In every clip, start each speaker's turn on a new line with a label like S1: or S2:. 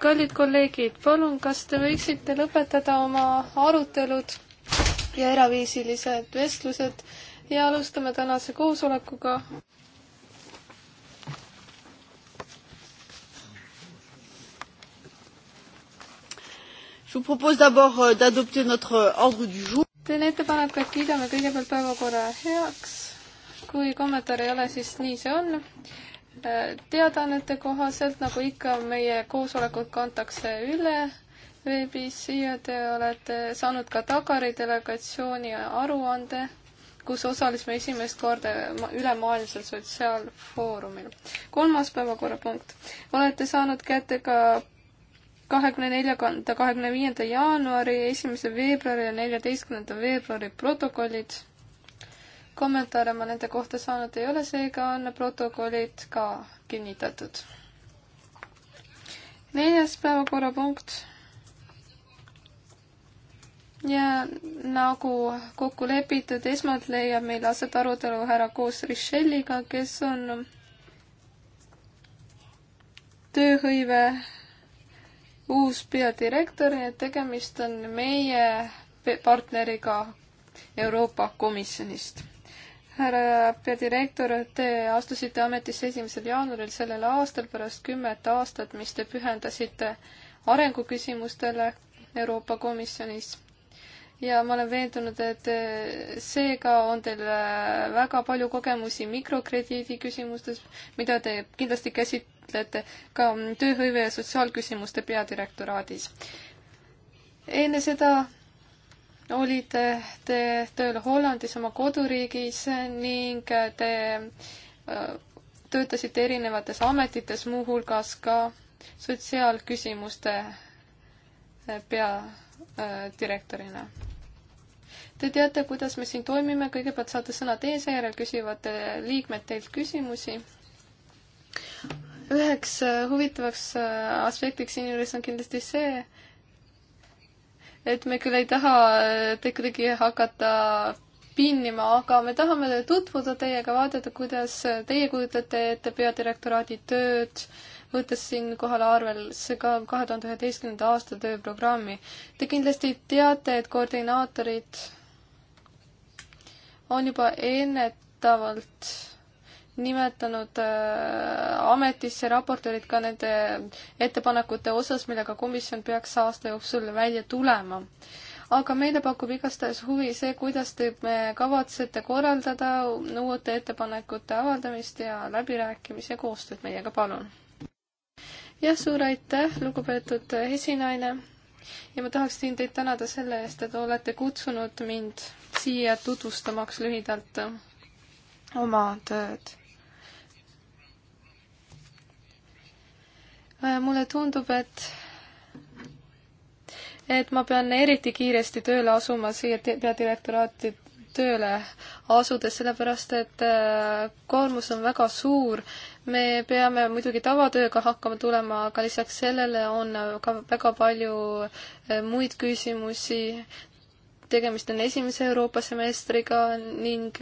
S1: kallid kolleegid, palun, kas te võiksite lõpetada
S2: oma arutelud ja eraviisilised vestlused ja alustame tänase koosolekuga.
S1: Je vous propose d'abord euh, d'adopter notre euh, ordre du jour. teen ettepaneku, et kiidame kõigepealt päevakorra heaks.
S2: kui kommentaare ei ole, siis nii see on teadaannete kohaselt, nagu ikka, meie koosolekud kantakse üle veebis ja te olete saanud ka Tagari delegatsiooni aruande, kus osalesime esimest korda ülemaailmsel sotsiaalfoorumil. kolmas päevakorrapunkt. olete saanud kätte ka kahekümne neljanda, kahekümne viienda jaanuari, esimese veebruari ja neljateistkümnenda veebruari protokollid kommentaare ma nende kohta saanud ei ole, seega on protokollid ka kinnitatud. neljas päevakorrapunkt. ja nagu kokku lepitud, esmalt leiab meil aset arutelu härra koos Richelliga, kes on tööhõive uus peadirektor ja tegemist on meie partneriga Euroopa Komisjonist härra peadirektor, te astusite ametisse esimesel jaanuaril sellel aastal pärast kümmet aastat, mis te pühendasite arenguküsimustele Euroopa Komisjonis ja ma olen veendunud, et seega on teil väga palju kogemusi mikrokrediidi küsimustes, mida te kindlasti käsitlete ka tööhõive ja sotsiaalküsimuste peadirektoraadis. enne seda olite te tööl Hollandis oma koduriigis ning te äh, töötasite erinevates ametites, muuhulgas ka sotsiaalküsimuste äh, peadirektorina. Äh, te teate, kuidas me siin toimime, kõigepealt saate sõna teie, seejärel küsivad liikmed teilt küsimusi. üheks huvitavaks aspektiks siin juures on kindlasti see, et me küll ei taha te kuidagi hakata pinnima, aga me tahame tutvuda teiega, vaadata, kuidas teie kujutate ette peadirektoraadi tööd, võttes siinkohal arvesse ka kahe tuhande üheteistkümnenda aasta tööprogrammi. Te kindlasti teate, et koordinaatorid on juba ennetavalt nimetanud äh, ametisse raportöörid ka nende ettepanekute osas, millega komisjon peaks aasta jooksul välja tulema. aga meile pakub igastahes huvi see, kuidas te kavatsete korraldada uute ettepanekute avaldamist ja läbirääkimisi ja koostööd meiega, palun. jah, suur aitäh, lugupeetud esinaine. ja ma tahaksin teid tänada selle eest, et olete kutsunud mind siia tutvustamaks lühidalt oma tööd Äh, mulle tundub, et, et ma pean eriti kiiresti tööle asuma siia peadirektoraati tööle asudes, sellepärast et äh, koormus on väga suur. me peame muidugi tavatööga hakkama tulema, aga lisaks sellele on ka väga palju äh, muid küsimusi. tegemist on esimese Euroopa semestriga ning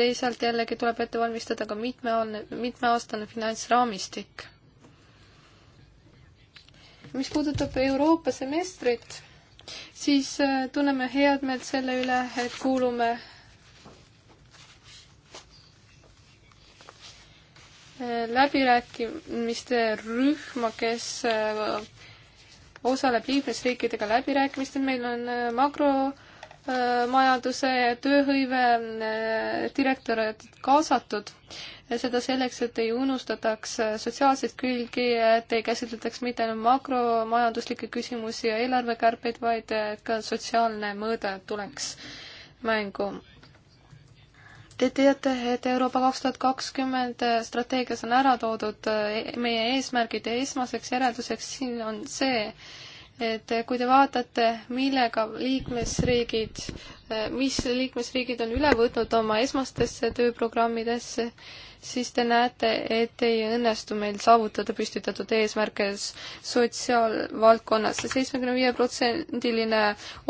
S2: teisalt jällegi tuleb ette valmistada ka mitmeaane, mitmeaastane finantsraamistik mis puudutab Euroopa semestrit, siis äh, tunneme headmeelt selle üle, et kuulume äh, läbirääkimiste rühma, kes äh, osaleb liikmesriikidega läbirääkimistel, meil on makro Äh, majanduse ja tööhõive äh, direktorid kaasatud. seda selleks, et ei unustataks äh, sotsiaalseid külgi, et ei käsitletaks mitte ainult makromajanduslikke küsimusi ja eelarvekärbeid, vaid et ka sotsiaalne mõõde tuleks mängu. Te teate, et Euroopa kaks tuhat kakskümmend strateegias on ära toodud e-, meie eesmärgid ja esmaseks järelduseks siin on see, et kui te vaatate, millega liikmesriigid, mis liikmesriigid on üle võtnud oma esmastesse tööprogrammidesse, siis te näete, et ei õnnestu meil saavutada püstitatud eesmärke sotsiaalvaldkonnas. seitsmekümne viie protsendiline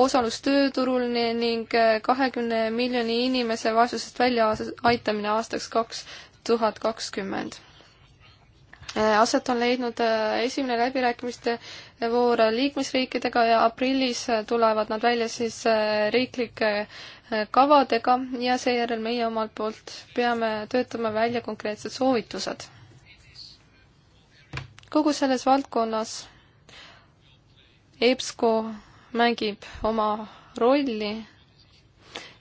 S2: osalus tööturul ning kahekümne miljoni inimese vaesusest välja aitamine aastaks kaks tuhat kakskümmend Äh, aset on leidnud äh, esimene läbirääkimiste äh, voor liikmesriikidega ja aprillis tulevad nad välja siis riiklike kavadega ja seejärel meie omalt poolt peame töötama välja konkreetsed soovitused. kogu selles valdkonnas EBSCO mängib oma rolli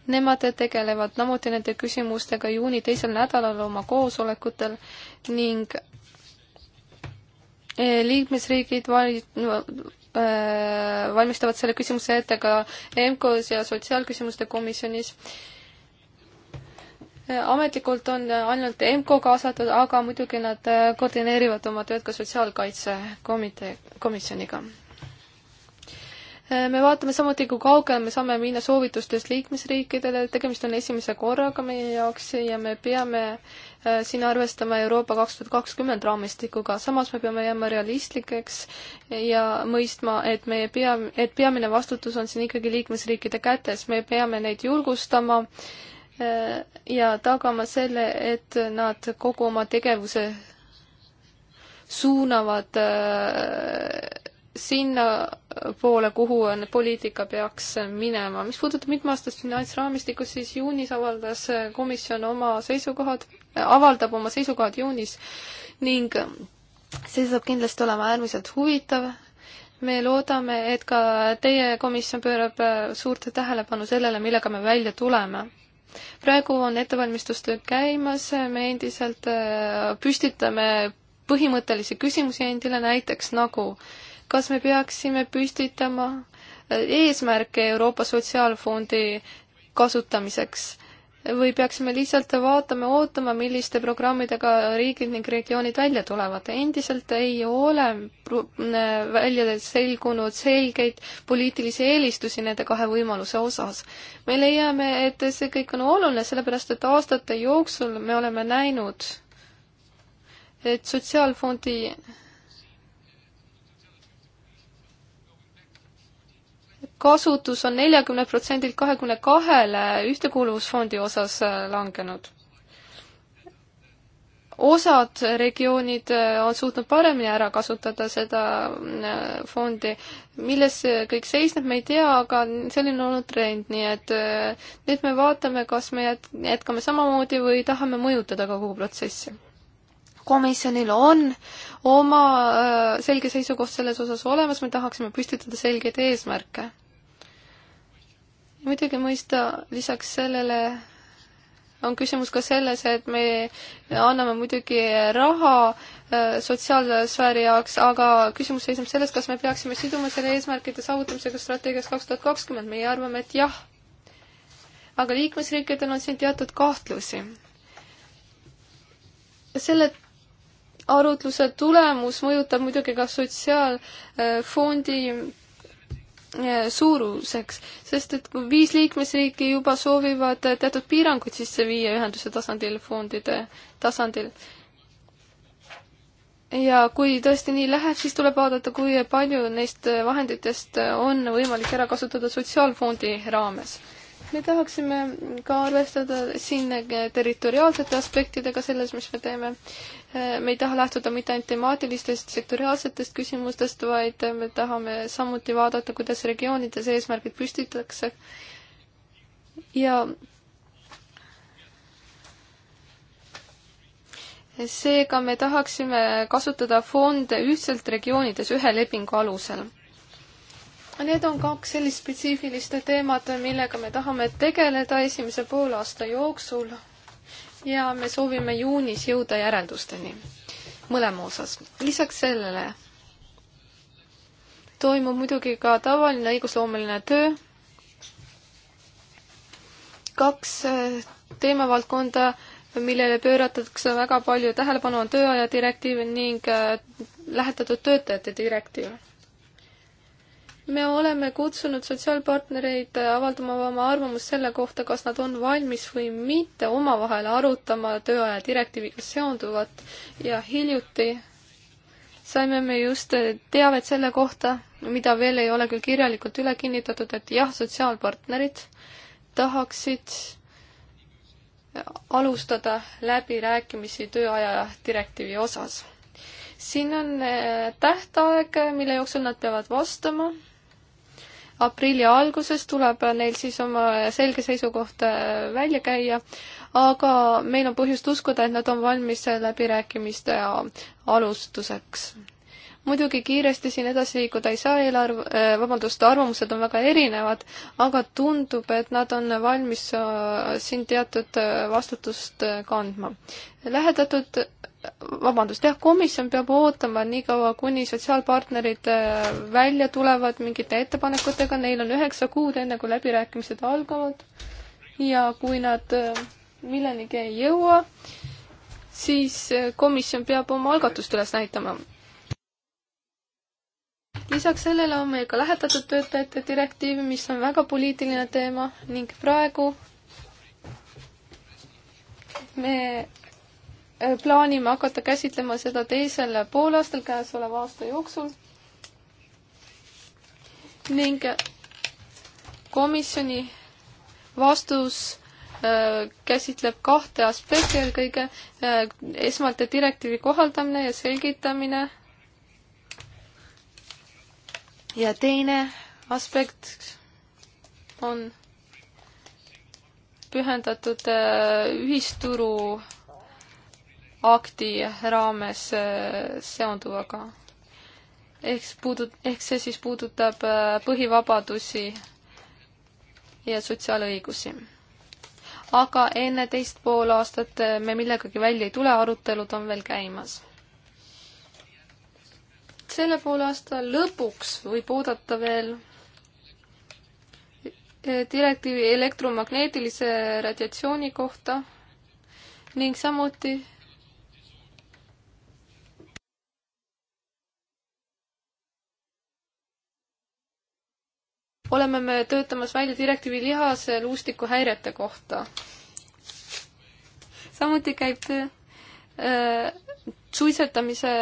S2: Nemad tegelevad samuti nende küsimustega juuni teisel nädalal oma koosolekutel ning E, liikmesriigid vali-, e, valmistavad selle küsimuse ette ka EMKO-s ja Sotsiaalküsimuste komisjonis. E, ametlikult on ainult EMKO kaasatud, aga muidugi nad koordineerivad oma tööd ka Sotsiaalkaitsekomitee, komisjoniga. Äh, me vaatame samuti, kui kaugele me saame minna soovitustest liikmesriikidele, tegemist on esimese korraga meie jaoks ja me peame äh, siin arvestama Euroopa kaks tuhat kakskümmend raamistikuga, samas me peame jääma realistlikeks ja mõistma, et meie pea, et peamine vastutus on siin ikkagi liikmesriikide kätes, me peame neid julgustama äh, ja tagama selle, et nad kogu oma tegevuse suunavad sinnapoole, kuhu need poliitika peaks minema. mis puudutab mitmeaastast finantsraamistikust, siis juunis avaldas komisjon oma seisukohad, avaldab oma seisukohad juunis ning see saab kindlasti olema äärmiselt huvitav. me loodame, et ka teie komisjon pöörab suurt tähelepanu sellele, millega me välja tuleme praegu on ettevalmistustööd käimas, me endiselt äh, püstitame põhimõttelisi küsimusi endile, näiteks nagu äh, kas me peaksime püstitama äh, eesmärke Euroopa Sotsiaalfondi kasutamiseks või peaksime lihtsalt vaatama, ootama, milliste programmidega riigid ning regioonid välja tulevad. endiselt ei ole äh, välja selgunud selgeid poliitilisi eelistusi nende kahe võimaluse osas. me leiame, et see kõik on oluline, sellepärast et aastate jooksul me oleme näinud, et sotsiaalfondi kasutus on neljakümne protsendilt kahekümne kahele ühtekuuluvusfondi osas äh, langenud. osad regioonid äh, on suutnud paremini ära kasutada seda äh, fondi, milles kõik seisneb, me ei tea, aga selline on olnud trend, nii et nüüd me vaatame, kas me jätkame samamoodi või tahame mõjutada kogu protsessi komisjonil on oma selge seisukoht selles osas olemas, me tahaksime püstitada selgeid eesmärke muidugi mõista lisaks sellele on küsimus ka selles, et me anname muidugi raha äh, sotsiaalsfääri jaoks, aga küsimus seisneb selles, kas me peaksime siduma selle eesmärkide saavutamisega strateegias kaks tuhat kakskümmend, meie arvame, et jah. aga liikmesriikidel on siin teatud kahtlusi. selle arutluse tulemus mõjutab muidugi ka sotsiaalfondi äh, Äh, suuruseks, sest et kui viis liikmesriiki juba soovivad teatud piiranguid sisse viia ühenduse tasandil, fondide tasandil, ja kui tõesti nii läheb, siis tuleb vaadata, kui palju neist vahenditest on võimalik ära kasutada sotsiaalfondi raames me tahaksime ka arvestada siin territoriaalsete aspektidega selles, mis me teeme. me ei taha lähtuda mitte ainult temaatilistest sektoriaalsetest küsimustest, vaid me tahame samuti vaadata, kuidas regioonides eesmärgid püstitatakse. ja seega me tahaksime kasutada fonde ühtselt regioonides ühe lepingu alusel Need on kaks sellist spetsiifilist teemat, millega me tahame tegeleda esimese poolaasta jooksul ja me soovime juunis jõuda järeldusteni mõlema osas. lisaks sellele toimub muidugi ka tavaline õigusloomeline töö. kaks äh, teemavaldkonda, millele pööratakse väga palju tähelepanu, on tööaja direktiiv ning äh, lähetatud töötajate direktiiv me oleme kutsunud sotsiaalpartnereid avaldama oma arvamust selle kohta, kas nad on valmis või mitte omavahel arutama tööaja direktiiviga seonduvat ja hiljuti saime me just teavet selle kohta, mida veel ei ole küll kirjalikult üle kinnitatud, et jah, sotsiaalpartnerid tahaksid alustada läbirääkimisi tööaja direktiivi osas. siin on eh, tähtaeg, mille jooksul nad peavad vastama aprilli alguses tuleb neil siis oma selge seisukoht äh, välja käia, aga meil on põhjust uskuda, et nad on valmis läbirääkimiste äh, alustuseks. muidugi kiiresti siin edasi liikuda ei saa, eelarv, äh, vabandust, arvamused on väga erinevad, aga tundub, et nad on valmis siin teatud vastutust kandma. lähedatud vabandust, jah, komisjon peab ootama niikaua, kuni sotsiaalpartnerid äh, välja tulevad mingite ettepanekutega, neil on üheksa kuud, enne kui läbirääkimised algavad. ja kui nad äh, millenigi ei jõua, siis äh, komisjon peab oma algatust üles näitama. lisaks sellele on meil ka lähetatud töötajate direktiiv, mis on väga poliitiline teema ning praegu me plaanime hakata käsitlema seda teisel poolaastal käesoleva aasta jooksul ning komisjoni vastus äh, käsitleb kahte aspekti eelkõige, äh, esmalt direktiivi kohaldamine ja selgitamine ja teine aspekt on pühendatud äh, ühisturu akti raames äh, seonduvaga. ehk siis puudut-, ehk see siis puudutab äh, põhivabadusi ja sotsiaalõigusi. aga enne teist pool aastat äh, me millegagi välja ei tule, arutelud on veel käimas. selle poolaasta lõpuks võib oodata veel direktiivi elektromagneetilise radiatsiooni kohta ning samuti oleme me töötamas välja direktiivi lihase luustikuhäirete kohta. samuti käib töö äh, suitsetamise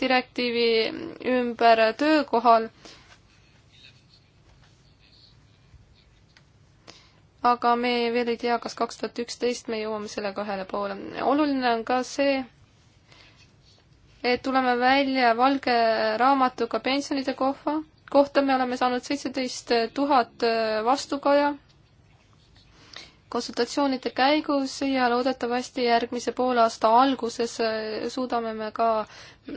S2: direktiivi ümber töökohal. aga me veel ei tea, kas kaks tuhat üksteist me jõuame sellega ühele poole. oluline on ka see, et tuleme välja valge raamatuga pensionide kohva kohta me oleme saanud seitseteist tuhat vastukaja konsultatsioonide käigus ja loodetavasti järgmise poolaasta alguses suudame me ka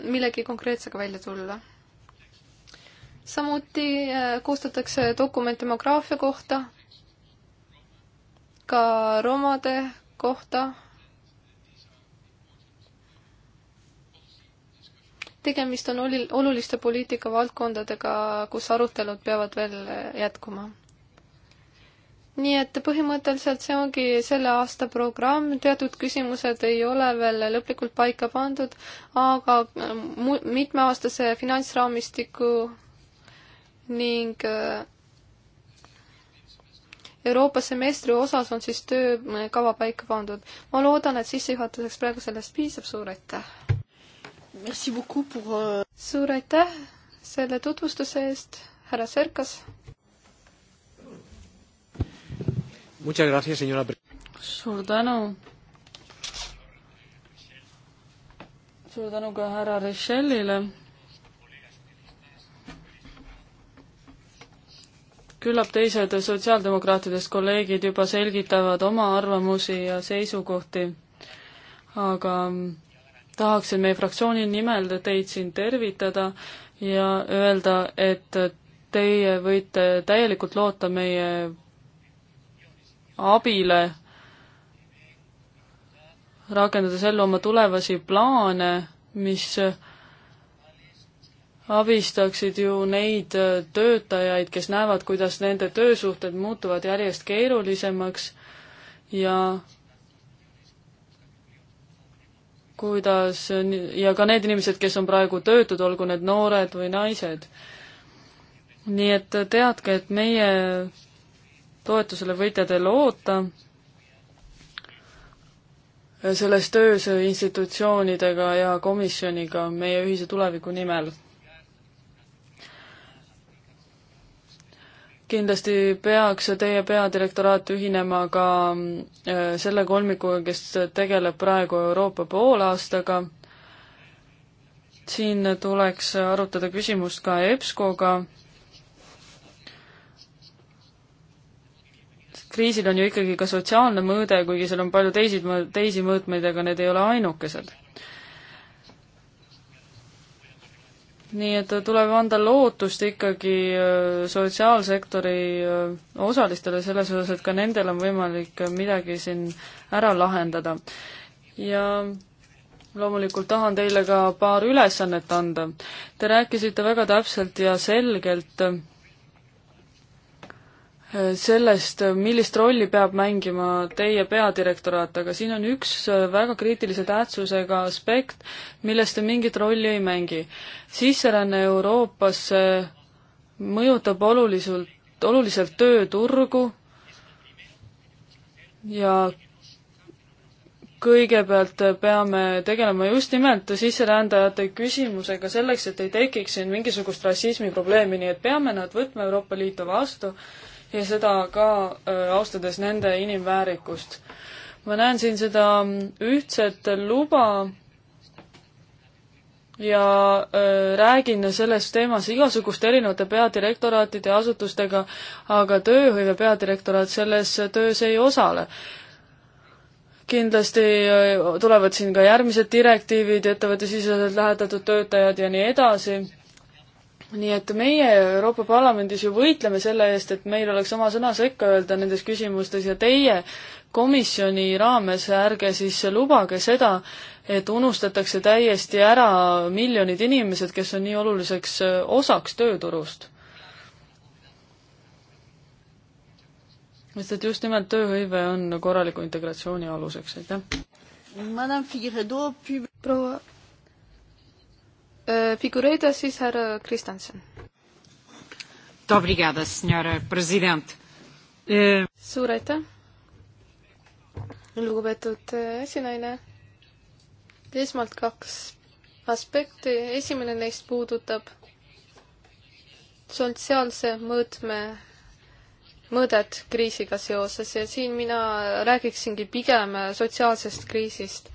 S2: millegi konkreetsega välja tulla. samuti äh, koostatakse dokument demograafia kohta, ka romade kohta tegemist on oli-, oluliste poliitikavaldkondadega, kus arutelud peavad veel jätkuma. nii et põhimõtteliselt see ongi selle aasta programm, teatud küsimused ei ole veel lõplikult paika pandud, aga ähm, mu-, mitmeaastase finantsraamistiku ning äh, Euroopa semestri osas on siis töökava paika pandud. ma loodan, et sissejuhatuseks praegu sellest piisab, suur aitäh!
S1: Merci beaucoup pour...
S2: Euh, suur aitäh selle tutvustuse eest, härra Serkas.
S3: suur tänu. suur tänu ka härra Richellile. küllap teised sotsiaaldemokraatidest kolleegid juba selgitavad oma arvamusi ja seisukohti, aga tahaksin meie fraktsiooni nimel teid siin tervitada ja öelda, et teie võite täielikult loota meie abile, rakendades ellu oma tulevasi plaane, mis abistaksid ju neid töötajaid, kes näevad, kuidas nende töösuhted muutuvad järjest keerulisemaks ja kuidas ja ka need inimesed, kes on praegu töötud, olgu need noored või naised. nii et teadke, et meie toetusele võite te loota selles töös institutsioonidega ja komisjoniga meie ühise tuleviku nimel kindlasti peaks teie peadirektoraat ühinema ka äh, selle kolmikuga, kes tegeleb praegu Euroopa poolaastaga. siin tuleks arutada küsimust ka EBSCO-ga kriisil on ju ikkagi ka sotsiaalne mõõde, kuigi seal on palju teisi, teisi mõõtmeid, aga need ei ole ainukesed. nii et tuleb anda lootust ikkagi äh, sotsiaalsektori äh, osalistele selles osas, et ka nendel on võimalik äh, midagi siin ära lahendada. ja loomulikult tahan teile ka paar ülesannet anda. Te rääkisite väga täpselt ja selgelt sellest, millist rolli peab mängima teie peadirektoraat, aga siin on üks väga kriitilise tähtsusega aspekt, milles te mingit rolli ei mängi. sisseränne Euroopasse äh, mõjutab oluliselt, oluliselt tööturgu ja kõigepealt peame tegelema just nimelt sisserändajate küsimusega selleks, et ei tekiks siin mingisugust rassismi probleemi, nii et peame nad võtma Euroopa Liitu vastu ja seda ka äh, austades nende inimväärikust. ma näen siin seda ühtset luba ja öö, äh, räägin selles teemas igasuguste erinevate peadirektoraatide ja asutustega, aga tööhõive peadirektoraat selles töös ei osale kindlasti äh, tulevad siin ka järgmised direktiivid, ettevõttesisesed lähetatud töötajad ja nii edasi nii et meie Euroopa Parlamendis ju võitleme selle eest, et meil oleks oma sõna sekka öelda nendes küsimustes ja teie komisjoni raames ärge siis lubage seda, et unustatakse täiesti ära miljonid inimesed, kes on nii oluliseks äh, osaks tööturust. sest et just nimelt tööhõive on korraliku integratsiooni aluseks, aitäh.
S1: proua Eh,
S2: Figureidas, siis härra Kristjanson. Eh, suur aitäh, lugupeetud eh, esinaine. esmalt kaks aspekti, esimene neist puudutab sotsiaalse mõõtme mõõdet kriisiga seoses ja siin mina räägiksingi pigem sotsiaalsest kriisist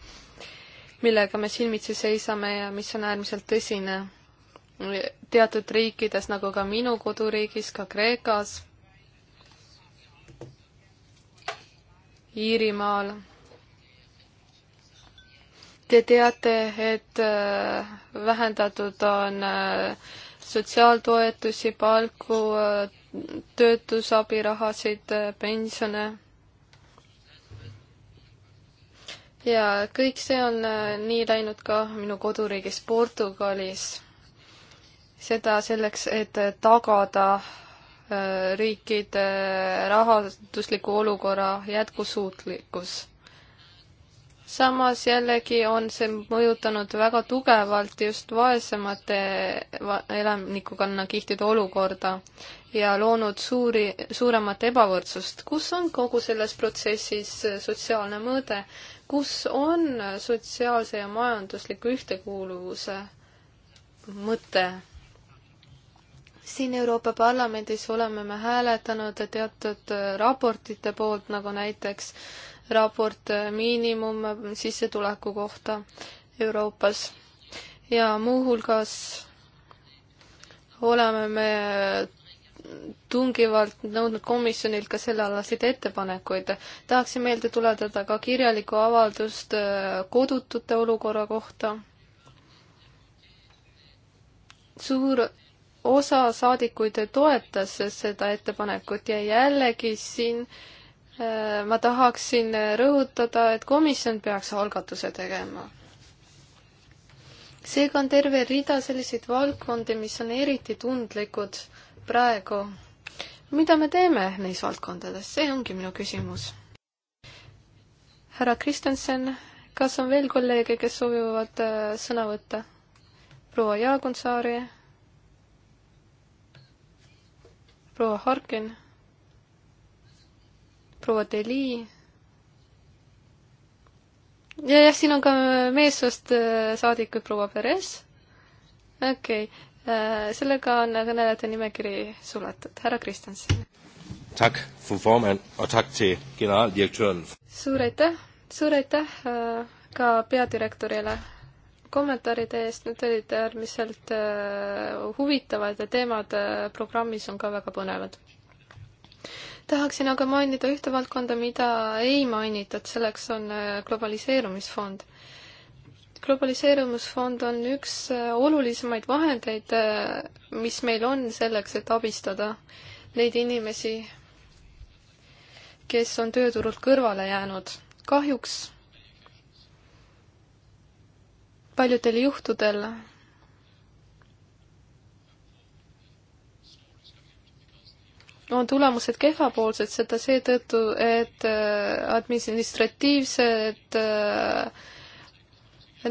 S2: millega me silmitsi seisame ja mis on äärmiselt tõsine teatud riikides, nagu ka minu koduriigis, ka Kreekas, Iirimaal. Te teate, et äh, vähendatud on äh, sotsiaaltoetusi, palku, äh, töötusabirahasid, pensione ja kõik see on äh, nii läinud ka minu koduriigis Portugalis. seda selleks, et äh, tagada äh, riikide rahandusliku olukorra jätkusuutlikkus. samas jällegi on see mõjutanud väga tugevalt just vaesemate elanikukonna kihtide olukorda ja loonud suuri, suuremat ebavõrdsust. kus on kogu selles protsessis sotsiaalne mõõde? kus on sotsiaalse ja majandusliku ühtekuuluvuse mõte. siin Euroopa Parlamendis oleme me hääletanud teatud raportite poolt, nagu näiteks raport miinimumsissetuleku kohta Euroopas ja muuhulgas oleme me tungivalt nõudnud komisjonilt ka sellealaseid ettepanekuid. tahaksin meelde tuletada ka kirjalikku avaldust äh, kodutute olukorra kohta. suur osa saadikuid toetas seda ettepanekut ja jällegi siin äh, ma tahaksin rõhutada, et komisjon peaks algatuse tegema. seega on terve rida selliseid valdkondi, mis on eriti tundlikud äh, praegu, mida me teeme neis valdkondades, see ongi minu küsimus. härra Kristjanson, kas on veel kolleege, kes soovivad äh, sõna võtta? proua Jaagonsaari? proua Harkin? proua Deli? ja jah, siin on ka meessoost äh, saadikud proua Perez. okei okay., Äh, sellega on kõnelejate nimekiri suletud, härra Kristjanson.
S4: takk, fru Formann, ja takk til generaldirektören.
S2: suur aitäh, suur aitäh äh, ka peadirektorile kommentaaride eest, need olid äärmiselt äh, huvitavad ja teemad programmis on ka väga põnevad. tahaksin aga mainida ühte valdkonda, mida ei mainitud, selleks on globaliseerumisfond globaliseerumisfond on üks äh, olulisemaid vahendeid, äh, mis meil on selleks, et abistada neid inimesi, kes on tööturult kõrvale jäänud. kahjuks paljudel juhtudel on tulemused kehvapoolsed, seda seetõttu, et äh, administratiivsed äh,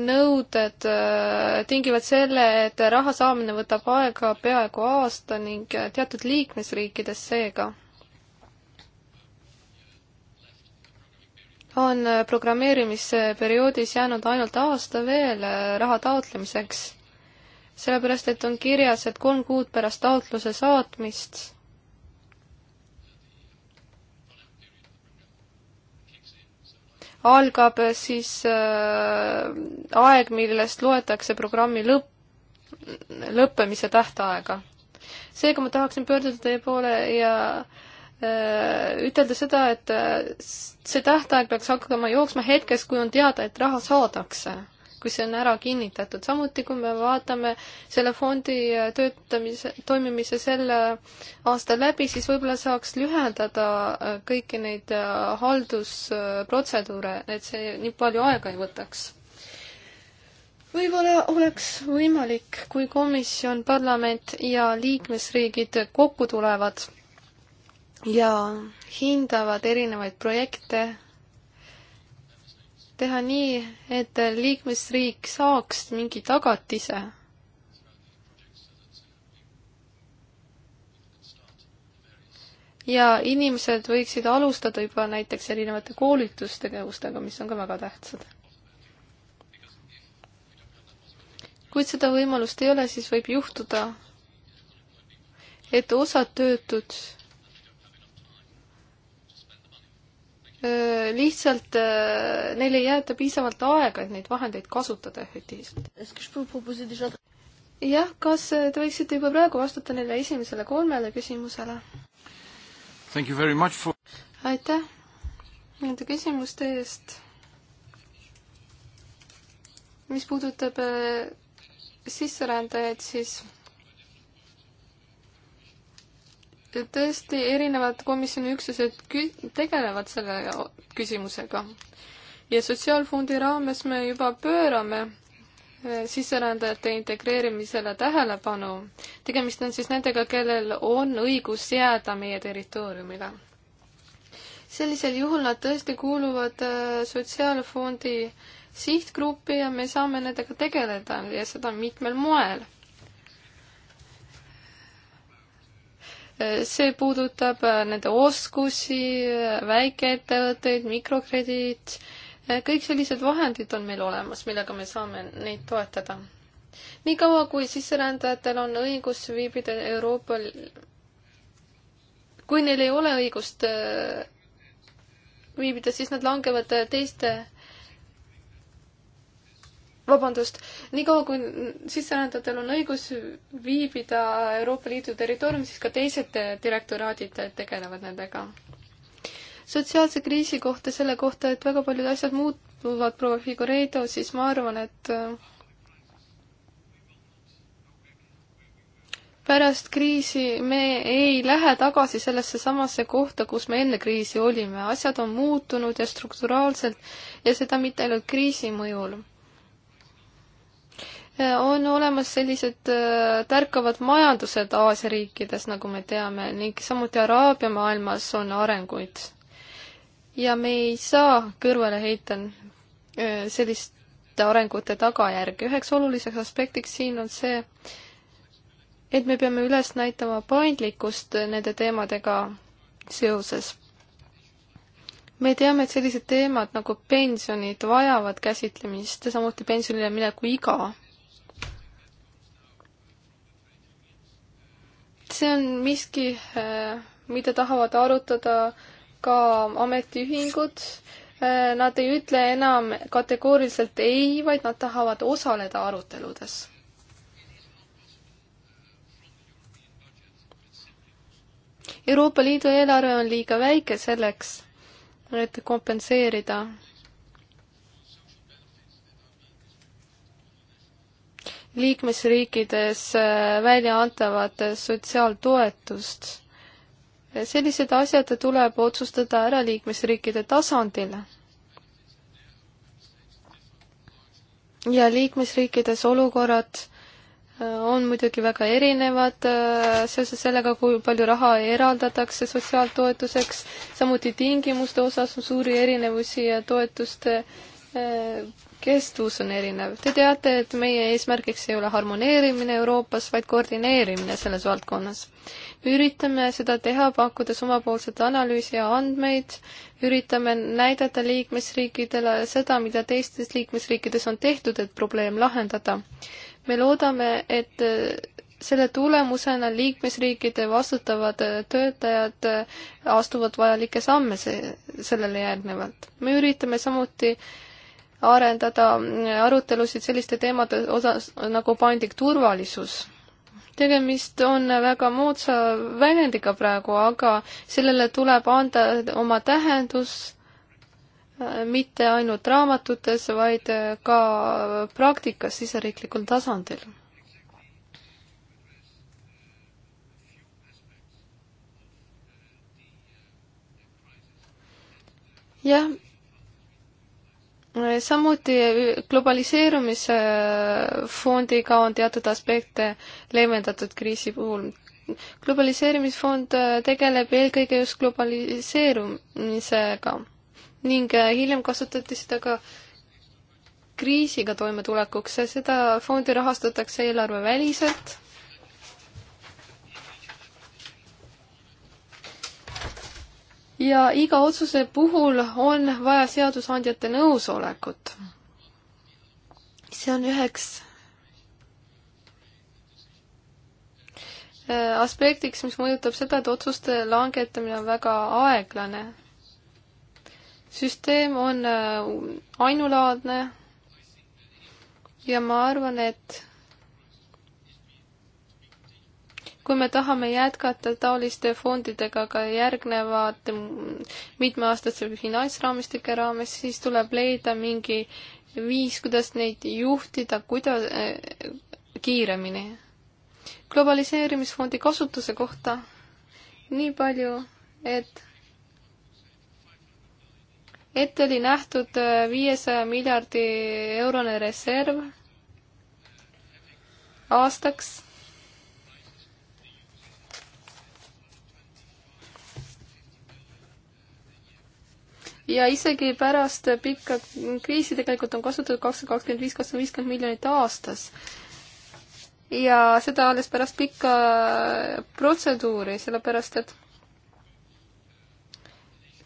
S2: nõuded äh, tingivad selle, et raha saamine võtab aega peaaegu aasta ning teatud liikmesriikides seega on programmeerimisperioodis jäänud ainult aasta veel äh, raha taotlemiseks, sellepärast et on kirjas, et kolm kuud pärast taotluse saatmist algab siis äh, aeg, millest loetakse programmi lõpp, lõppemise tähtaega. seega ma tahaksin pöörduda teie poole ja äh, ütelda seda, et äh, see tähtaeg peaks hakkama jooksma hetkest, kui on teada, et raha saadakse kui see on ära kinnitatud. samuti, kui me vaatame selle fondi äh, töötamise, toimimise selle aasta läbi, siis võib-olla saaks lühendada äh, kõiki neid äh, haldusprotseduure, et see nii palju aega ei võtaks võib-olla oleks võimalik, kui komisjon, parlament ja liikmesriigid kokku tulevad ja hindavad erinevaid projekte teha nii, et liikmesriik saaks mingi tagatise. ja inimesed võiksid alustada juba näiteks erinevate koolitustegevustega, mis on ka väga tähtsad. kuid seda võimalust ei ole, siis võib juhtuda, et osad töötud lihtsalt neile ei jäeta piisavalt aega, et neid vahendeid kasutada efektiivselt. jah, kas te võiksite juba praegu vastata neile esimesele kolmele küsimusele?
S5: For...
S2: aitäh nende küsimuste eest. mis puudutab sisserändajaid, siis tõesti, erinevad komisjoni üksused kü-, tegelevad selle küsimusega. ja Sotsiaalfondi raames me juba pöörame eh, sisserändajate integreerimisele tähelepanu. tegemist on siis nendega, kellel on õigus jääda meie territooriumile. sellisel juhul nad tõesti kuuluvad eh, Sotsiaalfondi sihtgruppi ja me saame nendega tegeleda ja seda mitmel moel see puudutab äh, nende oskusi, äh, väikeettevõtteid, mikrokrediit, äh, kõik sellised vahendid on meil olemas, millega me saame neid toetada. niikaua, kui sisserändajatel on õigus viibida Euroopa, kui neil ei ole õigust viibida, siis nad langevad teiste vabandust, niikaua kui sisserändajatel on õigus viibida Euroopa Liidu territooriumil, siis ka teised direktoraadid tegelevad nendega. sotsiaalse kriisi kohta, selle kohta, et väga paljud asjad muutuvad, proua Figureido, siis ma arvan, et pärast kriisi me ei lähe tagasi sellesse samasse kohta, kus me enne kriisi olime, asjad on muutunud ja strukturaalselt ja seda mitte ainult kriisi mõjul on olemas sellised äh, tärkavad majandused Aasia riikides, nagu me teame, ning samuti Araabia maailmas on arenguid. ja me ei saa kõrvale heita äh, selliste arengute tagajärgi. üheks oluliseks aspektiks siin on see, et me peame üles näitama paindlikkust nende teemadega seoses me teame, et sellised teemad nagu pensionid vajavad käsitlemist ja samuti pensionile mineku iga. see on miski, äh, mida tahavad arutada ka ametiühingud. Äh, nad ei ütle enam kategooriliselt ei, vaid nad tahavad osaleda aruteludes Euroopa Liidu eelarve on liiga väike selleks, et kompenseerida liikmesriikides äh, välja antavat sotsiaaltoetust. sellised asjad tuleb otsustada ära liikmesriikide tasandil. ja liikmesriikides olukorrad äh, on muidugi väga erinevad äh, seoses sellega, kui palju raha eraldatakse sotsiaaltoetuseks, samuti tingimuste osas on suuri erinevusi ja toetuste äh, kestvus on erinev. Te teate, et meie eesmärgiks ei ole harmoneerimine Euroopas, vaid koordineerimine selles valdkonnas. üritame seda teha, pakkudes omapoolset analüüsi ja andmeid, üritame näidata liikmesriikidele seda, mida teistes liikmesriikides on tehtud, et probleem lahendada. me loodame, et äh, selle tulemusena liikmesriikide vastutavad äh, töötajad äh, astuvad vajalikke samme sellele järgnevalt. me üritame samuti äh, arendada arutelusid selliste teemade osas nagu paindlik turvalisus tegemist on väga moodsa väljendiga praegu, aga sellele tuleb anda oma tähendus mitte ainult raamatutes, vaid ka praktikas siseriiklikul tasandil. jah samuti globaliseerumise fondiga on teatud aspekte leevendatud kriisi puhul. globaliseerimisfond äh, tegeleb eelkõige just globaliseerumisega ning äh, hiljem kasutati seda ka kriisiga toimetulekuks ja seda fondi rahastatakse eelarveväliselt ja iga otsuse puhul on vaja seadusandjate nõusolekut. see on üheks äh, aspektiks, mis mõjutab seda, et otsuste langetamine on väga aeglane. süsteem on äh, ainulaadne ja ma arvan, et kui me tahame jätkata taoliste fondidega ka järgnevate mitmeaastase finantsraamistike raames, siis tuleb leida mingi viis, kuidas neid juhtida, kuidas äh, eh, kiiremini. globaliseerimisfondi kasutuse kohta nii palju, et ette oli nähtud eh, viiesaja miljardi eurone reserv aastaks ja isegi pärast pikka kriisi tegelikult on kasutatud kakssada kakskümmend viis, kakssada viiskümmend miljonit aastas. ja seda alles pärast pikka äh, protseduuri, sellepärast et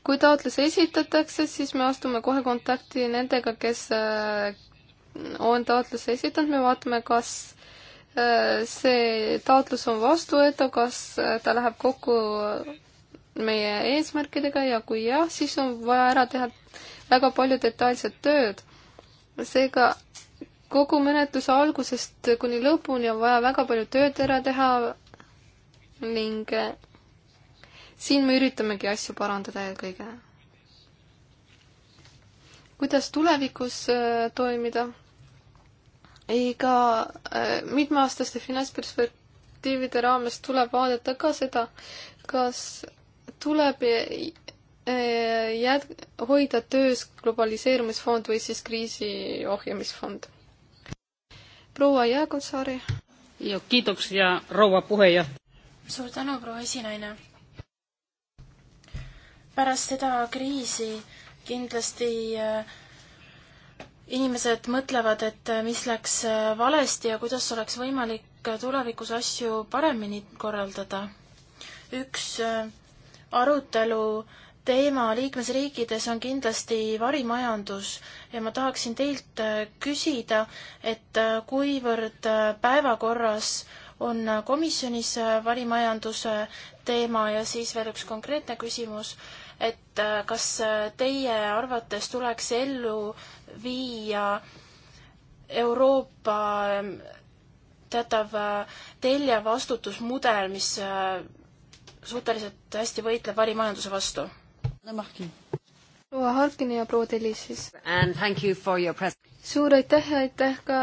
S2: kui taotlus esitatakse, siis me astume kohe kontakti nendega, kes äh, on taotluse esitanud, me vaatame, kas äh, see taotlus on vastuvõetav, kas ta läheb kokku meie eesmärkidega ja kui jah, siis on vaja ära teha väga palju detailset tööd. seega kogu menetluse algusest kuni lõpuni on vaja väga palju tööd ära teha ning eh, siin me üritamegi asju parandada eelkõige. kuidas tulevikus eh, toimida? iga eh, mitmeaastaste finantsperspektiivide raames tuleb vaadata ka seda, kas tuleb eh, jät-, hoida töös globaliseerumisfond või siis kriisi ohjamisfond. proua Jaagonsaari. ja
S3: kiiduks ja proua puhejuht.
S6: suur tänu, proua esinaine. pärast seda kriisi kindlasti eh, inimesed mõtlevad, et eh, mis läks valesti ja kuidas oleks võimalik tulevikus asju paremini korraldada. üks arutelu teema liikmesriikides on kindlasti varimajandus ja ma tahaksin teilt äh, küsida, et äh, kuivõrd äh, päevakorras on komisjonis varimajanduse teema ja siis veel üks konkreetne küsimus, et kas teie arvates tuleks ellu viia Euroopa ähm, teatav telje vastutusmudel, mis suhteliselt hästi võitleb varimajanduse vastu.
S2: proua Harkini ja proua Tellis siis. suur aitäh ja aitäh ka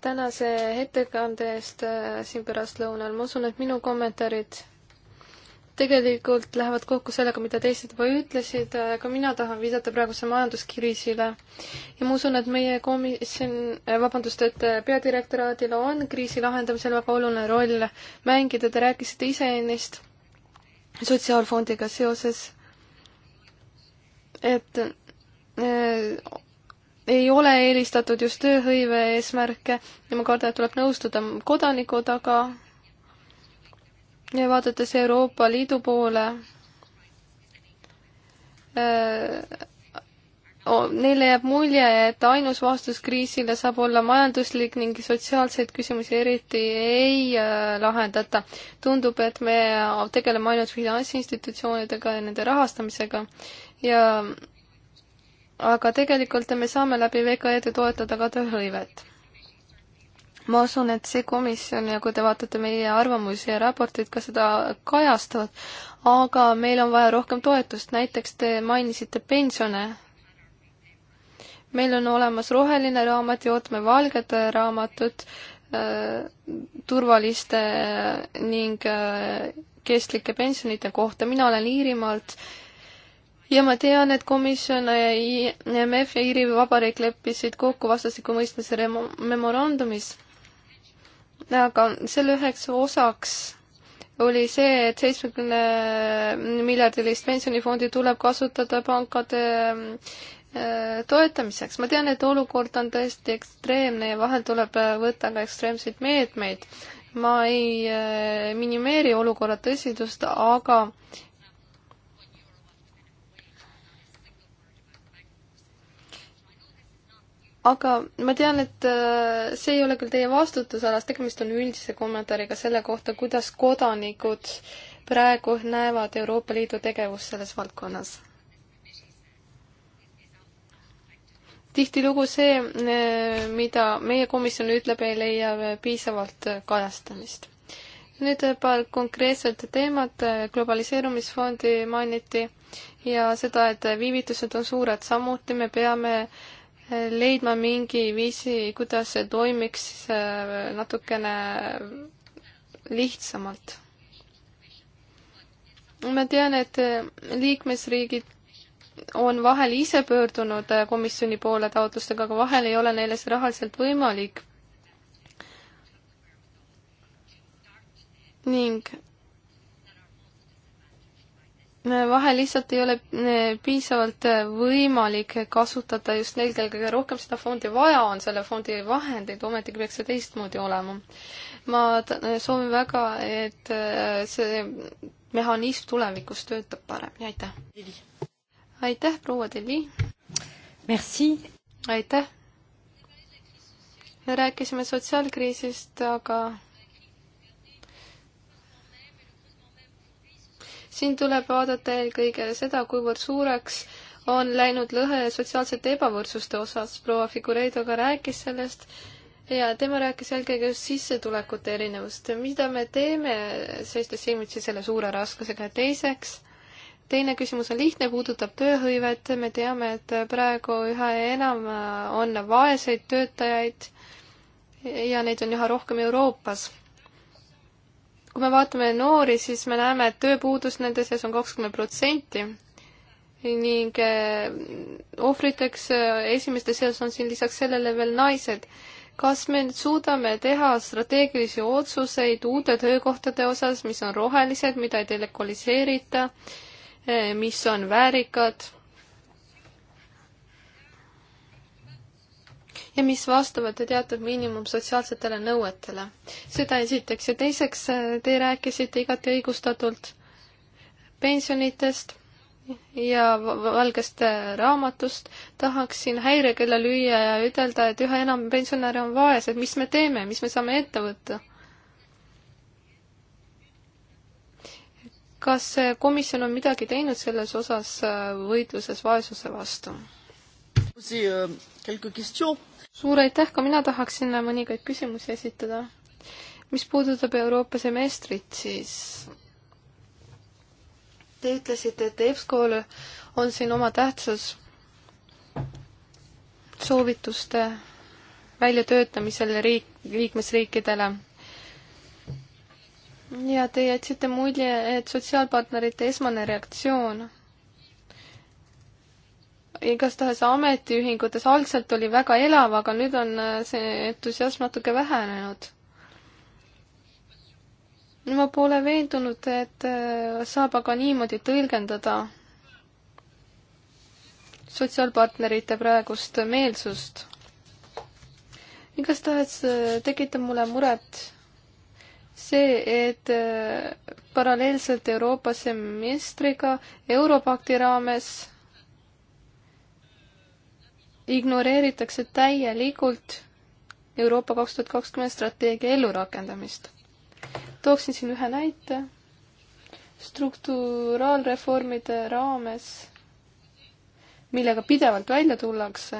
S2: tänase ettekande eest äh, siin pärastlõunal, ma usun, et minu kommentaarid tegelikult lähevad kokku sellega, mida teised juba ütlesid, äh, aga mina tahan viidata praeguse majanduskriisile. ja ma usun, et meie komisjon, äh, vabandust, et peadirektoraadil on kriisi lahendamisel väga oluline roll mängida, te rääkisite ise ennist sotsiaalfondiga seoses, et äh, ei ole eelistatud just tööhõive eesmärke ja ma kardan, et tuleb nõustuda kodaniku taga ja vaadates Euroopa Liidu poole äh,, neile jääb mulje, et ainus vastus kriisile saab olla majanduslik ning sotsiaalseid küsimusi eriti ei äh, lahendata. tundub, et me tegeleme ainult finantsinstitutsioonidega ja nende rahastamisega ja aga tegelikult me saame läbi VKE-de toetada ka tööhõivet. ma usun, et see komisjon ja kui te vaatate meie arvamusi ja raporteid, ka seda kajastavad, aga meil on vaja rohkem toetust, näiteks te mainisite pensione meil on olemas roheline raamat ja ootame valged raamatud äh, turvaliste ning äh, kestlike pensionite kohta. mina olen Iirimaalt ja ma tean, et komisjon ja IMF ja Iiri Vabariik leppisid kokku vastastikku mõistmise memorandumis. aga selle üheks osaks oli see, et seitsmekümne miljardilist pensionifondi tuleb kasutada pankade Äh, toetamiseks. ma tean, et olukord on tõesti ekstreemne ja vahel tuleb äh, võtta ka ekstreemseid meetmeid. ma ei äh, minimeeri olukorra tõsidust, aga aga ma tean, et see ei ole küll teie vastutusalas, tegemist on üldise kommentaariga selle kohta, kuidas kodanikud praegu näevad Euroopa Liidu tegevust selles valdkonnas tihtilugu see, mida meie komisjon ütleb, ei leia piisavalt kajastamist. nüüd paar konkreetset teemat, globaliseerumisfondi mainiti ja seda, et viivitused on suured, samuti me peame leidma mingi viisi, kuidas see toimiks natukene lihtsamalt ma tean, et liikmesriigid on vahel ise pöördunud äh, komisjoni poole taotlustega, aga vahel ei ole neile see rahaliselt võimalik. ning äh, vahel lihtsalt ei ole äh, piisavalt võimalik kasutada just neil, kel kõige rohkem seda fondi vaja on, selle fondi vahendeid, ometigi peaks see teistmoodi olema. ma soovin väga, et see mehhanism tulevikus töötab paremini, aitäh! aitäh, proua Deli! Merci! aitäh! me rääkisime sotsiaalkriisist, aga siin tuleb vaadata eelkõige seda, kuivõrd suureks on läinud lõhe sotsiaalsete ebavõrdsuste osas, proua Figureido ka rääkis sellest ja tema rääkis eelkõige just sissetulekute erinevust, mida me teeme, seistes silmitsi selle suure raskusega ja teiseks teine küsimus on lihtne, puudutab tööhõivet, me teame, et praegu üha enam äh, on vaeseid töötajaid ja neid on üha rohkem Euroopas. kui me vaatame noori, siis me näeme, et tööpuudus nende seas on kakskümmend protsenti ning äh, ohvriteks äh, esimeste seas on siin lisaks sellele veel naised. kas me nüüd suudame teha strateegilisi otsuseid uute töökohtade osas, mis on rohelised, mida ei delokaliseerita äh,, Eh, mis on väärikad ja mis vastavad teatud miinimumsotsiaalsetele nõuetele. seda esiteks ja teiseks eh, te rääkisite igati õigustatult pensionitest ja valgest eh, raamatust tahaksin häirekella lüüa ja ütelda, et üha enam pensionäre on vaesed, mis me teeme, mis me saame ette võtta? kas äh, komisjon on midagi teinud selles osas äh, võitluses vaesuse vastu?
S1: Äh,
S2: suur aitäh, ka mina tahaksin mõningaid küsimusi esitada. mis puudutab Euroopa semestrit, siis te ütlesite, et EBSCO-l on siin oma tähtsus soovituste väljatöötamisel riik, liikmesriikidele ja te jätsite mulje, et sotsiaalpartnerite esmane reaktsioon igastahes ametiühingutes algselt oli väga elav, aga nüüd on äh, see entusiasm natuke vähenenud. ma pole veendunud, et äh, saab aga niimoodi tõlgendada sotsiaalpartnerite praegust meelsust. igastahes äh, tekitab mulle muret see, et äh, paralleelselt Euroopa semestriga Europakti raames ignoreeritakse täielikult Euroopa kaks tuhat kakskümmend strateegia ellurakendamist. tooksin siin ühe näite. strukturaalreformide raames, millega pidevalt välja tullakse,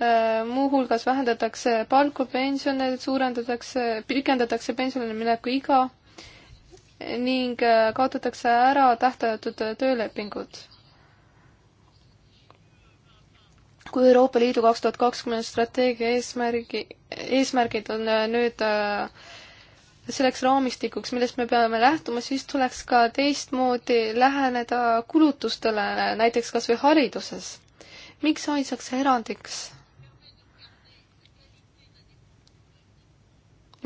S2: Äh, muuhulgas vähendatakse palku, pensione suurendatakse, pikendatakse pensionile mineku iga ning äh, kaotatakse ära tähtajatud töölepingud. kui Euroopa Liidu kaks tuhat kakskümmend strateegia eesmärgi, eesmärgid on äh, nüüd selleks raamistikuks, millest me peame lähtuma, siis tuleks ka teistmoodi läheneda kulutustele, näiteks kas või hariduses. miks ainsaks erandiks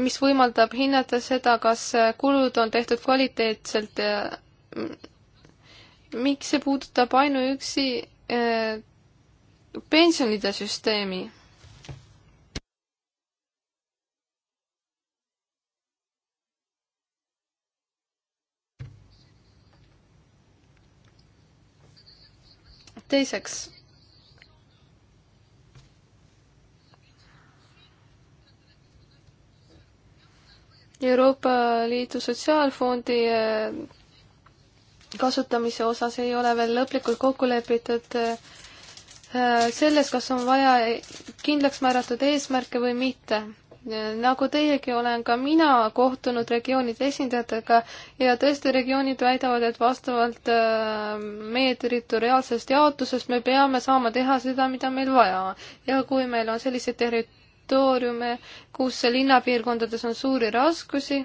S2: mis võimaldab hinnata seda, kas kulud on tehtud kvaliteetselt ja miks see puudutab ainuüksi eh, pensionide süsteemi teiseks, Euroopa Liidu Sotsiaalfondi eh, kasutamise osas ei ole veel lõplikult kokku lepitud eh, selles, kas on vaja kindlaks määratud eesmärke või mitte. nagu teiegi olen ka mina kohtunud regioonide esindajatega ja tõesti regioonid väidavad, et vastavalt eh, meie territoriaalsest jaotusest me peame saama teha seda, mida meil vaja. ja kui meil on sellised terri-, territooriume, kus linnapiirkondades on suuri raskusi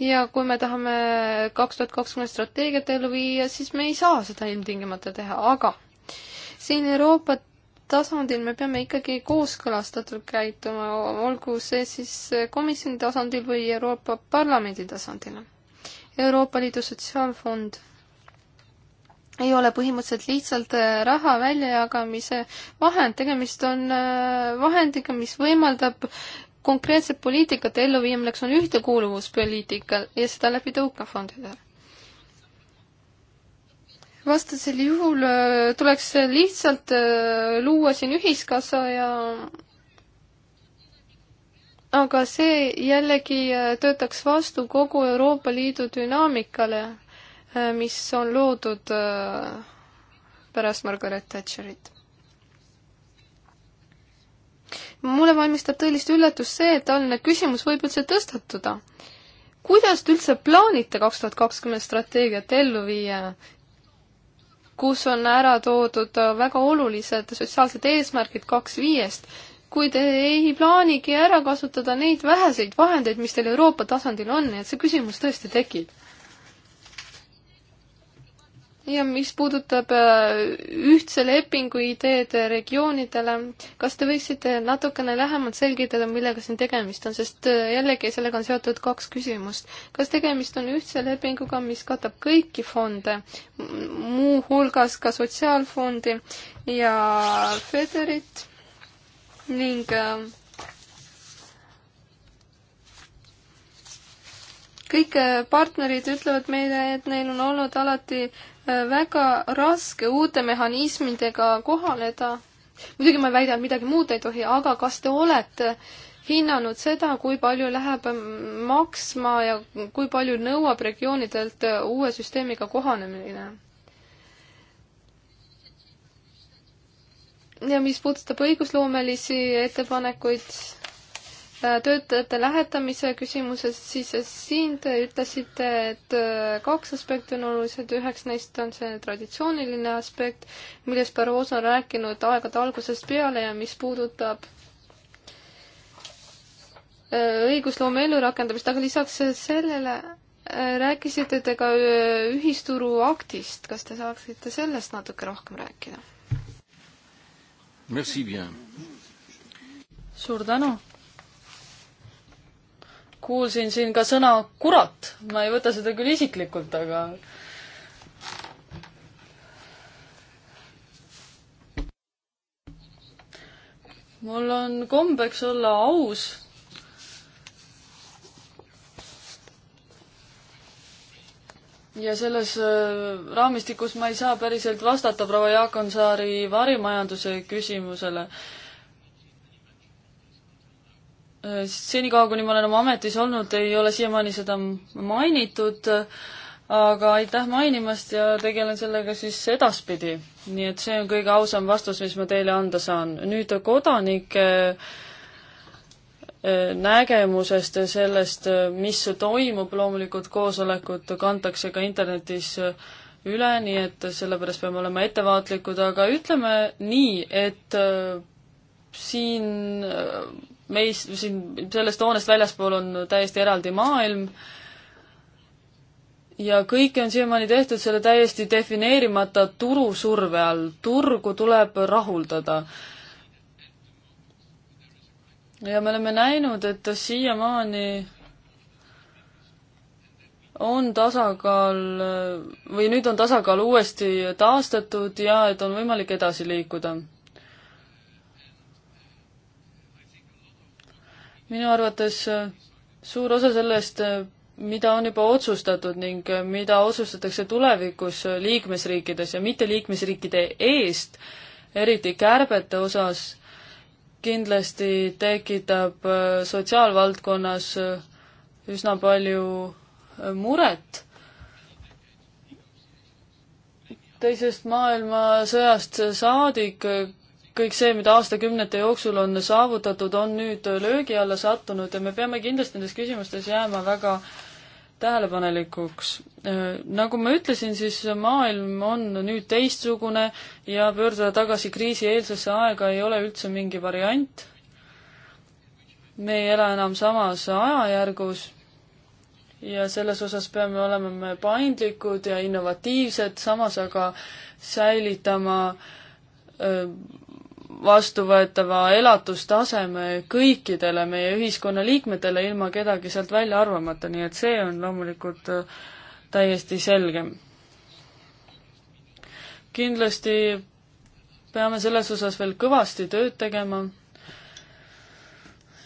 S2: ja kui me tahame kaks tuhat kakskümmend strateegiat ellu viia, siis me ei saa seda ilmtingimata teha, aga siin Euroopa tasandil me peame ikkagi kooskõlastatult käituma, olgu see siis komisjoni tasandil või Euroopa Parlamendi tasandil. Euroopa Liidu Sotsiaalfond ei ole põhimõtteliselt lihtsalt äh, raha väljajagamise vahend, tegemist on äh, vahendiga, mis võimaldab konkreetset poliitikat ellu viia, milleks on ühtekuuluvuspoliitika ja seda läbi tõukefondide. vastasel juhul äh, tuleks lihtsalt luua siin ühiskassa ja aga see jällegi töötaks vastu kogu Euroopa Liidu dünaamikale Äh, mis on loodud äh, pärast Margaret Thatcherit. mulle valmistab tõelist üllatust see, et taoline küsimus võib üldse tõstatuda. kuidas te üldse plaanite kaks tuhat kakskümmend strateegiat ellu viia, kus on ära toodud väga olulised sotsiaalsed eesmärgid kaks viiest, kui te ei plaanigi ära kasutada neid väheseid vahendeid, mis teil Euroopa tasandil on, nii et see küsimus tõesti tekib ja mis puudutab äh, ühtse lepingu ideed regioonidele, kas te võiksite natukene lähemalt selgitada, millega siin tegemist on, sest äh, jällegi sellega on seotud kaks küsimust. kas tegemist on ühtse lepinguga, mis katab kõiki fonde, muuhulgas ka Sotsiaalfondi ja Federit ning äh, kõik partnerid ütlevad meile, et neil on olnud alati väga raske uute mehhanismidega kohaneda. muidugi ma ei väida, et midagi muud ei tohi, aga kas te olete hinnanud seda, kui palju läheb maksma ja kui palju nõuab regioonidelt uue süsteemiga kohanemine? ja mis puudutab õigusloomelisi ettepanekuid, Äh, töötajate lähetamise küsimuses, siis äh, siin te ütlesite, et äh, kaks aspekti on olulised, üheks neist on see traditsiooniline aspekt, millest Barroso on rääkinud aegade algusest peale ja mis puudutab õigusloome ellurakendamist, aga lisaks sellele rääkisite te ka ühisturu aktist, kas te saaksite sellest natuke rohkem rääkida? suur tänu kuulsin siin ka sõna
S3: kurat, ma ei võta seda küll isiklikult, aga mul on kombeks olla aus. ja selles äh, raamistikus ma ei saa päriselt vastata proua Jaakonsaari varimajanduse küsimusele senikaua, kuni ma olen oma ametis olnud, ei ole siiamaani seda mainitud, aga aitäh mainimast ja tegelen sellega siis edaspidi. nii et see on kõige ausam vastus, mis ma teile anda saan. nüüd kodanike äh, nägemusest ja sellest, mis toimub, loomulikult koosolekud kantakse ka internetis üle, nii et sellepärast peame olema ettevaatlikud, aga ütleme nii, et äh, siin äh, meis, siin sellest hoonest väljaspool on täiesti eraldi maailm ja kõike on siiamaani tehtud selle täiesti defineerimata turusurve all. turgu tuleb rahuldada. ja me oleme näinud, et siiamaani on tasakaal või nüüd on tasakaal uuesti taastatud ja et on võimalik edasi liikuda minu arvates äh, suur osa sellest, äh, mida on juba otsustatud ning äh, mida otsustatakse tulevikus liikmesriikides ja mitte liikmesriikide eest, eriti kärbete osas, kindlasti tekitab sotsiaalvaldkonnas üsna palju muret. teisest maailmasõjast saadik kõik see, mida aastakümnete jooksul on saavutatud, on nüüd löögi alla sattunud ja me peame kindlasti nendes küsimustes jääma väga tähelepanelikuks. nagu ma ütlesin, siis maailm on nüüd teistsugune ja pöörduda tagasi kriisieelsesse aega ei ole üldse mingi variant. me ei ela enam samas ajajärgus ja selles osas peame olema me paindlikud ja innovatiivsed, samas aga säilitama öö, vastuvõetava elatustaseme kõikidele meie ühiskonna liikmetele, ilma kedagi sealt välja arvamata, nii et see on loomulikult äh, täiesti selge. kindlasti peame selles osas veel kõvasti tööd tegema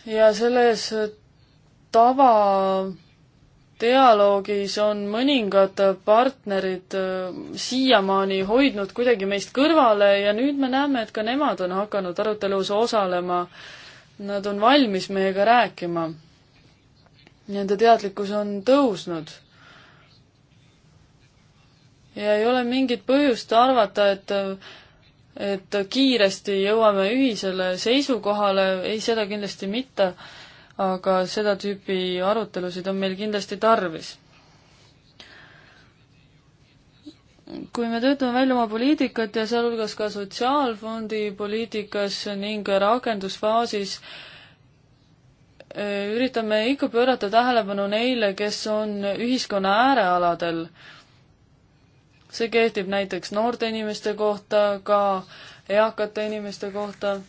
S3: ja selles tava dialoogis on mõningad partnerid äh, siiamaani hoidnud kuidagi meist kõrvale ja nüüd me näeme, et ka nemad on hakanud arutelus osalema. Nad on valmis meiega rääkima. Nende teadlikkus on tõusnud ja ei ole mingit põhjust arvata, et et kiiresti jõuame ühisele seisukohale, ei, seda kindlasti mitte aga seda tüüpi arutelusid on meil kindlasti tarvis. kui me töötame välja oma poliitikat ja sealhulgas ka sotsiaalfondi poliitikas ning rakendusfaasis, e, üritame ikka pöörata tähelepanu neile, kes on ühiskonna äärealadel. see kehtib näiteks noorte inimeste kohta, ka eakate inimeste kohta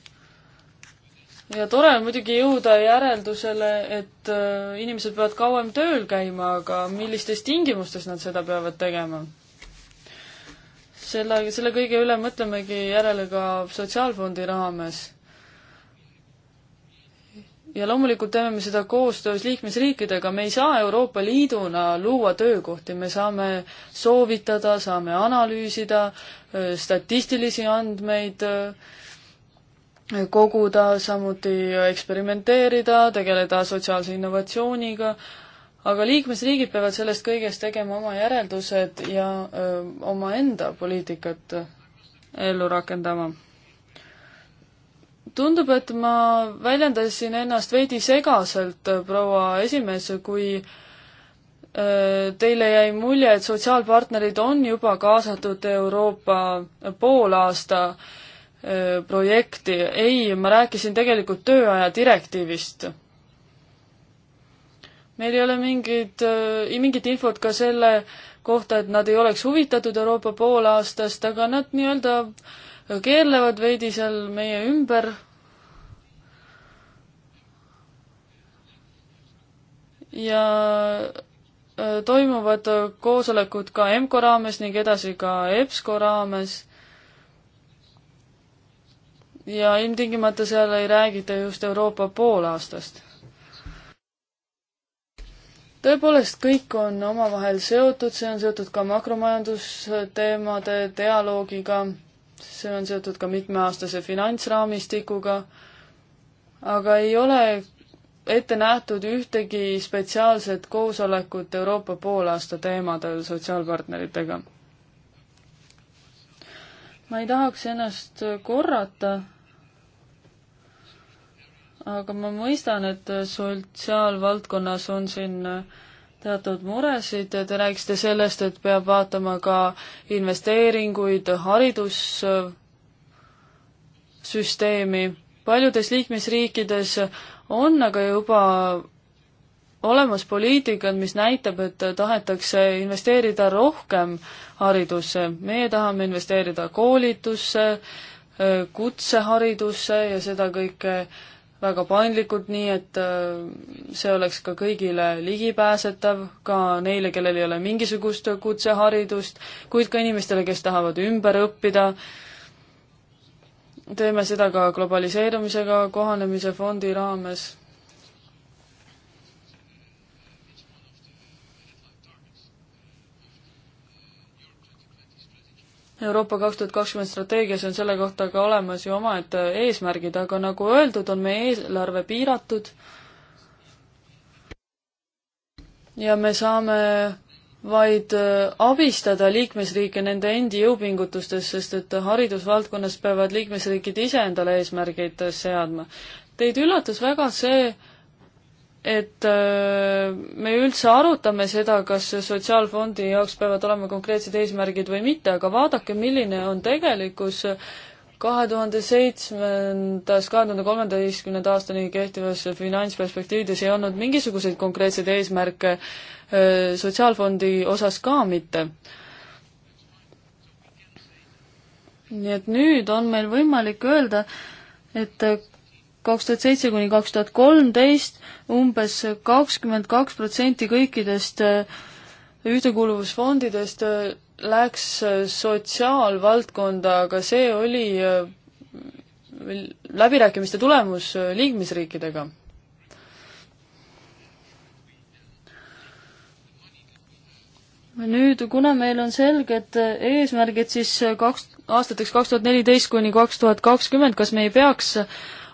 S3: ja tore on muidugi jõuda järeldusele, et äh, inimesed peavad kauem tööl käima, aga millistes tingimustes nad seda peavad tegema? selle, selle kõige üle mõtlemegi järele ka Sotsiaalfondi raames. ja loomulikult teeme me seda koostöös liikmesriikidega, me ei saa Euroopa Liiduna luua töökohti, me saame soovitada, saame analüüsida äh, statistilisi andmeid äh,, koguda, samuti eksperimenteerida, tegeleda sotsiaalse innovatsiooniga, aga liikmesriigid peavad sellest kõigest tegema oma järeldused ja öö, omaenda poliitikat äh, ellu rakendama. tundub, et ma väljendasin ennast veidi segaselt, äh, proua esimees, kui öö, äh, Teile jäi mulje, et sotsiaalpartnerid on juba kaasatud Euroopa poolaasta öö, Äh, projekti, ei, ma rääkisin tegelikult tööaja direktiivist. meil ei ole mingeid, äh, mingit infot ka selle kohta, et nad ei oleks huvitatud Euroopa poolaastast, aga nad nii-öelda keerlevad veidi seal meie ümber. ja äh, toimuvad koosolekud ka EMCO raames ning edasi ka EBSCO raames ja ilmtingimata seal ei räägita just Euroopa poolaastast. tõepoolest, kõik on omavahel seotud, see on seotud ka makromajandusteemade dialoogiga, see on seotud ka mitmeaastase finantsraamistikuga, aga ei ole ette nähtud ühtegi spetsiaalset koosolekut Euroopa poolaasta teemadel sotsiaalpartneritega. ma ei tahaks ennast korrata aga ma mõistan, et sotsiaalvaldkonnas on siin äh, teatud muresid, te rääkisite sellest, et peab vaatama ka investeeringuid haridussüsteemi. paljudes liikmesriikides on aga juba olemas poliitikad, mis näitab, et tahetakse investeerida rohkem haridusse. meie tahame investeerida koolitusse, äh, kutseharidusse ja seda kõike väga paindlikud, nii et äh, see oleks ka kõigile ligipääsetav, ka neile, kellel ei ole mingisugust kutseharidust, kuid ka inimestele, kes tahavad ümber õppida. teeme seda ka globaliseerumisega kohanemise fondi raames Euroopa kaks tuhat kakskümmend strateegias on selle kohta ka olemas ju omaette eesmärgid, aga nagu öeldud, on meie eelarve piiratud. ja me saame vaid äh, abistada liikmesriike nende endi jõupingutustes, sest et haridusvaldkonnas peavad liikmesriigid ise endale eesmärgid äh, seadma. Teid üllatas väga see, et äh, me üldse arutame seda, kas sotsiaalfondi jaoks peavad olema konkreetsed eesmärgid või mitte, aga vaadake, milline on tegelikkus kahe tuhande seitsmendast kahe tuhande kolmeteistkümnenda aastani kehtivas finantsperspektiivides ei olnud mingisuguseid konkreetseid eesmärke äh, sotsiaalfondi osas ka mitte. nii et nüüd on meil võimalik öelda, et kaks tuhat seitse kuni kaks tuhat kolmteist umbes kakskümmend kaks protsenti kõikidest äh, ühtekuuluvusfondidest äh, läks äh, sotsiaalvaldkonda, aga see oli läbirääkimiste tulemus liikmesriikidega nüüd, kuna meil on selged eesmärgid, siis kaks, aastateks kaks tuhat neliteist kuni kaks tuhat kakskümmend, kas me ei peaks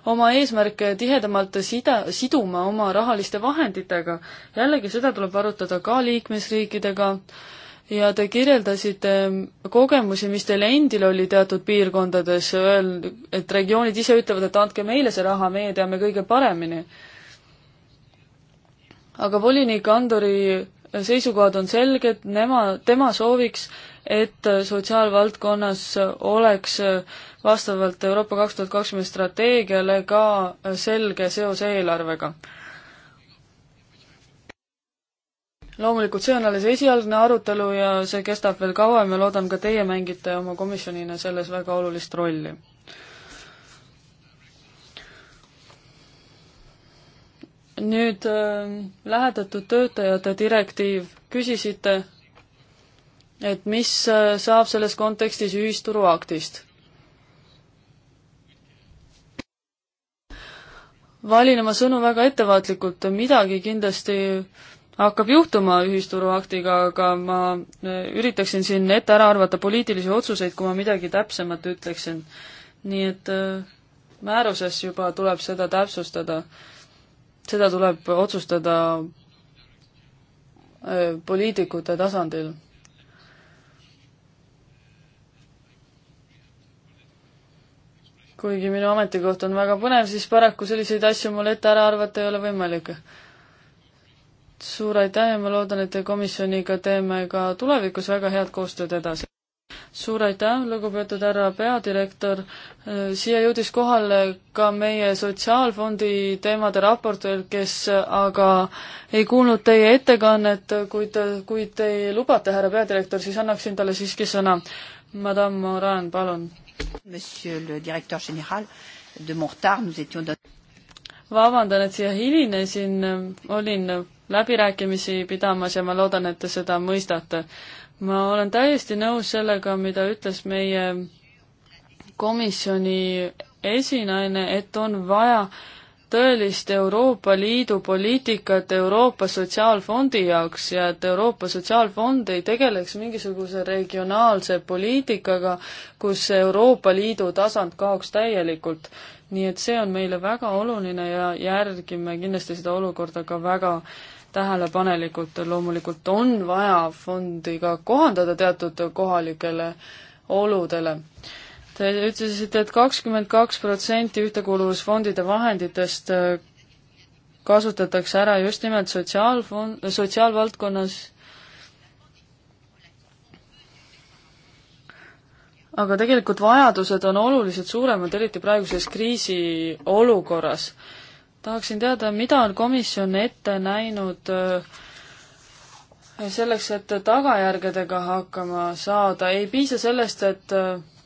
S3: oma eesmärke tihedamalt sida, siduma oma rahaliste vahenditega. jällegi, seda tuleb arutada ka liikmesriikidega ja te kirjeldasite kogemusi, mis teil endil oli teatud piirkondades, et regioonid ise ütlevad, et andke meile see raha, meie teame kõige paremini. aga volinik Andori seisukohad on selged, nema, tema sooviks, et sotsiaalvaldkonnas oleks vastavalt Euroopa kaks tuhat kakskümmend strateegiale ka selge seos eelarvega. loomulikult see on alles esialgne arutelu ja see kestab veel kauem ja loodan ka teie mängite oma komisjonina selles väga olulist rolli nüüd äh, lähedatud töötajate direktiiv, küsisite et mis äh, saab selles kontekstis ühisturuaktist? valin oma sõnu väga ettevaatlikult, midagi kindlasti hakkab juhtuma ühisturuaktiga, aga ma äh, üritaksin siin ette ära arvata poliitilisi otsuseid, kui ma midagi täpsemat ütleksin. nii et äh, määruses juba tuleb seda täpsustada. seda tuleb otsustada poliitikute tasandil kuigi minu ametikoht on väga põnev, siis paraku selliseid asju mul ette ära arvata ei ole võimalik. suur aitäh ja ma loodan, et komisjoniga teeme ka tulevikus väga head koostööd edasi. suur aitäh, lugupeetud härra peadirektor, siia jõudis kohale ka meie Sotsiaalfondi teemade raportöör, kes aga ei kuulnud teie ettekannet, kuid, kui te lubate, härra peadirektor, siis annaksin talle siiski sõna. Madame Moran, palun vabandan, et siia hilinesin, olin läbirääkimisi pidamas ja ma loodan, et te seda mõistate. ma olen täiesti nõus sellega, mida ütles meie komisjoni esinaine, et on vaja äh, tõelist Euroopa Liidu poliitikat Euroopa Sotsiaalfondi jaoks ja et Euroopa Sotsiaalfond ei tegeleks mingisuguse regionaalse poliitikaga, kus Euroopa Liidu tasand kaoks täielikult. nii et see on meile väga oluline ja järgime kindlasti seda olukorda ka väga tähelepanelikult, loomulikult on vaja fondi ka kohandada teatud kohalikele oludele Te ütlesite et, et kakskümmend kaks protsenti ühtekuuluvusfondide vahenditest äh, kasutatakse ära just nimelt sotsiaalfond, sotsiaalvaldkonnas. aga tegelikult vajadused on oluliselt suuremad, eriti praeguses kriisiolukorras. tahaksin teada, mida on komisjon ette näinud äh, selleks, et tagajärgedega hakkama saada, ei piisa sellest, et äh,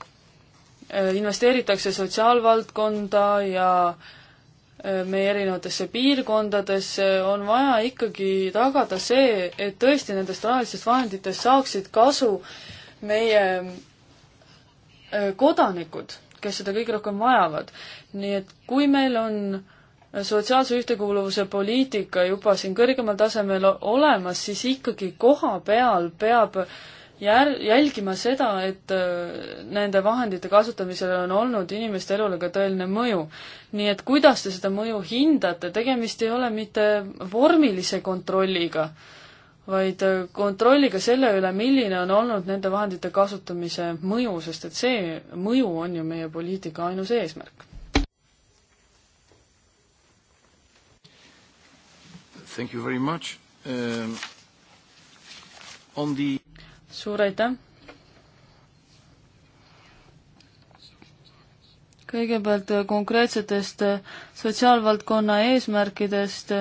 S3: Äh, investeeritakse sotsiaalvaldkonda ja äh, meie erinevatesse piirkondadesse, on vaja ikkagi tagada see, et tõesti nendest rahalistest vahenditest saaksid kasu meie äh, kodanikud, kes seda kõige rohkem vajavad. nii et kui meil on sotsiaalse ühtekuuluvuse poliitika juba siin kõrgemal tasemel olemas, siis ikkagi koha peal peab äh, jär-, jälgima seda, et äh, nende vahendite kasutamisel on olnud inimeste elule ka tõeline mõju. nii et kuidas te seda mõju hindate, tegemist ei ole mitte vormilise kontrolliga, vaid äh, kontrolliga selle üle, milline on olnud nende vahendite kasutamise mõju, sest et see mõju on ju meie poliitika ainus eesmärk.
S5: Thank you very much um,.
S3: On the suur aitäh! kõigepealt äh, konkreetsetest äh, sotsiaalvaldkonna eesmärkidest.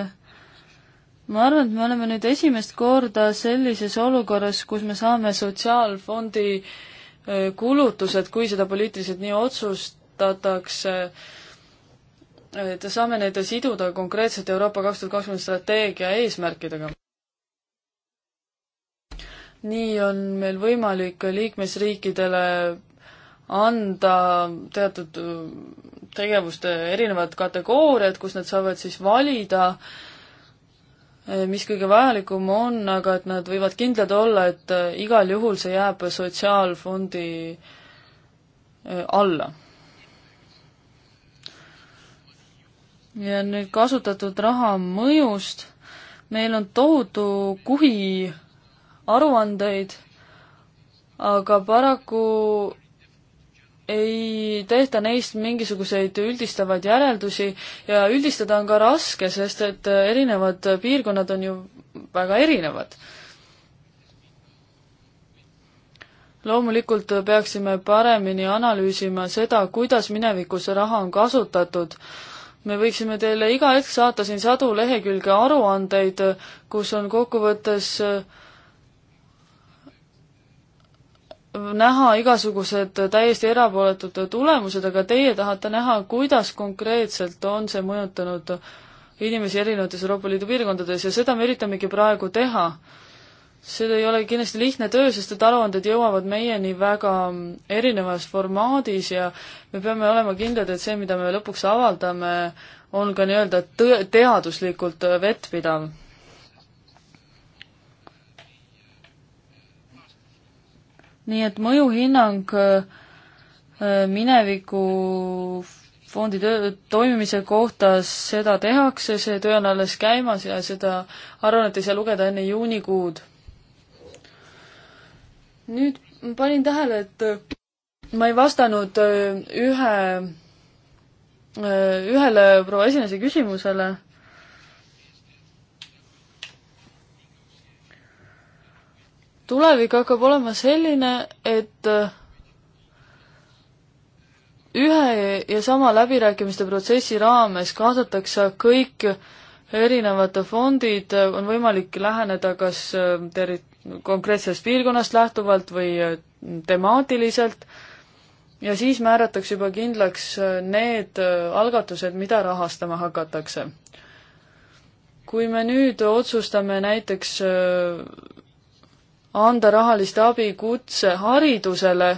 S3: ma arvan, et me oleme nüüd esimest korda sellises olukorras, kus me saame sotsiaalfondi äh, kulutused, kui seda poliitiliselt nii otsustatakse, et saame need siduda konkreetselt Euroopa kaks tuhat kakskümmend strateegia eesmärkidega nii on meil võimalik liikmesriikidele anda teatud äh, tegevuste erinevad kategooriad, kus nad saavad siis valida, äh, mis kõige vajalikum on, aga et nad võivad kindlad olla, et äh, igal juhul see jääb sotsiaalfondi alla ja nüüd kasutatud raha mõjust, meil on tohutu kuhi aruandeid, aga paraku ei tehta neist mingisuguseid üldistavaid järeldusi ja üldistada on ka raske, sest et erinevad piirkonnad on ju väga erinevad. loomulikult peaksime paremini analüüsima seda, kuidas minevikus raha on kasutatud. me võiksime teile iga hetk saata siin sadu lehekülge aruandeid, kus on kokkuvõttes äh, näha igasugused täiesti erapooletud tulemused, aga teie tahate näha, kuidas konkreetselt on see mõjutanud inimesi erinevates Euroopa Liidu piirkondades ja seda me üritamegi praegu teha. see ei ole kindlasti lihtne töö, sest et aruanded jõuavad meieni väga erinevas formaadis ja me peame olema kindlad, et see, mida me lõpuks avaldame, on ka nii-öelda tõ-, teaduslikult vettpidav nii et mõjuhinnang äh, äh, mineviku fondi töö, toimimise kohta seda tehakse, see töö on alles käimas ja seda arvan, et ei saa lugeda enne juunikuud. nüüd panin tähele, et äh, ma ei vastanud ühe, ühele proua esinese küsimusele tulevik hakkab olema selline, et äh, ühe ja sama läbirääkimiste protsessi raames kaasatakse kõik erinevad fondid, äh, on võimalik läheneda kas äh, terri-, konkreetsest piirkonnast lähtuvalt või temaatiliselt ja siis määratakse juba kindlaks need algatused, mida rahastama hakatakse. kui me nüüd otsustame näiteks anda rahalist abi kutseharidusele,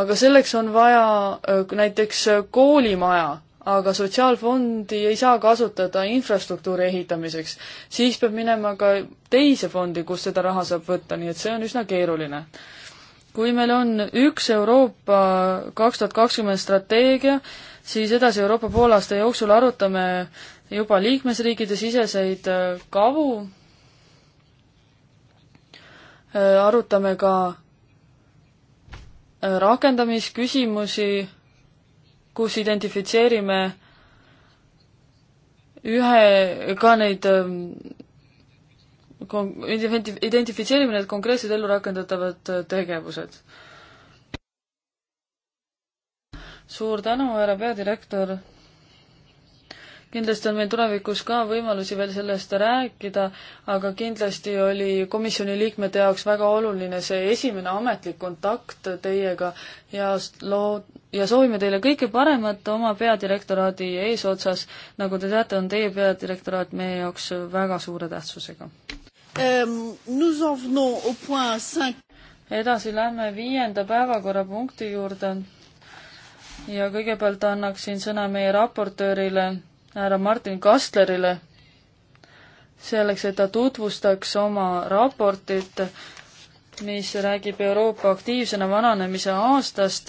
S3: aga selleks on vaja äh, näiteks äh, koolimaja, aga sotsiaalfondi ei saa kasutada infrastruktuuri ehitamiseks. siis peab minema ka teise fondi, kust seda raha saab võtta, nii et see on üsna keeruline. kui meil on üks Euroopa kaks tuhat kakskümmend strateegia, siis edasi Euroopa poolaasta jooksul arutame juba liikmesriikide siseseid äh, kavu, Äh, arutame ka äh, rakendamisküsimusi, kus identifitseerime ühe, ka neid ähm, kon-, identifitseerime need konkreetsed ellu rakendatavad äh, tegevused. suur tänu, härra peadirektor kindlasti on meil tulevikus ka võimalusi veel sellest rääkida, aga kindlasti oli komisjoni liikmete jaoks väga oluline see esimene ametlik kontakt teiega ja loo-, ja soovime teile kõike paremat oma peadirektoraadi eesotsas. nagu te teate, on teie peadirektoraat meie jaoks väga suure tähtsusega ähm, edasi lähme viienda päevakorrapunkti juurde ja kõigepealt annaksin sõna meie raportöörile härra Martin Kastlerile selleks, et ta tutvustaks oma raportit, mis räägib Euroopa aktiivsena vananemise aastast,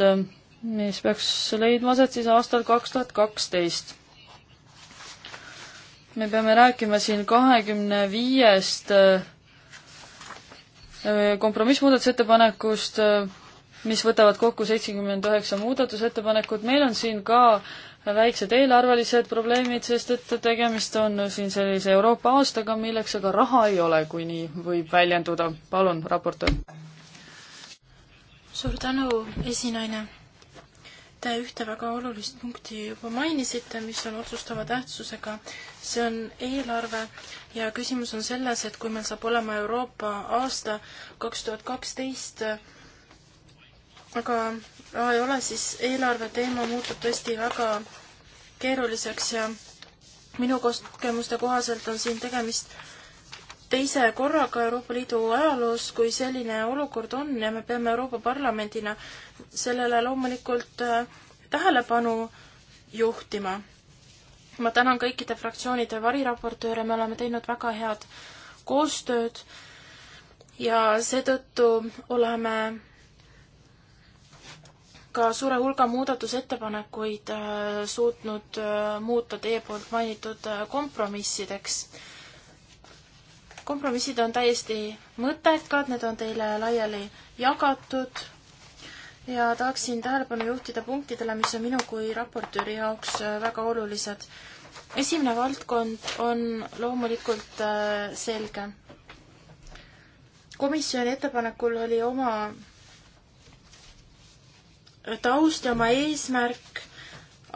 S3: mis peaks leidma aset siis aastal kaks tuhat kaksteist. me peame rääkima siin kahekümne viiest äh, kompromissmuudatusettepanekust, äh, mis võtavad kokku seitsekümmend üheksa muudatusettepanekut, meil on siin ka äh, väiksed eelarvelised probleemid, sest et tegemist on siin sellise Euroopa aastaga, milleks aga raha ei ole, kui nii võib väljenduda. palun, raportöör.
S6: suur tänu, esinaine. Te ühte väga olulist punkti juba mainisite, mis on otsustava tähtsusega. see on eelarve ja küsimus on selles, et kui meil saab olema Euroopa aasta kaks tuhat kaksteist, aga raha ei ole, siis eelarve teema muutub tõesti väga keeruliseks ja minu kogemuste kohaselt on siin tegemist teise korraga Euroopa Liidu ajaloos, kui selline olukord on ja me peame Euroopa Parlamendina sellele loomulikult äh, tähelepanu juhtima. ma tänan kõikide fraktsioonide variraportööre, me oleme teinud väga head koostööd ja seetõttu oleme ka suure hulga muudatusettepanekuid äh, suutnud äh, muuta teie poolt mainitud äh, kompromissideks. kompromissid on täiesti mõttekad, need on teile laiali jagatud ja tahaksin tähelepanu juhtida punktidele, mis on minu kui raportööri jaoks väga olulised. esimene valdkond on loomulikult selge. komisjoni ettepanekul oli oma taust ja oma eesmärk,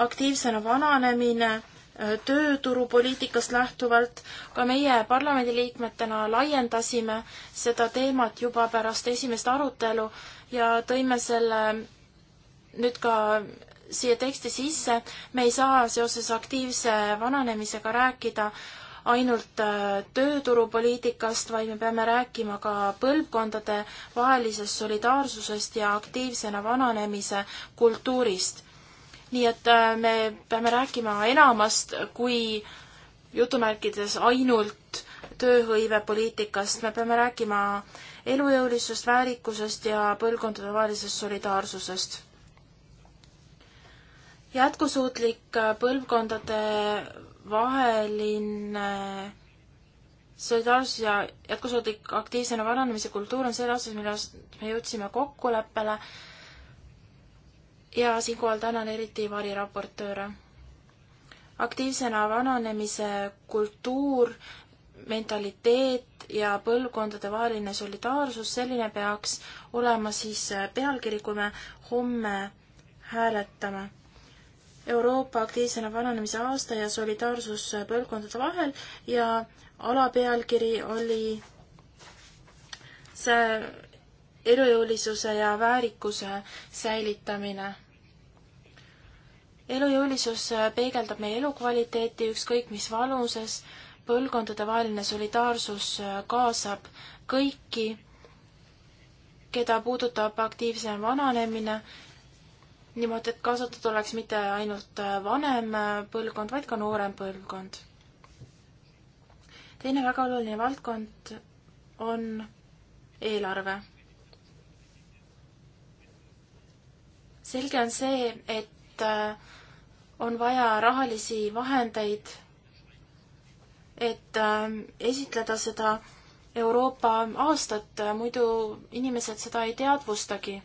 S6: aktiivsena vananemine, äh, tööturupoliitikast lähtuvalt, ka meie parlamendiliikmetena laiendasime seda teemat juba pärast esimest arutelu ja tõime selle nüüd ka siia teksti sisse, me ei saa seoses aktiivse vananemisega rääkida ainult äh, tööturupoliitikast, vaid me peame rääkima ka põlvkondade vahelisest solidaarsusest ja aktiivsena vananemise kultuurist. nii et äh, me peame rääkima enamast kui jutumärkides ainult tööhõivepoliitikast, me peame rääkima elujõulisusest, väärikusest ja põlvkondadevahelisest solidaarsusest. jätkusuutlik äh, põlvkondade vaheline solidaarsus ja jätkusuutlik aktiivsena vananemise kultuur on selles osas, milles me jõudsime kokkuleppele. ja siinkohal tänan eriti variraportööre. aktiivsena vananemise kultuur, mentaliteet ja põlvkondadevaheline solidaarsus, selline peaks olema siis pealkiri, kui me homme hääletame Euroopa aktiivsena vananemise aasta ja solidaarsus põlvkondade vahel ja alapealkiri oli see elujõulisuse ja väärikuse säilitamine. elujõulisus peegeldab meie elukvaliteeti ükskõik mis vanuses, põlvkondadevaheline solidaarsus kaasab kõiki, keda puudutab aktiivsem vananemine niimoodi, et kaasatud oleks mitte ainult vanem põlvkond, vaid ka noorem põlvkond. teine väga oluline valdkond on eelarve. selge on see, et on vaja rahalisi vahendeid, et esitleda seda Euroopa aastat, muidu inimesed seda ei teadvustagi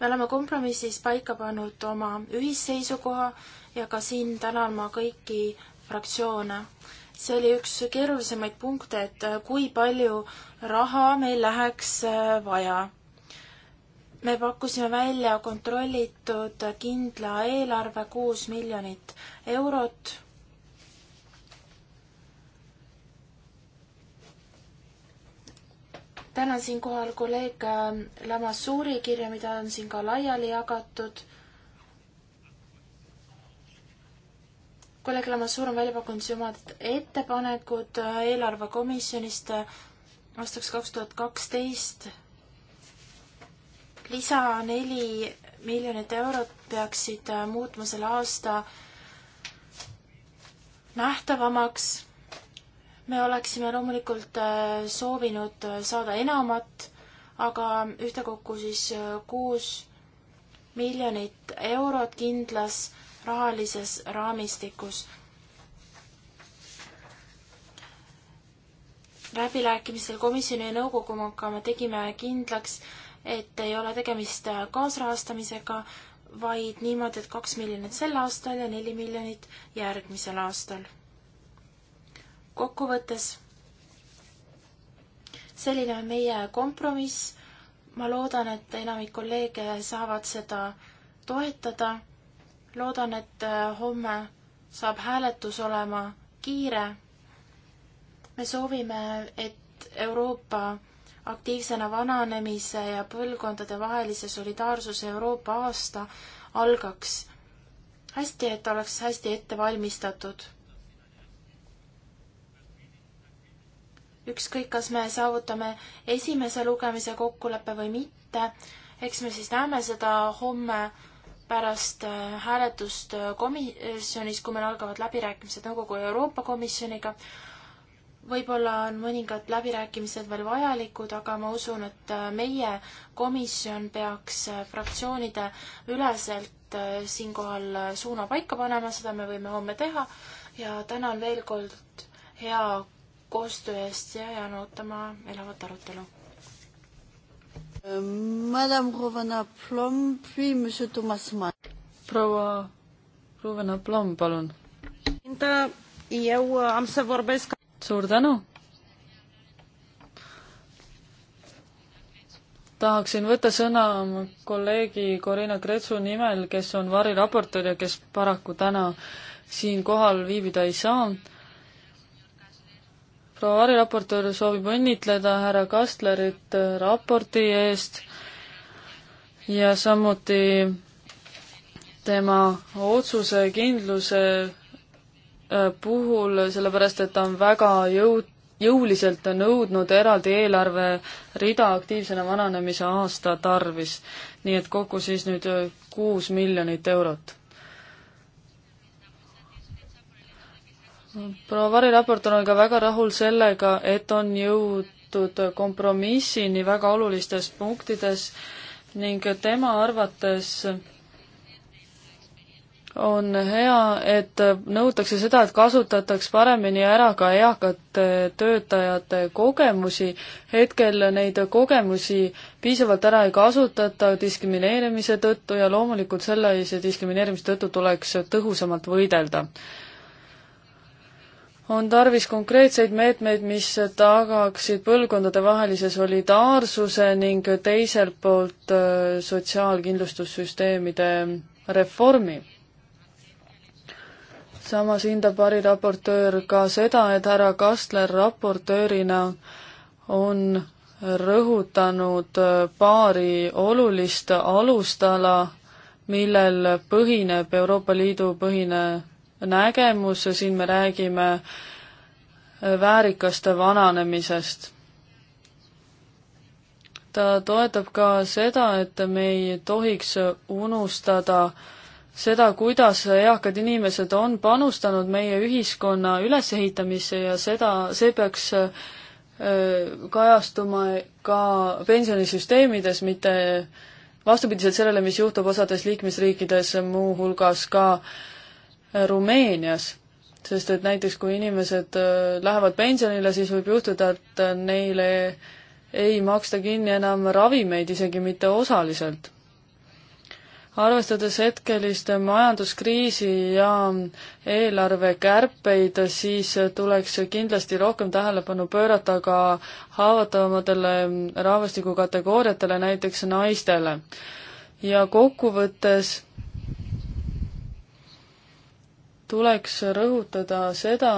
S6: me oleme kompromissis paika pannud oma ühisseisukoha ja ka siin tänan ma kõiki fraktsioone. see oli üks keerulisemaid punkte, et kui palju raha meil läheks äh, vaja. me pakkusime välja kontrollitud kindla eelarve kuus miljonit eurot tänan siinkohal kolleeg äh, Lamassuuri kirja, mida on siin ka laiali jagatud. kolleeg Lamassuur on välja pakkunud siin omad ettepanekud äh, eelarvekomisjonist äh, aastaks kaks tuhat kaksteist. lisa neli miljonit eurot peaksid muutma selle aasta nähtavamaks me oleksime loomulikult äh, soovinud äh, saada enamat, aga ühtekokku siis äh, kuus miljonit eurot kindlas rahalises raamistikus. läbirääkimistel komisjoni ja nõukoguga me tegime kindlaks, et ei ole tegemist kaasrahastamisega, vaid niimoodi, et kaks miljonit sel aastal ja neli miljonit järgmisel aastal kokkuvõttes selline on meie kompromiss. ma loodan, et enamik kolleege saavad seda toetada. loodan, et äh, homme saab hääletus olema kiire. me soovime, et Euroopa aktiivsena vananemise ja põlvkondade vahelise solidaarsuse Euroopa aasta algaks hästi, et oleks hästi ette valmistatud ükskõik, kas me saavutame esimese lugemise kokkuleppe või mitte, eks me siis näeme seda homme pärast äh, hääletust äh, komisjonis, kui meil algavad läbirääkimised Nõukogu ja Euroopa Komisjoniga. võib-olla on mõningad läbirääkimised veel vajalikud, aga ma usun, et äh, meie komisjon peaks fraktsioonide üleselt siinkohal suuna paika panema, seda me võime homme teha ja tänan veel kord hea koostöö eest ja jään ootama elavat arutelu.
S1: Madame Rovana Plom, puis Monsieur Thomas Mann. proua Rovana Plom, palun. suur tänu.
S3: tahaksin võtta sõna kolleegi Corina Kretsu nimel, kes on variraportöör ja kes paraku täna siin kohal viibida ei saa proua variraportöör soovib õnnitleda härra Kastlerit äh, raporti eest ja samuti tema otsuse kindluse äh, puhul, sellepärast et ta on väga jõud-, jõuliselt nõudnud eraldi eelarverida aktiivsena vananemise aasta tarvis. nii et kokku siis nüüd äh, kuus miljonit eurot. proua variraportor on ka väga rahul sellega, et on jõutud kompromissini väga olulistes punktides ning tema arvates on hea, et nõutakse seda, et kasutataks paremini ära ka eakate töötajate kogemusi. hetkel neid kogemusi piisavalt ära ei kasutata diskrimineerimise tõttu ja loomulikult sellise diskrimineerimise tõttu tuleks tõhusamalt võidelda on tarvis konkreetseid meetmeid, mis tagaksid põlvkondadevahelise solidaarsuse ning teiselt poolt äh, sotsiaalkindlustussüsteemide reformi. samas hindab variraportöör ka seda, et härra Kastler raportöörina on rõhutanud äh, paari olulist alustala, millel põhineb Euroopa Liidu põhine nägemus, siin me räägime väärikast vananemisest. ta toetab ka seda, et me ei tohiks unustada seda, kuidas eakad inimesed on panustanud meie ühiskonna ülesehitamisse ja seda, see peaks äh, kajastuma ka pensionisüsteemides, mitte vastupidiselt sellele, mis juhtub osades liikmesriikides, muuhulgas ka äh, Rumeenias, sest et näiteks kui inimesed äh, lähevad pensionile, siis võib juhtuda, et äh, neile ei maksta kinni enam ravimeid, isegi mitte osaliselt. arvestades hetkelist majanduskriisi ja eelarvekärpeid, siis tuleks kindlasti rohkem tähelepanu pöörata ka haavatavamatele rahvastikukategooriatele, näiteks naistele. ja kokkuvõttes tuleks rõhutada seda,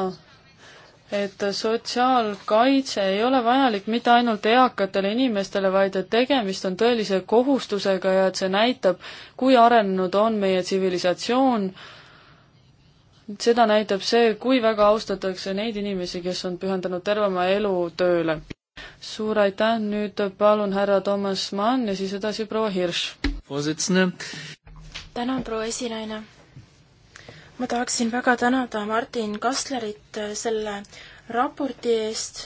S3: et sotsiaalkaitse ei ole vajalik mitte ainult eakatele inimestele, vaid et tegemist on tõelise kohustusega ja et see näitab, kui arenenud on meie tsivilisatsioon. seda näitab see, kui väga austatakse neid inimesi, kes on pühendanud terve oma elu tööle. suur aitäh, nüüd palun härra Toomas Mann ja siis edasi proua Hirš.
S6: tänan, proua esinaine ma tahaksin väga tänada Martin Kastlerit äh, selle raporti eest.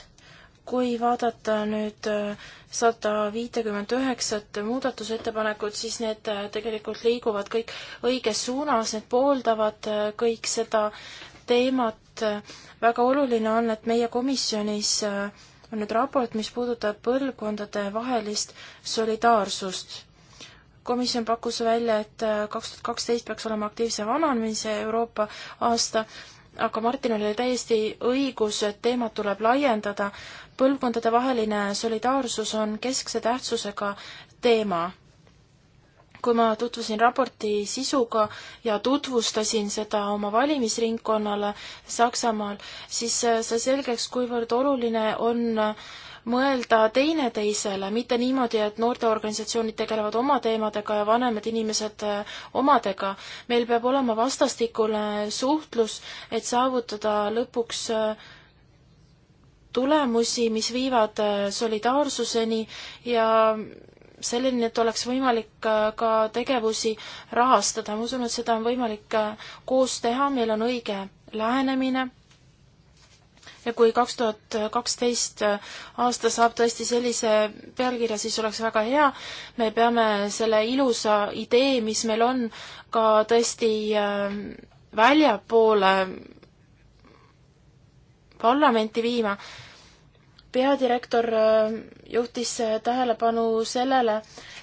S6: kui vaadata nüüd äh, sada viitekümmet üheksat muudatusettepanekut, siis need äh, tegelikult liiguvad kõik õiges suunas, need pooldavad kõik seda teemat. väga oluline on, et meie komisjonis on nüüd raport, mis puudutab põlvkondade vahelist solidaarsust komisjon pakkus välja, et äh, kaks tuhat kaksteist peaks olema aktiivse vananemise Euroopa aasta, aga Martinil oli täiesti õigus, et teemat tuleb laiendada. põlvkondadevaheline solidaarsus on keskse tähtsusega teema. kui ma tutvusin raporti sisuga ja tutvustasin seda oma valimisringkonnale Saksamaal, siis äh, sai selgeks, kuivõrd oluline on äh, mõelda teineteisele, mitte niimoodi, et noorteorganisatsioonid tegelevad oma teemadega ja vanemad inimesed äh, omadega. meil peab olema vastastikune suhtlus, et saavutada lõpuks äh, tulemusi, mis viivad äh, solidaarsuseni ja selleni, et oleks võimalik ka tegevusi rahastada. ma usun, et seda on võimalik koos teha, meil on õige lähenemine ja kui kaks tuhat kaksteist aasta saab tõesti sellise pealkirja, siis oleks väga hea. me peame selle ilusa idee, mis meil on, ka tõesti ähm, väljapoole parlamenti viima. peadirektor ähm, juhtis tähelepanu sellele,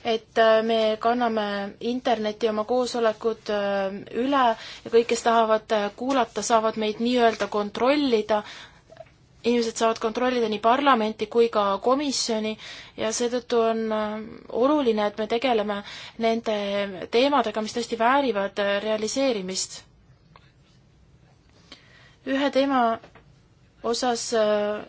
S6: et äh, me kanname Internetti oma koosolekud ähm, üle ja kõik, kes tahavad äh, kuulata, saavad meid nii-öelda kontrollida, inimesed saavad kontrollida nii parlamenti kui ka komisjoni ja seetõttu on äh, oluline, et me tegeleme nende teemadega, mis tõesti väärivad äh, realiseerimist. ühe teema osas äh,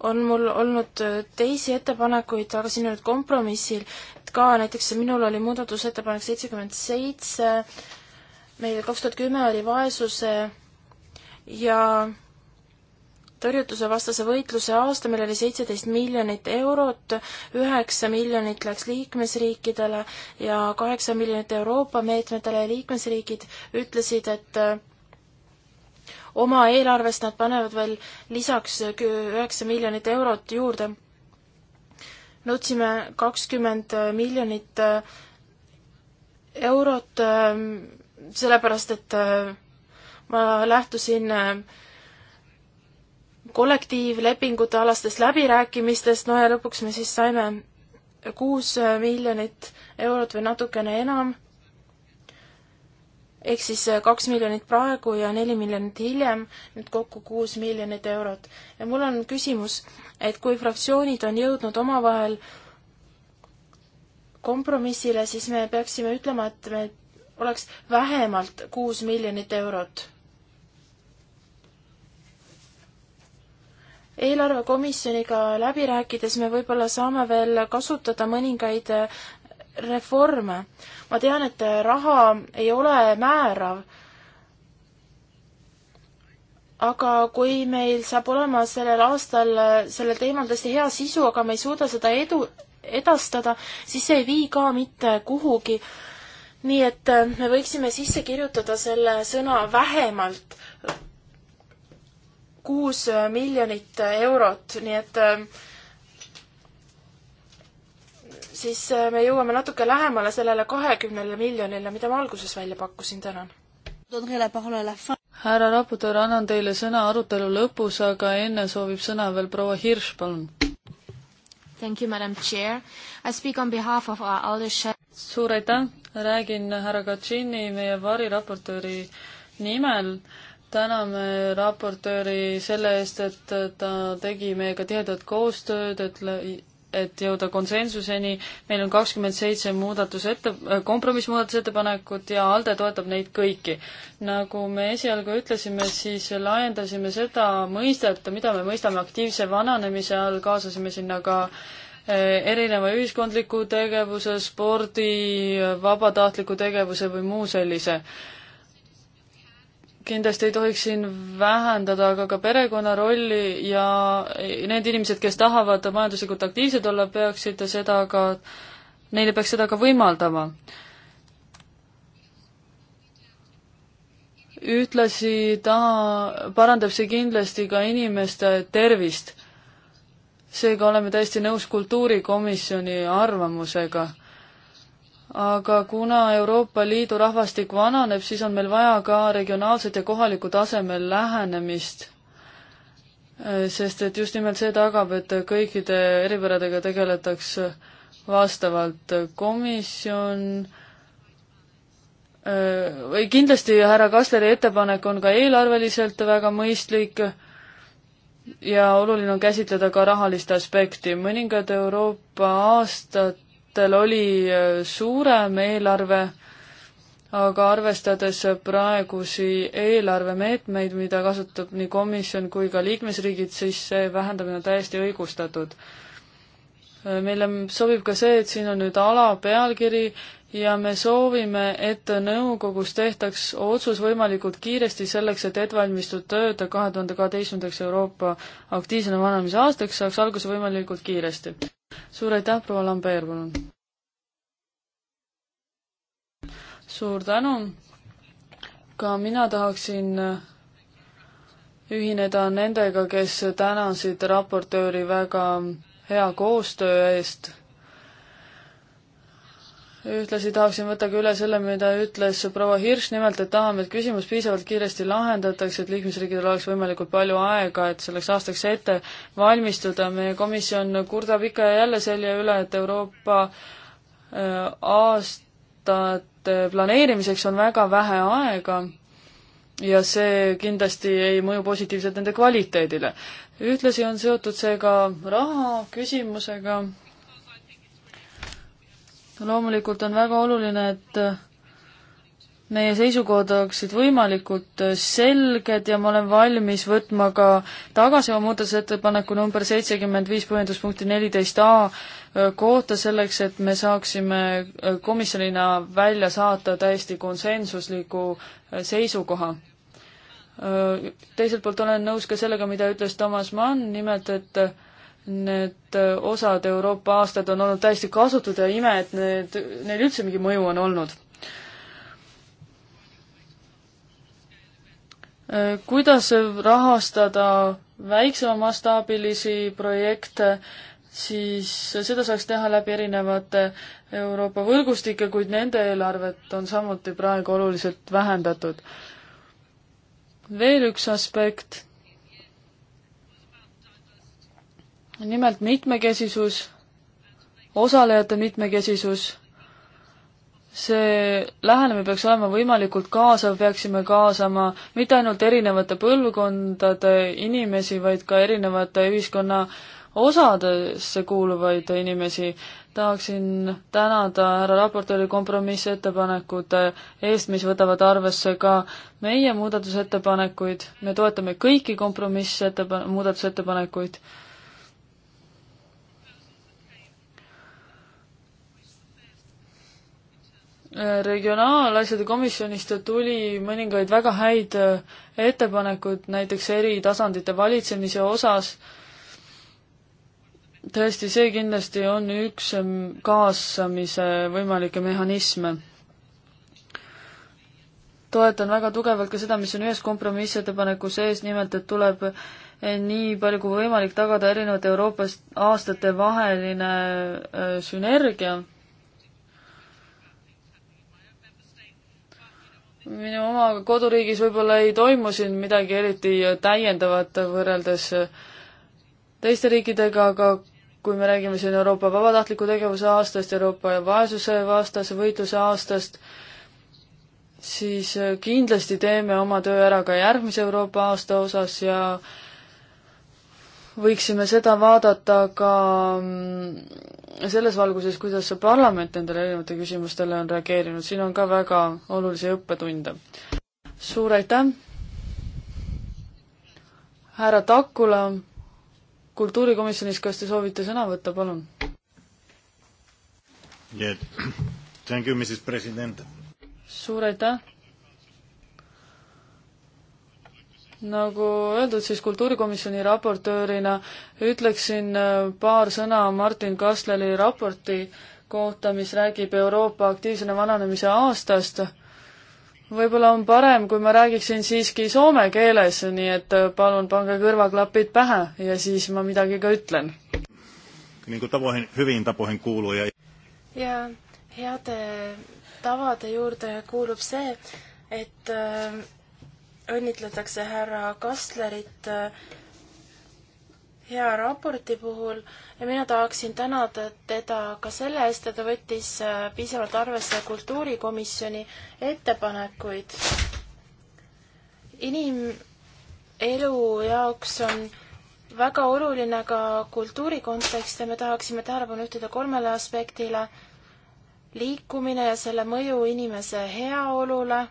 S6: on mul olnud teisi ettepanekuid, aga siin olid kompromissil, et ka näiteks minul oli muudatusettepanek seitsekümmend seitse, meil kaks tuhat kümme oli vaesuse ja tõrjutusevastase võitluse aasta, meil oli seitseteist miljonit eurot, üheksa miljonit läks liikmesriikidele ja kaheksa miljonit Euroopa meetmetele ja liikmesriigid ütlesid, et äh, oma eelarvest nad panevad veel lisaks üheksa miljonit eurot juurde. nõudsime kakskümmend miljonit äh, eurot, äh, sellepärast et ma lähtusin äh, kollektiivlepingute alastest läbirääkimistest, no ja lõpuks me siis saime kuus miljonit eurot või natukene enam, ehk siis kaks miljonit praegu ja neli miljonit hiljem, nüüd kokku kuus miljonit eurot. ja mul on küsimus, et kui fraktsioonid on jõudnud omavahel kompromissile, siis me peaksime ütlema, et me oleks vähemalt kuus miljonit eurot eelarvekomisjoniga läbi rääkides me võib-olla saame veel kasutada mõningaid äh, reforme. ma tean, et äh, raha ei ole määrav, aga kui meil saab olema sellel aastal äh, sellel teemal tõesti hea sisu, aga me ei suuda seda edu, edastada, siis see ei vii ka mitte kuhugi. nii et me võiksime sisse kirjutada selle sõna vähemalt kuus miljonit eurot, nii et äh, siis äh, me jõuame natuke lähemale sellele kahekümnele miljonile, mida ma alguses välja pakkusin, tänan.
S3: härra raportöör, annan teile sõna arutelu lõpus, aga enne soovib sõna veel proua Hirš, palun.
S6: Thank you, madam chair. I speak on behalf of our elder
S3: suur aitäh, räägin härra Kaczini, meie variraportööri nimel täname raportööri selle eest, et ta tegi meiega tihedat koostööd, et et jõuda konsensuseni, meil on kakskümmend seitse muudatusette-, kompromissmuudatusettepanekut ja ALDE toetab neid kõiki. nagu me esialgu ütlesime, siis laiendasime seda mõistet, mida me mõistame aktiivse vananemise all, kaasasime sinna ka eh, erineva ühiskondliku tegevuse, spordi, vabatahtliku tegevuse või muu sellise kindlasti ei tohiks siin vähendada aga ka perekonna rolli ja need inimesed, kes tahavad majanduslikult aktiivsed olla, peaksid seda ka, neile peaks seda ka võimaldama. ühtlasi taha, parandab see kindlasti ka inimeste tervist. seega oleme täiesti nõus kultuurikomisjoni arvamusega aga kuna Euroopa Liidu rahvastik vananeb, siis on meil vaja ka regionaalset ja kohalikku tasemel lähenemist. Äh, sest et just nimelt see tagab, et kõikide eripäradega tegeletakse vastavalt komisjon äh, või kindlasti härra Kasleri ettepanek on ka eelarveliselt väga mõistlik ja oluline on käsitleda ka rahalist aspekti. mõningad Euroopa aastad aastatel oli äh, suurem eelarve, aga arvestades praegusi eelarvemeetmeid, mida kasutab nii komisjon kui ka liikmesriigid, siis see vähendamine on täiesti õigustatud. Äh, meile sobib ka see, et siin on nüüd alapealkiri ja me soovime, et nõukogus tehtaks otsus võimalikult kiiresti selleks, et ettevalmistustööd kahe tuhande kaheteistkümnendaks Euroopa aktiivsena vananemise aastaks saaks alguse võimalikult kiiresti suur aitäh, proua Lambeer, palun! suur tänu! ka mina tahaksin äh, ühineda nendega, kes tänasid raportööri väga hea koostöö eest ühtlasi tahaksin võtta ka üle selle, mida ütles proua Hirš, nimelt et tahame, et küsimus piisavalt kiiresti lahendatakse, et liikmesriikidel oleks võimalikult palju aega, et selleks aastaks ette valmistuda. meie komisjon kurdab ikka ja jälle selle üle, et Euroopa äh, aastate planeerimiseks on väga vähe aega ja see kindlasti ei mõju positiivselt nende kvaliteedile. ühtlasi on seotud see ka raha küsimusega loomulikult on väga oluline, et meie seisukohad oleksid võimalikult selged ja ma olen valmis võtma ka tagasi oma muudatusettepaneku number seitsekümmend viis põhjenduspunkti neliteist A kohta selleks, et me saaksime komisjonina välja saata täiesti konsensusliku seisukoha teiselt poolt olen nõus ka sellega, mida ütles Toomas Mann, nimelt et need äh, osad Euroopa aastad on olnud täiesti kasutud ja ime, et need, neil üldse mingi mõju on olnud. Äh, kuidas rahastada väiksema mastaabilisi projekte, siis seda saaks teha läbi erinevate Euroopa võrgustike, kuid nende eelarvet on samuti praegu oluliselt vähendatud. veel üks aspekt nimelt mitmekesisus, osalejate mitmekesisus, see lähenemine peaks olema võimalikult kaasav, peaksime kaasama mitte ainult erinevate põlvkondade inimesi, vaid ka erinevate ühiskonna osadesse kuuluvaid inimesi. tahaksin tänada härra raportööri kompromissettepanekute eest, mis võtavad arvesse ka meie muudatusettepanekuid, me toetame kõiki kompromissettepan-, muudatusettepanekuid, muudatusettepanekuid regionaalasjade komisjonist tuli mõningaid väga häid äh, ettepanekuid näiteks eri tasandite valitsemise osas. tõesti, see kindlasti on üks ähm, kaasamise võimalikke mehhanisme. toetan väga tugevalt ka seda, mis on ühes kompromissettepaneku sees, nimelt et tuleb äh, nii palju kui võimalik tagada erinevate Euroopa aastate vaheline äh, sünergia minu oma koduriigis võib-olla ei toimu siin midagi eriti täiendavat võrreldes teiste riikidega, aga kui me räägime siin Euroopa vabatahtliku tegevuse aastast, Euroopa vaesuse vastase võitluse aastast, siis kindlasti teeme oma töö ära ka järgmise Euroopa aasta osas ja võiksime seda vaadata ka selles valguses, kuidas see parlament nendele erinevate küsimustele on reageerinud, siin on ka väga olulisi õppetunde. suur aitäh! härra Takula, kultuurikomisjonis, kas te soovite sõna võtta, palun? suur aitäh! nagu öeldud, siis kultuurikomisjoni raportöörina ütleksin äh, paar sõna Martin Kastleri raporti kohta, mis räägib Euroopa aktiivsena vananemise aastast. võib-olla on parem, kui ma räägiksin siiski soome keeles, nii et äh, palun pange kõrvaklapid pähe ja siis ma midagi ka ütlen.
S5: nii kui tapohin, hüvin tapohin kuulu ja
S6: ja heade tavade juurde kuulub see, et äh, õnnitletakse härra Kastlerit äh, hea raporti puhul ja mina tahaksin tänada teda ka selle eest, et ta võttis äh, piisavalt arvesse kultuurikomisjoni ettepanekuid. inimelu jaoks on väga oluline ka kultuuri kontekst ja me tahaksime tähelepanu juhtida kolmele aspektile. liikumine ja selle mõju inimese heaolule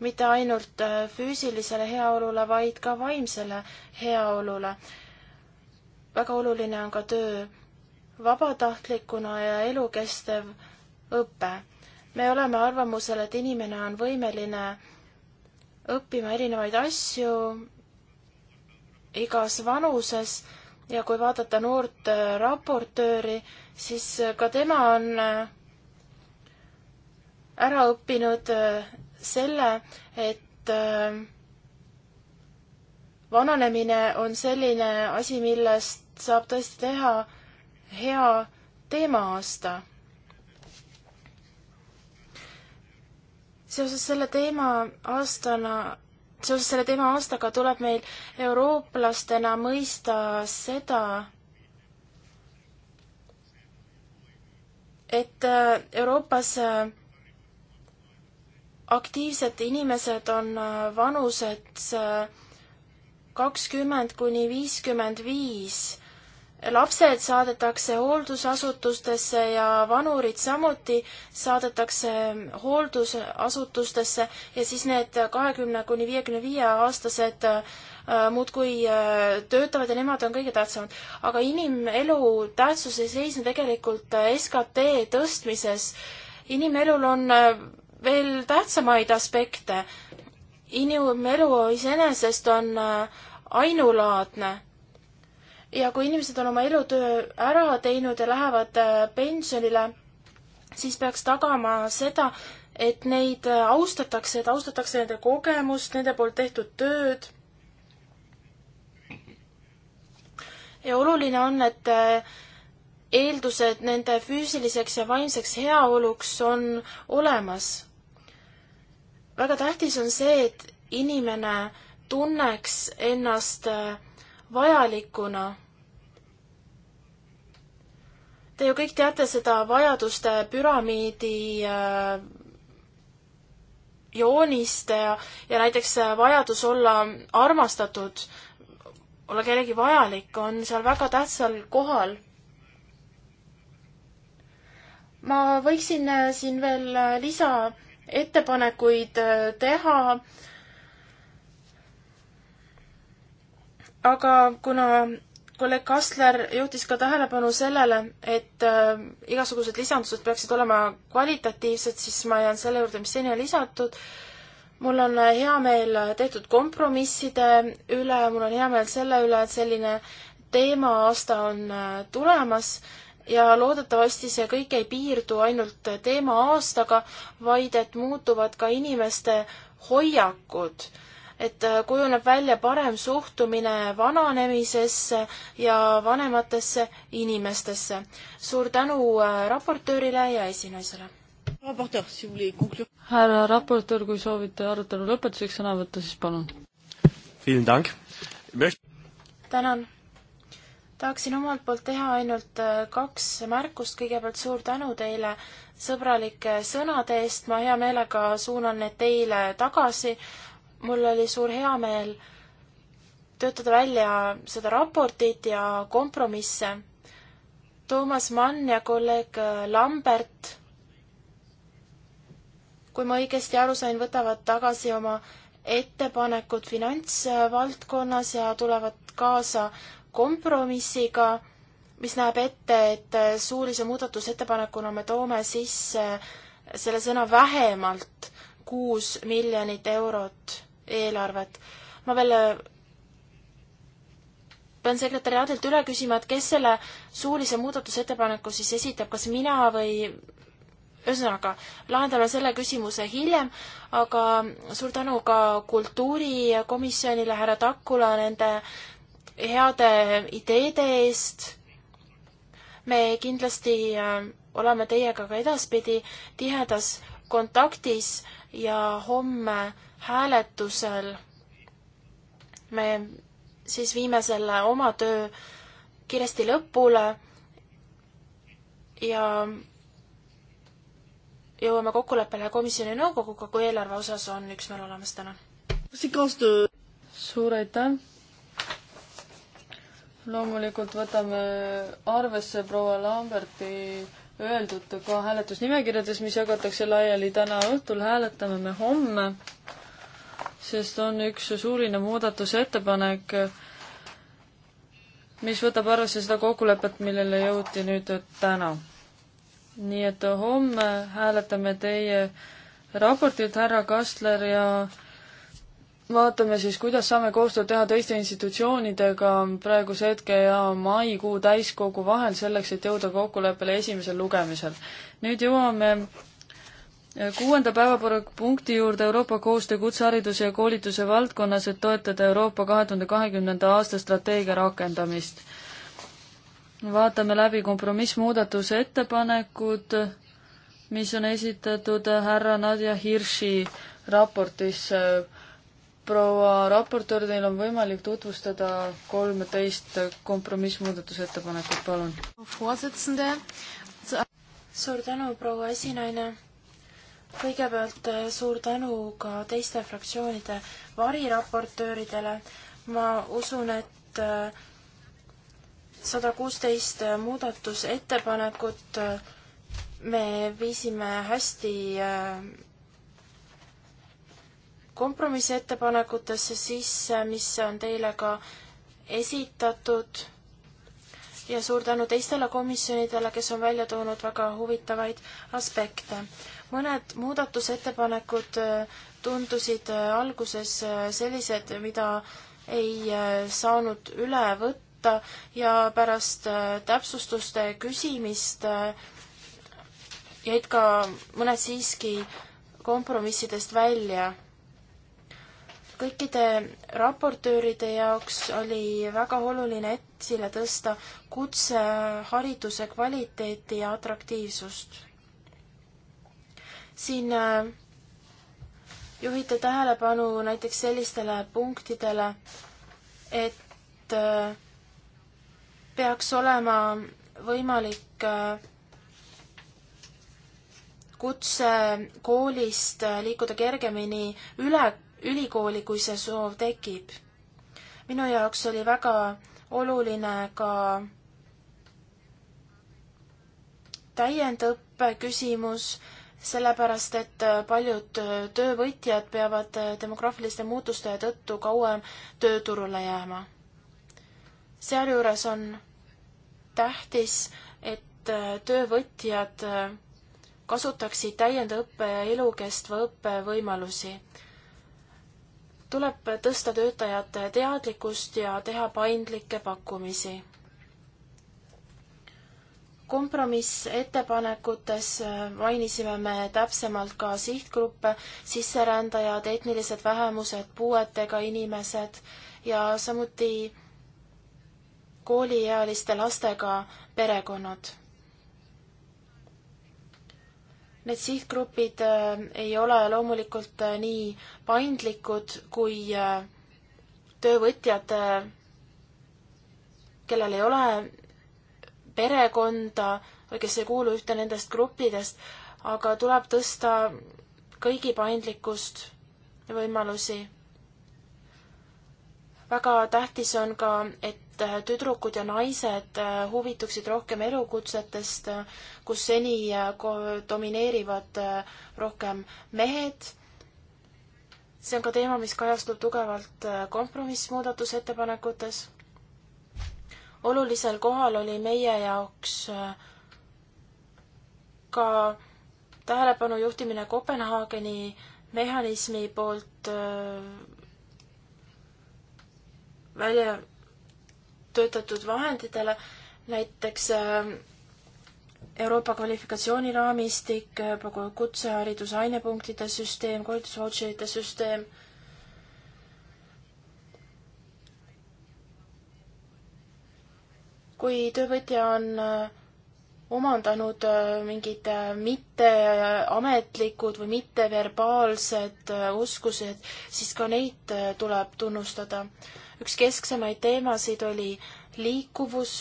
S6: mitte ainult äh, füüsilisele heaolule, vaid ka vaimsele heaolule. väga oluline on ka töö vabatahtlikuna ja elukestev õpe. me oleme arvamusel, et inimene on võimeline õppima erinevaid asju igas vanuses ja kui vaadata noort äh, raportööri, siis äh, ka tema on ära õppinud selle, et äh, vananemine on selline asi, millest saab tõesti teha hea teema-aasta. seoses selle teema-aastana, seoses selle teema-aastaga tuleb meil eurooplastena mõista seda, et äh, Euroopas äh, aktiivsed inimesed on äh, vanused äh, kakskümmend kuni viiskümmend viis. lapsed saadetakse hooldusasutustesse ja vanurid samuti saadetakse hooldusasutustesse ja siis need kahekümne kuni viiekümne viie aastased äh, muudkui töötavad ja nemad on kõige tähtsamad. aga inimelu tähtsus ei seisne tegelikult SKT tõstmises. inimelul on veel tähtsamaid aspekte. inimelu iseenesest on äh, ainulaadne ja kui inimesed on oma elutöö ära teinud ja lähevad äh, pensionile, siis peaks tagama seda, et neid äh, austatakse, et austatakse nende kogemust, nende poolt tehtud tööd. ja oluline on, et eeldused nende füüsiliseks ja vaimseks heaoluks on olemas väga tähtis on see, et inimene tunneks ennast äh, vajalikuna. Te ju kõik teate seda vajaduste püramiidi äh, joonist ja, ja näiteks äh, vajadus olla armastatud, olla kellegi vajalik, on seal väga tähtsal kohal. ma võiksin siin veel lisa ettepanekuid äh, teha. aga kuna kolleeg Kastler juhtis ka tähelepanu sellele, et äh, igasugused lisandused peaksid olema kvalitatiivsed, siis ma jään selle juurde, mis seni on lisatud. mul on äh, hea meel äh, tehtud kompromisside üle, mul on hea meel selle üle, et selline teema-aasta on tulemas ja loodetavasti see kõik ei piirdu ainult teema aastaga, vaid et muutuvad ka inimeste hoiakud, et äh, kujuneb välja parem suhtumine vananemisesse ja vanematesse inimestesse. suur tänu äh, raportöörile ja esinaisele.
S3: härra raportöör, kui soovite arutelu lõpetuseks sõna võtta, siis palun.
S6: tänan tahaksin omalt poolt teha ainult äh, kaks märkust, kõigepealt suur tänu teile sõbralike sõnade eest, ma hea meelega suunan need teile tagasi. mul oli suur heameel töötada välja seda raportit ja kompromisse. Toomas Mann ja kolleeg äh, Lambert, kui ma õigesti aru sain, võtavad tagasi oma ettepanekud finantsvaldkonnas ja tulevad kaasa kompromissiga, mis näeb ette, et suulise muudatusettepanekuna me toome sisse selle sõna vähemalt kuus miljonit eurot eelarvet. ma veel äh, pean sekretäriaadilt üle küsima, et kes selle suulise muudatusettepaneku siis esitab, kas mina või ühesõnaga, lahendame selle küsimuse hiljem, aga suur tänu ka kultuurikomisjonile, härra Takula nende heade ideede eest. me kindlasti äh, oleme teiega ka edaspidi tihedas kontaktis ja homme hääletusel me siis viime selle oma töö kiiresti lõpule ja jõuame kokkuleppele komisjoni nõukoguga, kui eelarve osas on üksmeel olemas täna.
S3: suur aitäh! loomulikult võtame arvesse proua Lamberti öeldud ka hääletusnimekirjades, mis jagatakse laiali täna õhtul, hääletame me homme, sest on üks suurine muudatusettepanek, mis võtab arvesse seda kokkulepet, millele jõuti nüüd täna. nii et homme hääletame teie raportit, härra Kastler, ja vaatame siis, kuidas saame koostööd teha teiste institutsioonidega praeguse hetke ja maikuu täiskogu vahel, selleks et jõuda kokkuleppele esimesel lugemisel. nüüd jõuame kuuenda päevapunkti juurde Euroopa koostöö kutsehariduse ja koolituse valdkonnas, et toetada Euroopa kahe tuhande kahekümnenda aasta strateegia rakendamist. vaatame läbi kompromissmuudatuse ettepanekud, mis on esitatud härra Nadja Hirši raportis äh, proua raportöör, teil on võimalik tutvustada kolmeteist kompromissmuudatusettepanekut, palun.
S6: suur tänu, proua esinaine. kõigepealt eh, suur tänu ka teiste fraktsioonide variraportööridele. ma usun, et eh, sada kuusteist muudatusettepanekut eh, me viisime hästi kompromissettepanekutesse sisse, mis on teile ka esitatud ja suur tänu teistele komisjonidele, kes on välja toonud väga huvitavaid aspekte. mõned muudatusettepanekud äh, tundusid äh, alguses äh, sellised, mida ei saanud üle võtta ja pärast täpsustuste küsimist jäid ka mõned siiski kompromissidest välja kõikide raportööride jaoks oli väga oluline esile tõsta kutsehariduse kvaliteeti ja atraktiivsust. siin äh, juhite tähelepanu näiteks sellistele punktidele, et äh, peaks olema võimalik äh, kutsekoolist liikuda kergemini üle ülikooli, kui see soov tekib. minu jaoks oli väga oluline ka täiendõppe küsimus, sellepärast et paljud töövõtjad peavad demograafiliste muutuste tõttu kauem tööturule jääma. sealjuures on tähtis, et töövõtjad kasutaksid täiendõppe ja elukestva õppe võimalusi tuleb tõsta töötajate teadlikkust ja teha paindlikke pakkumisi. kompromissettepanekutes mainisime me täpsemalt ka sihtgruppe, sisserändajad, etnilised vähemused, puuetega inimesed ja samuti kooliealiste lastega perekonnad Need sihtgrupid äh, ei ole loomulikult äh, nii paindlikud kui äh, töövõtjad, kellel ei ole perekonda või kes ei kuulu ühte nendest gruppidest, aga tuleb tõsta kõigi paindlikkust ja võimalusi. väga tähtis on ka, et et äh, tüdrukud ja naised äh, huvituksid rohkem elukutsetest, äh, kus seni domineerivad rohkem mehed. see on ka teema, mis kajastub tugevalt kompromissmuudatusettepanekutes. olulisel kohal oli meie jaoks ka tähelepanu juhtimine Kopenhaageni mehhanismi poolt välja töötatud vahenditele, näiteks äh, Euroopa kvalifikatsiooniraamistik, äh, nagu kutsehariduse ainepunktide süsteem, koolitusvautšerite süsteem. kui töövõtja on äh, omandanud äh, mingid äh, mitteametlikud või mitteverbaalsed oskused, äh, siis ka neid tuleb tunnustada. üks kesksemaid teemasid oli liikuvus.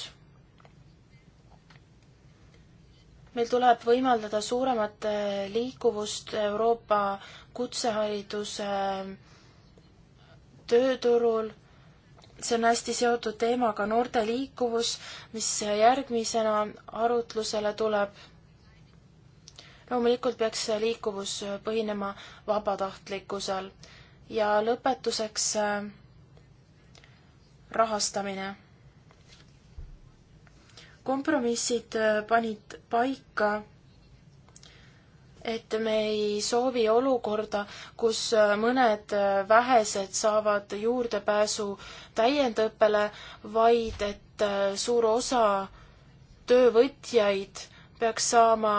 S6: meil tuleb võimaldada suuremat liikuvust Euroopa kutsehariduse tööturul see on hästi seotud teemaga noorte liikuvus, mis järgmisena arutlusele tuleb. loomulikult peaks liikuvus põhinema vabatahtlikkusel ja lõpetuseks äh, rahastamine. kompromissid äh, panid paika et me ei soovi olukorda, kus äh, mõned äh, vähesed saavad juurdepääsu täiendõppele, vaid et äh, suur osa töövõtjaid peaks saama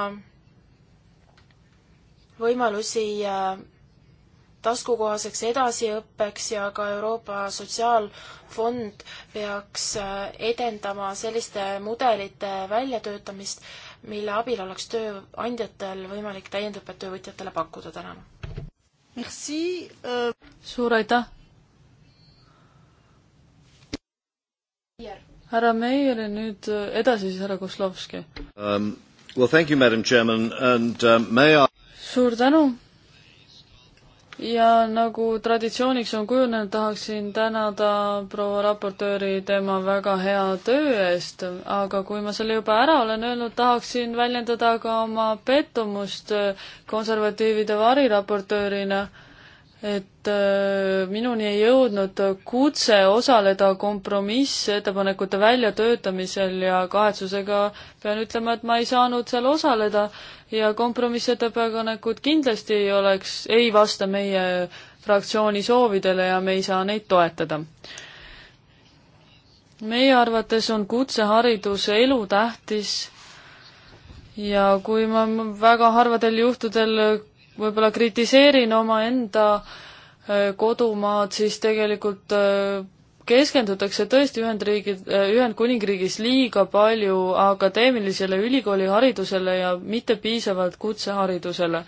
S6: võimalusi taskukohaseks edasiõppeks ja ka Euroopa Sotsiaalfond peaks edendama selliste mudelite väljatöötamist, mille abil oleks tööandjatel võimalik täiendõpet töövõtjatele pakkuda, tänan.
S1: Merci uh.... suur
S3: aitäh. härra Meier ja nüüd edasi siis härra Kozlovski
S7: um,. Well, thank you, madam chairman and
S1: uh, may I suur
S3: tänu ja nagu traditsiooniks on kujunenud, tahaksin tänada proua raportööri tema väga hea töö eest, aga kui ma selle juba ära olen öelnud, tahaksin väljendada ka oma pettumust konservatiivide variraportöörina et äh, minuni ei jõudnud kutse osaleda kompromissettepanekute väljatöötamisel ja kahetsusega pean ütlema, et ma ei saanud seal osaleda ja kompromissettepanekud kindlasti ei oleks, ei vasta meie fraktsiooni soovidele ja me ei saa neid toetada. meie arvates on kutseharidus elutähtis ja kui ma väga harvadel juhtudel võib-olla kritiseerin omaenda äh, kodumaad, siis tegelikult äh, keskendutakse tõesti Ühendriigid, äh, Ühendkuningriigis liiga palju akadeemilisele ülikooliharidusele ja mitte piisavalt kutseharidusele.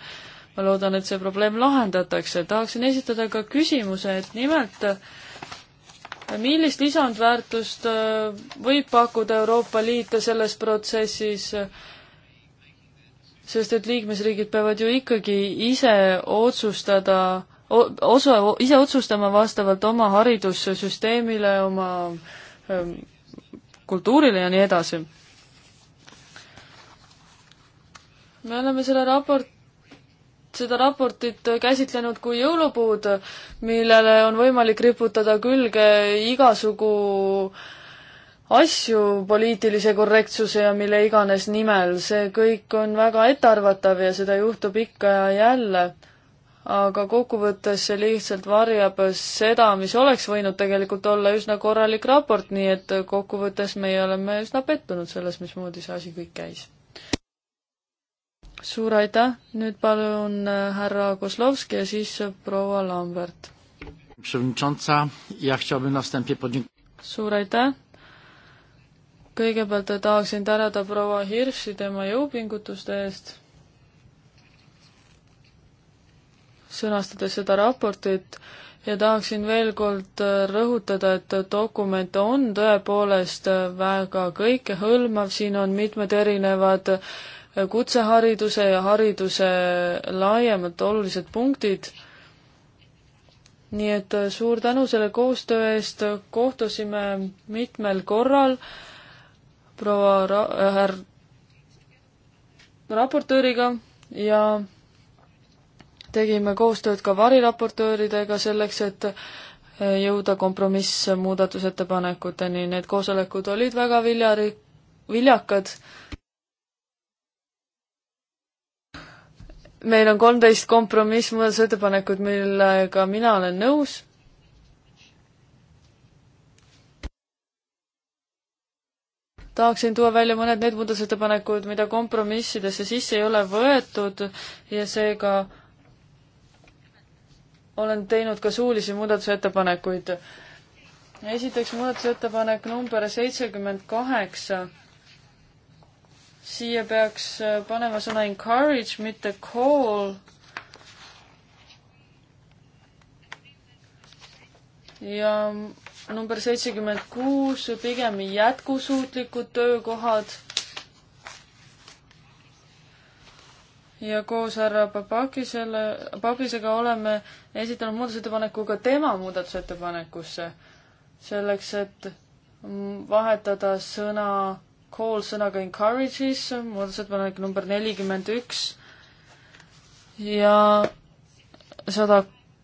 S3: ma loodan, et see probleem lahendatakse. tahaksin esitada ka küsimuse, et nimelt millist lisandväärtust võib pakkuda Euroopa Liit selles protsessis äh, sest et liikmesriigid peavad ju ikkagi ise otsustada, osa, ise otsustama vastavalt oma haridussüsteemile, oma ähm, kultuurile ja nii edasi. me oleme selle raport, seda raportit käsitlenud kui jõulupuud, millele on võimalik riputada külge igasugu äh, asju poliitilise korrektsuse ja mille iganes nimel, see kõik on väga ettearvatav ja seda juhtub ikka ja jälle. aga kokkuvõttes see lihtsalt varjab seda, mis oleks võinud tegelikult olla üsna korralik raport, nii et kokkuvõttes meie oleme üsna pettunud selles, mismoodi see asi kõik käis. suur aitäh, nüüd palun äh, härra Kozlovski ja siis äh, proua Lambert. suur aitäh kõigepealt tahaksin tänada proua Hirši tema jõupingutuste eest, sõnastades seda raportit ja tahaksin veel kord rõhutada, et dokument on tõepoolest väga kõikehõlmav, siin on mitmed erinevad kutsehariduse ja hariduse laiemalt olulised punktid. nii et suur tänu selle koostöö eest, kohtusime mitmel korral proua ra-, äh, härra raportööriga ja tegime koostööd ka variraportööridega selleks, et äh, jõuda kompromissmuudatusettepanekuteni, need koosolekud olid väga viljari-, viljakad. meil on kolmteist kompromissmuudatusettepanekut, millega mina olen nõus tahaksin tuua välja mõned need muudatusettepanekud, mida kompromissidesse sisse ei ole võetud ja seega olen teinud ka suulisi muudatusettepanekuid. esiteks muudatusettepanek number seitsekümmend kaheksa. siia peaks panema sõna encourage, mitte call. ja number seitsekümmend kuus, pigem jätkusuutlikud töökohad. ja koos härra Papakisele, Papakisega oleme esitanud muudatusettepaneku ka tema muudatusettepanekusse, selleks et vahetada sõna call sõnaga encourages, muudatusettepanek number nelikümmend üks ja sada,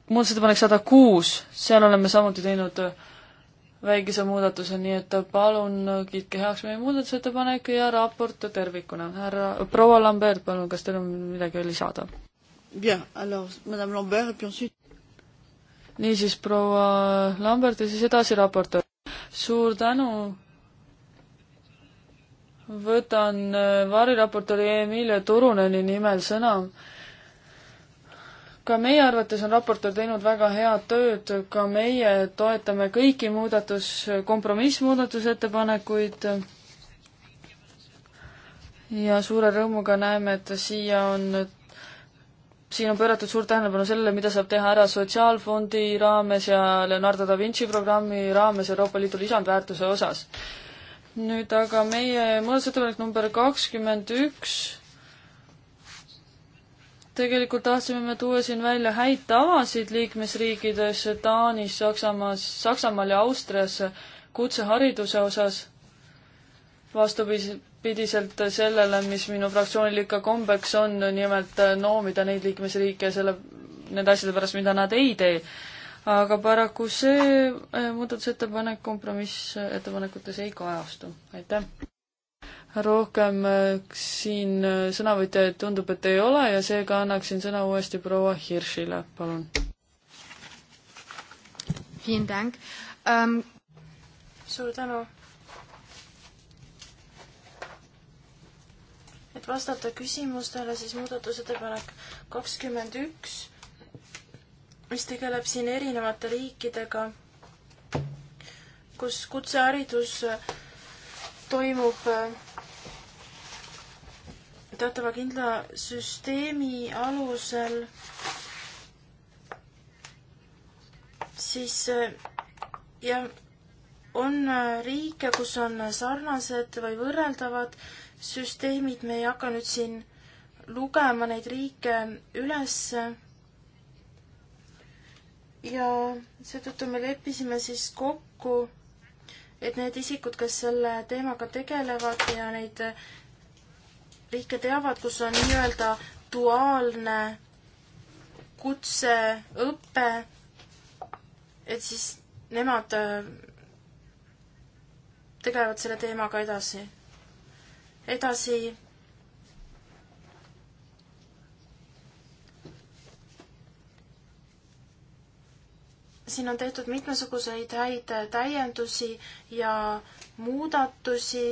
S3: muudatusettepanek sada kuus, seal oleme samuti teinud äh, väikese muudatuse, nii et palun kiitke heaks meie muudatusettepanek ja raport tervikuna. härra, proua Lambert, palun, kas teil on midagi lisada? niisiis, proua Lambert ja siis edasi raport. suur tänu! võtan äh, variraportori Emilia Turuneni nimel sõna ka meie arvates on raportöör teinud väga head tööd, ka meie toetame kõiki muudatus, kompromissmuudatusettepanekuid. ja suure rõõmuga näeme, et siia on, siin on pööratud suurt tähelepanu sellele, mida saab teha ära Sotsiaalfondi raames ja Leonardo da Vinci programmi raames Euroopa Liidu lisandväärtuse osas. nüüd aga meie muudatusettepanek number kakskümmend üks tegelikult tahtsime me tuua siin välja häid tavasid liikmesriikides Taanis, Saksamaas, Saksamaal ja Austrias kutsehariduse osas. vastupidiselt sellele, mis minu fraktsioonil ikka kombeks on, nimelt noomida neid liikmesriike selle, nende asjade pärast, mida nad ei tee. aga paraku see eh, muudatusettepanek kompromissettepanekutes ei kajastu. aitäh! rohkem äh, siin äh, sõnavõtjaid tundub, et ei ole ja seega annaksin sõna uuesti proua Hirschile, palun.
S2: Um...
S6: suur tänu. et vastata küsimustele, siis muudatusettepanek kakskümmend üks, mis tegeleb siin erinevate liikidega, kus kutseharidus äh, toimub teatava kindla süsteemi alusel siis äh, ja on äh, riike, kus on sarnased või võrreldavad süsteemid, me ei hakka nüüd siin lugema neid riike üles. ja seetõttu me leppisime siis kokku, et need isikud, kes selle teemaga tegelevad ja neid riike teavad, kus on nii-öelda duaalne kutseõpe, et siis nemad äh, tegelevad selle teemaga edasi. edasi siin on tehtud mitmesuguseid häid täiendusi ja muudatusi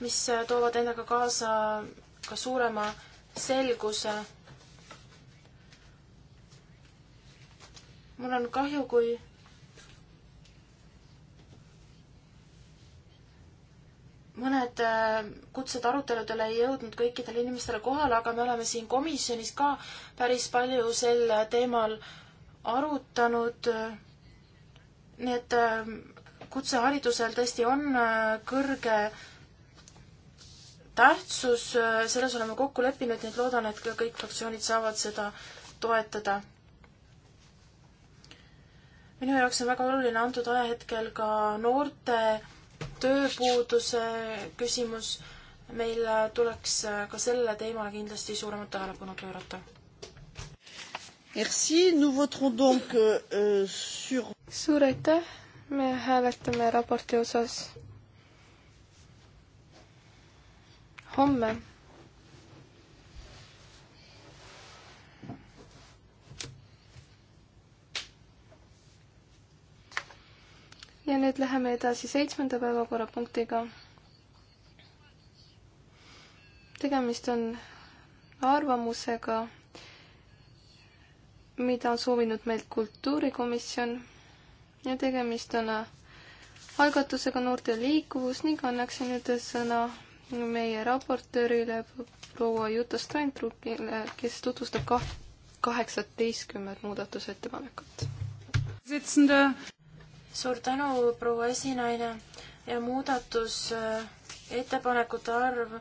S6: mis äh, toovad endaga kaasa ka suurema selguse. mul on kahju, kui mõned äh, kutsed aruteludele ei jõudnud kõikidele inimestele kohale, aga me oleme siin komisjonis ka päris palju sel teemal arutanud. nii et äh, kutseharidusel tõesti on kõrge tähtsus, äh, selles oleme kokku leppinud, nii et loodan, et ka kõik fraktsioonid saavad seda toetada. minu jaoks on väga oluline antud ajahetkel ka noorte tööpuuduse küsimus. meil tuleks äh, ka sellele teemale kindlasti suuremat tähelepanu pöörata.
S1: Merci, nous voterons donc
S2: euh, sur. suur aitäh, me hääletame raporti osas homme ja nüüd läheme edasi seitsmenda päevakorrapunktiga. tegemist on arvamusega, mida on soovinud meilt kultuurikomisjon ja tegemist on algatusega Noorte liikuvus ning annaksin nüüd sõna meie raportöörile proua Juta Steinbrückile, kes tutvustab kah-, kaheksateistkümmet muudatusettepanekut.
S6: suur tänu, proua esinaine ja muudatusettepanekute äh, arv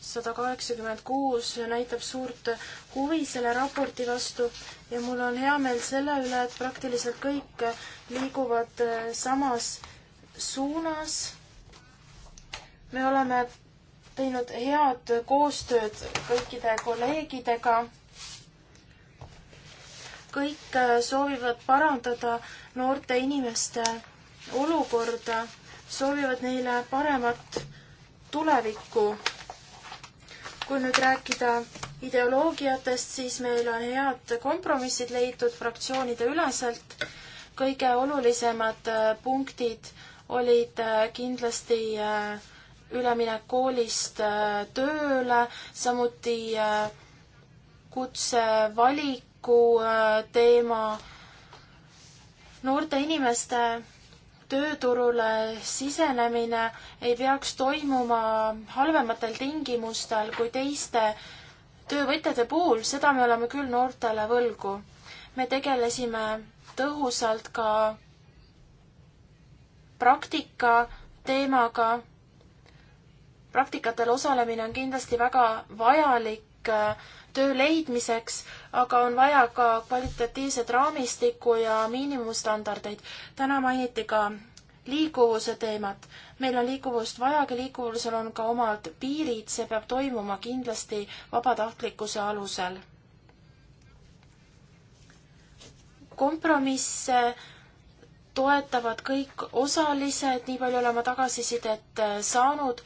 S6: sada kaheksakümmend kuus näitab suurt huvi selle raporti vastu ja mul on hea meel selle üle, et praktiliselt kõik liiguvad äh, samas suunas me oleme teinud head koostööd kõikide kolleegidega. kõik soovivad parandada noorte inimeste olukorda, soovivad neile paremat tulevikku. kui nüüd rääkida ideoloogiatest, siis meil on head kompromissid leitud fraktsioonide üleselt. kõige olulisemad punktid olid kindlasti äh, üleminek koolist äh, tööle, samuti äh, kutsevaliku äh, teema, noorte inimeste tööturule sisenemine ei peaks toimuma halvematel tingimustel kui teiste töövõtjate puhul, seda me oleme küll noortele võlgu. me tegelesime tõhusalt ka praktika teemaga praktikatel osalemine on kindlasti väga vajalik äh, töö leidmiseks, aga on vaja ka kvalitatiivset raamistikku ja miinimumstandardeid. täna mainiti ka liikuvuse teemat. meil on liikuvust vajagi, liikuvusel on ka omad piirid, see peab toimuma kindlasti vabatahtlikkuse alusel. kompromisse toetavad kõik osalised, nii palju olen ma tagasisidet äh, saanud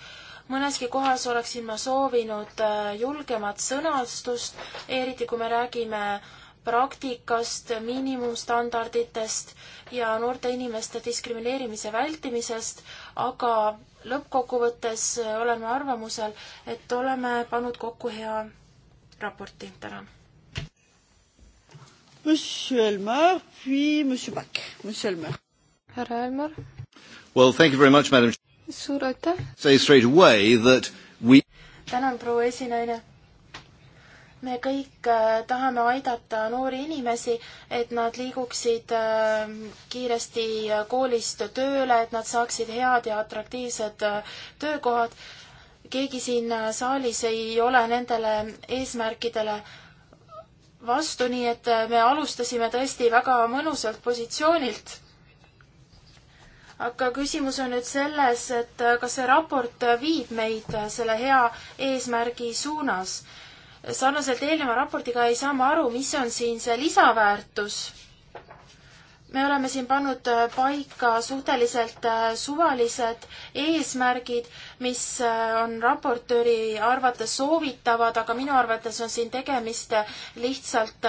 S6: mõneski kohas oleksin ma soovinud äh, julgemat sõnastust, eriti kui me räägime praktikast, miinimumstandarditest ja noorte inimeste diskrimineerimise vältimisest, aga lõppkokkuvõttes äh, oleme arvamusel, et oleme pannud kokku hea raporti. tänan.
S1: Monsieur Elmer, puis Monsieur Bach. Monsieur Elmer. härra Elmer.
S4: Well, thank you very much, madam
S6: suur aitäh! We... tänan, proua esinaine! me kõik äh, tahame aidata noori inimesi, et nad liiguksid äh, kiiresti äh, koolist tööle, et nad saaksid head ja atraktiivsed töökohad. keegi siin saalis ei ole nendele eesmärkidele vastu, nii et me alustasime tõesti väga mõnusalt positsioonilt aga küsimus on nüüd selles, et äh, kas see raport äh, viib meid äh, selle hea eesmärgi suunas. sarnaselt eelneva raportiga ei saa ma aru, mis on siin see lisaväärtus me oleme siin pannud paika suhteliselt suvalised eesmärgid, mis on raportööri arvates soovitavad, aga minu arvates on siin tegemist lihtsalt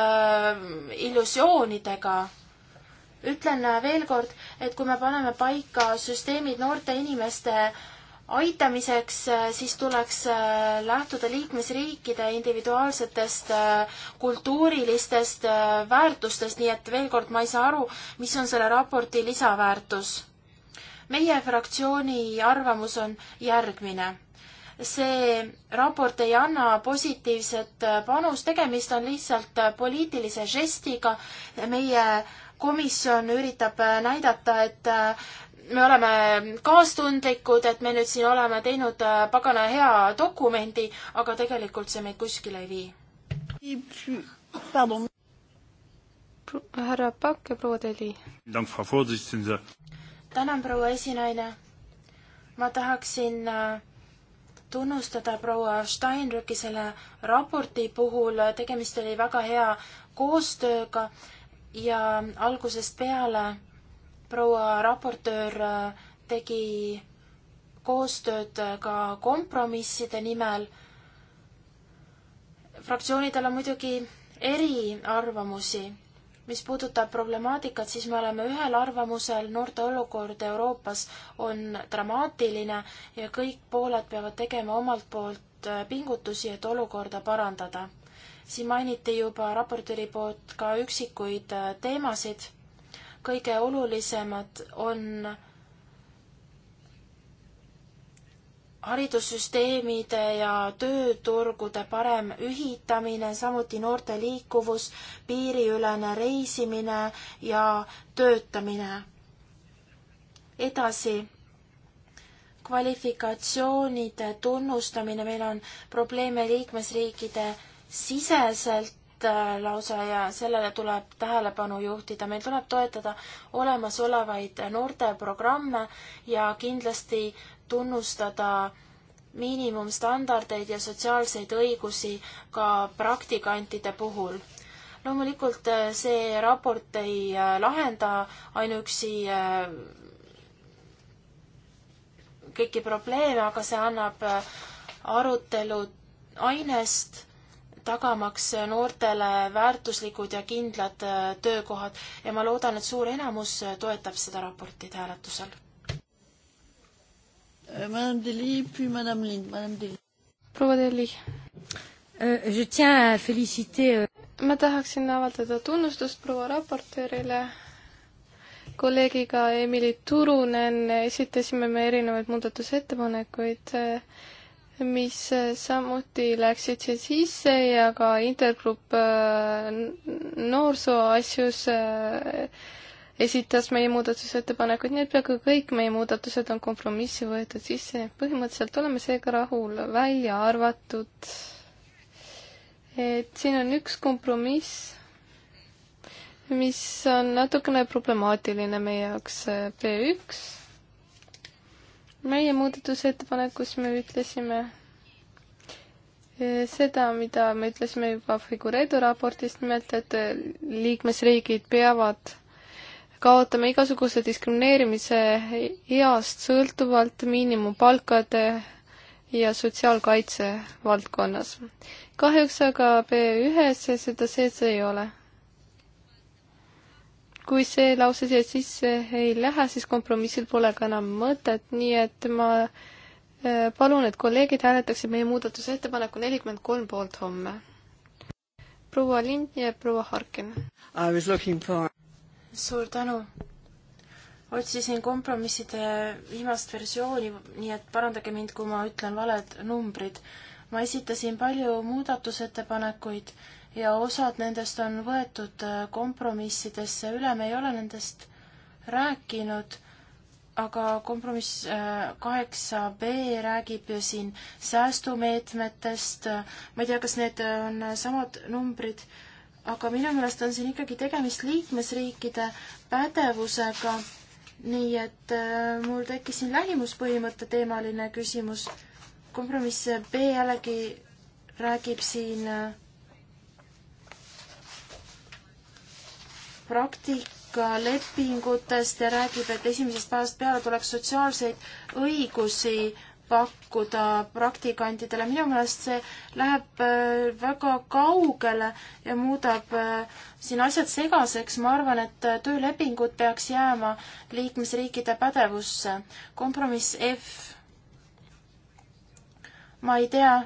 S6: illusioonidega ütlen veel kord, et kui me paneme paika süsteemid noorte inimeste aitamiseks, siis tuleks äh, lähtuda liikmesriikide individuaalsetest äh, kultuurilistest äh, väärtustest, nii et veel kord, ma ei saa aru, mis on selle raporti lisaväärtus. meie fraktsiooni arvamus on järgmine see raport ei anna positiivset panust, tegemist on lihtsalt poliitilise žestiga meie komisjon üritab äh, näidata, et äh, me oleme kaastundlikud, et me nüüd siin oleme teinud äh, pagana hea dokumendi, aga tegelikult see meid kuskile ei vii. härra Pakk ja proua Teli. tänan, proua esinaine. ma tahaksin tunnustada proua Steinrücki selle raporti puhul, tegemist oli väga hea koostööga ja algusest peale proua raportöör äh, tegi koostööd äh, ka kompromisside nimel. fraktsioonidel on muidugi eriarvamusi. mis puudutab problemaatikat, siis me oleme ühel arvamusel, noorte olukord Euroopas on dramaatiline ja kõik pooled peavad tegema omalt poolt äh, pingutusi, et olukorda parandada siin mainiti juba raportööri poolt ka üksikuid äh, teemasid. kõige olulisemad on haridussüsteemide ja tööturgude parem ühitamine, samuti noorte liikuvus, piiriülene reisimine ja töötamine. edasi kvalifikatsioonide tunnustamine, meil on probleeme liikmesriikide siseselt äh, lausa ja sellele tuleb tähelepanu juhtida. meil tuleb toetada olemasolevaid noorteprogramme ja kindlasti tunnustada miinimumstandardeid ja sotsiaalseid õigusi ka praktikantide puhul. loomulikult äh, see raport ei äh, lahenda ainuüksi kõiki probleeme, aga see annab arutelu ainest tagamaks noortele väärtuslikud ja kindlad äh, töökohad ja ma loodan, et suur enamus äh, toetab seda raportit hääletusel.
S1: Euh, proua euh, Telli.
S2: Euh, ma tahaksin avaldada tunnustust proua raportöörile. kolleegiga Emily Turunen esitasime me erinevaid muudatusettepanekuid et äh, mis äh, samuti läksid siis sisse ja ka intergrupp äh, noorsoo asjus äh, esitas meie muudatusettepanekud, nii et peaaegu kõik meie muudatused on kompromissi võetud sisse, põhimõtteliselt oleme seega rahul, välja arvatud et siin on üks kompromiss, mis on natukene problemaatiline meie jaoks, B1 meie muudatusettepanekus me ütlesime e, seda, mida me ütlesime juba Figuredo raportist, nimelt et liikmesriigid peavad kaotame igasuguse diskrimineerimise east sõltuvalt miinimumpalkade ja sotsiaalkaitse valdkonnas. kahjuks aga B1-s seda sees ei ole kui see lause siia sisse ei lähe, siis kompromissil pole ka enam mõtet, nii et ma äh, palun, et kolleegid hääletaksid meie muudatusettepaneku nelikümmend kolm poolt homme.
S6: proua Lind ja proua Harkin. For... suur tänu. otsisin kompromisside viimast versiooni, nii et parandage mind, kui ma ütlen valed numbrid. ma esitasin palju muudatusettepanekuid ja osad nendest on võetud äh, kompromissidesse üle, me ei ole nendest rääkinud, aga kompromiss äh, kaheksa B räägib ju siin säästumeetmetest, ma ei tea, kas need on samad numbrid, aga minu meelest on siin ikkagi tegemist liikmesriikide pädevusega, nii et äh, mul tekkis siin lähimuspõhimõtte teemaline küsimus. kompromiss B jällegi räägib siin äh, praktikalepingutest ja räägib, et esimesest päevast peale tuleks sotsiaalseid õigusi pakkuda praktikantidele. minu meelest see läheb äh, väga kaugele ja muudab äh, siin asjad segaseks. ma arvan, et äh, töölepingud peaks jääma liikmesriikide pädevusse. kompromiss F. ma ei tea,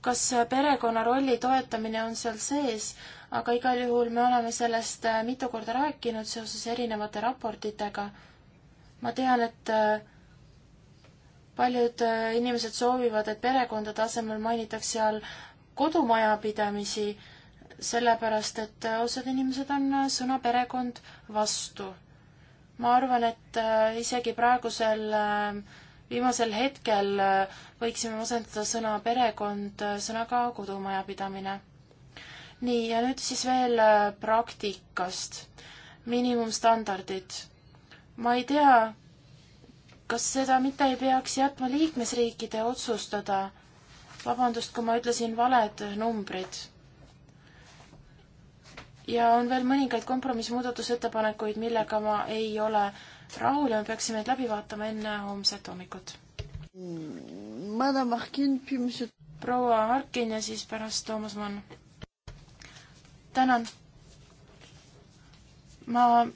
S6: kas perekonna rolli toetamine on seal sees, aga igal juhul me oleme sellest äh, mitu korda rääkinud seoses erinevate raportitega. ma tean, et äh, paljud äh, inimesed soovivad, et perekondade asemel mainitaks seal kodumajapidamisi, sellepärast et osad inimesed on sõna perekond vastu. ma arvan, et isegi praegusel viimasel hetkel võiksime asendada sõna perekond sõnaga kodumajapidamine nii, ja nüüd siis veel äh, praktikast. miinimumstandardid. ma ei tea, kas seda mitte ei peaks jätma liikmesriikide otsustada. vabandust, kui ma ütlesin valed numbrid. ja on veel mõningaid kompromissmuudatusettepanekuid, millega ma ei ole rahul ja me peaksime need läbi vaatama enne homset hommikut. proua Harkin ja siis pärast Toomas Mann tänan. ma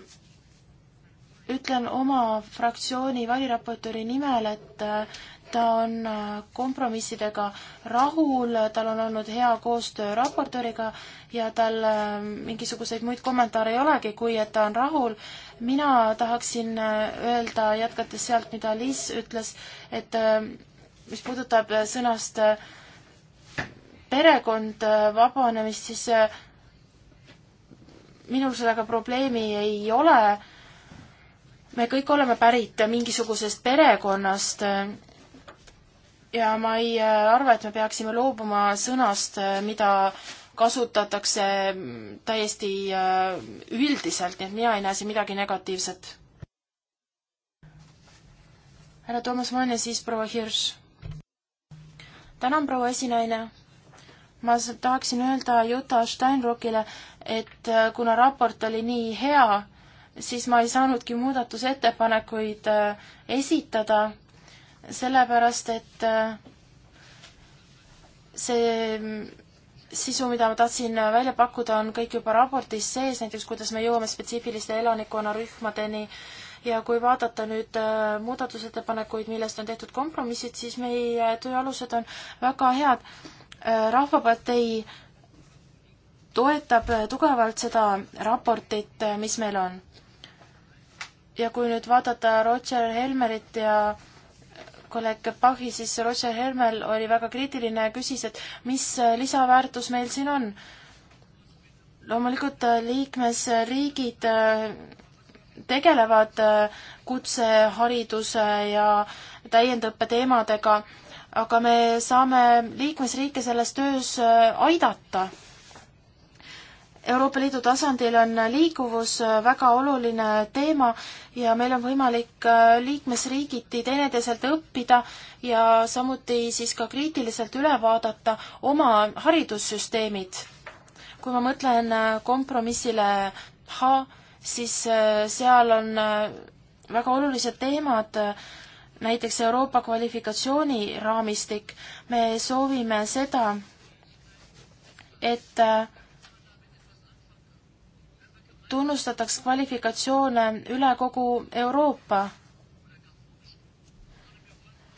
S6: ütlen oma fraktsiooni valiraportööri nimel, et äh, ta on äh, kompromissidega rahul, tal on olnud hea koostöö raportööriga ja tal äh, mingisuguseid muid kommentaare ei olegi, kui et ta on rahul. mina tahaksin öelda, jätkates sealt, mida Liis ütles, et mis puudutab sõnast perekond vabanemist, siis minul sellega probleemi ei ole. me kõik oleme pärit mingisugusest perekonnast ja ma ei äh, arva, et me peaksime loobuma sõnast, äh, mida kasutatakse mm, täiesti äh, üldiselt, nii et mina ei näe siin midagi negatiivset. härra Toomas Mann ja siis proua Hirš. tänan, proua esinaine ma tahaksin öelda Juta Steinrockile, et äh, kuna raport oli nii hea, siis ma ei saanudki muudatusettepanekuid äh, esitada, sellepärast et äh, see mm, sisu, mida ma tahtsin välja pakkuda, on kõik juba raportis sees, näiteks kuidas me jõuame spetsiifiliste elanikkonnarühmadeni ja kui vaadata nüüd muudatusettepanekuid, millest on tehtud kompromissid, siis meie töö alused on väga head rahvapartei toetab tugevalt seda raportit, mis meil on. ja kui nüüd vaadata Roger Helmerit ja kolleeg Pahi, siis Roger Helmel oli väga kriitiline ja küsis, et mis lisaväärtus meil siin on. loomulikult liikmesriigid äh, tegelevad äh, kutsehariduse ja täiendõppe teemadega aga me saame liikmesriike selles töös äh, aidata. Euroopa Liidu tasandil on liikuvus äh, väga oluline teema ja meil on võimalik äh, liikmesriigiti teineteiselt õppida ja samuti siis ka kriitiliselt üle vaadata oma haridussüsteemid. kui ma mõtlen kompromissile H, siis seal on väga olulised teemad äh, näiteks Euroopa kvalifikatsiooniraamistik, me soovime seda, et äh, tunnustataks kvalifikatsioone üle kogu Euroopa.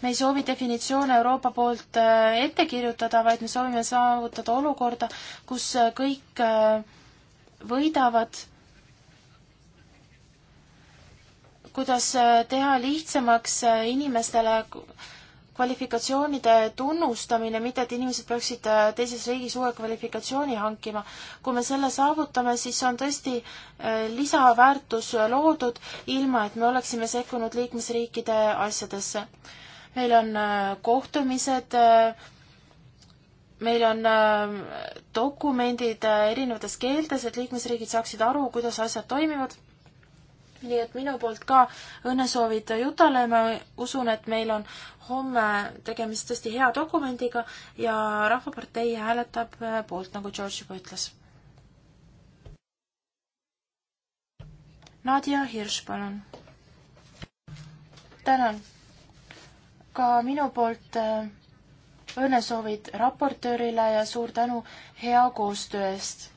S6: me ei soovi definitsioone Euroopa poolt äh, ette kirjutada, vaid me soovime saavutada olukorda, kus äh, kõik võidavad kuidas äh, teha lihtsamaks äh, inimestele kvalifikatsioonide tunnustamine, mitte et inimesed peaksid äh, teises riigis uue kvalifikatsiooni hankima. kui me selle saavutame, siis on tõesti lisaväärtus loodud, ilma et me oleksime sekkunud liikmesriikide asjadesse. meil on kohtumised, meil on dokumendid erinevates keeltes, et liikmesriigid saaksid aru, kuidas asjad toimivad nii et minu poolt ka õnnesoovid Jutale, ma usun, et meil on homme tegemist tõesti hea dokumendiga ja Rahvapartei hääletab poolt, nagu George juba ütles. Nadja Hirš, palun. tänan. ka minu poolt äh, õnnesoovid raportöörile ja suur tänu hea koostöö eest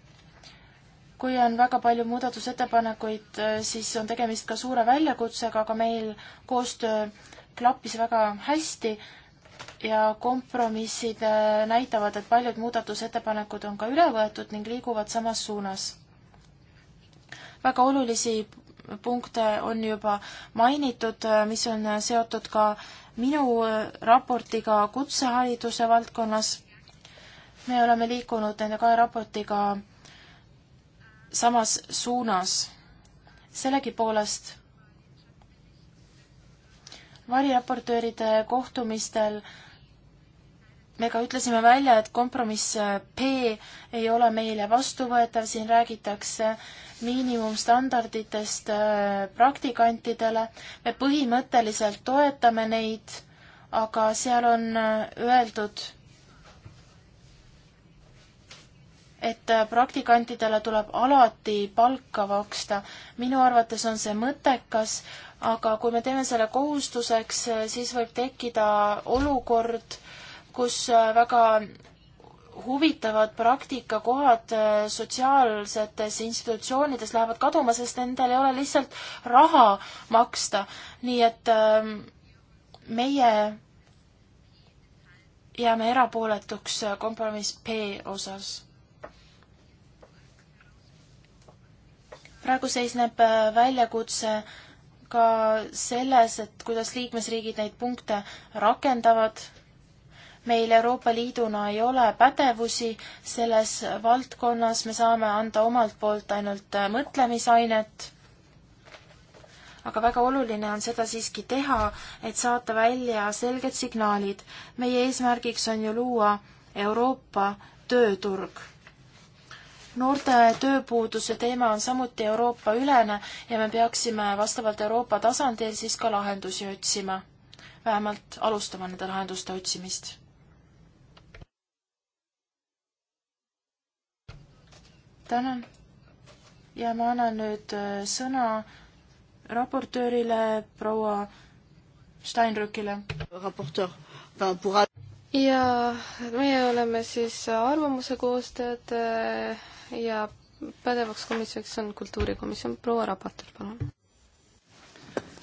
S6: kui on väga palju muudatusettepanekuid, äh, siis on tegemist ka suure väljakutsega, aga meil koostöö klappis väga hästi ja kompromissid äh, näitavad, et paljud muudatusettepanekud on ka üle võetud ning liiguvad samas suunas. väga olulisi punkte on juba mainitud, äh, mis on seotud ka minu raportiga kutsehariduse valdkonnas. me oleme liikunud nende kahe raportiga samas suunas. sellegipoolest variraportööride kohtumistel me ka ütlesime välja, et kompromiss P ei ole meile vastuvõetav, siin räägitakse miinimumstandarditest äh, praktikantidele. me põhimõtteliselt toetame neid, aga seal on äh, öeldud, et praktikantidele tuleb alati palka maksta. minu arvates on see mõttekas, aga kui me teeme selle kohustuseks, siis võib tekkida olukord, kus väga huvitavad praktikakohad sotsiaalsetes institutsioonides lähevad kaduma, sest nendel ei ole lihtsalt raha maksta. nii et ähm, meie jääme erapooletuks kompromiss B osas praegu seisneb äh, väljakutse ka selles, et kuidas liikmesriigid neid punkte rakendavad. meil Euroopa Liiduna ei ole pädevusi selles valdkonnas, me saame anda omalt poolt ainult äh, mõtlemisainet. aga väga oluline on seda siiski teha, et saata välja selged signaalid. meie eesmärgiks on ju luua Euroopa tööturg noorte tööpuuduse teema on samuti Euroopa ülene ja me peaksime vastavalt Euroopa tasandil siis ka lahendusi otsima, vähemalt alustama nende lahenduste otsimist. tänan ja ma annan nüüd äh, sõna raportöörile proua Steinrückile. raportöör ja meie oleme
S2: siis arvamuse koostajad äh, ja pädevaks komisjoniks on
S6: kultuurikomisjon. proua Rapatel, palun.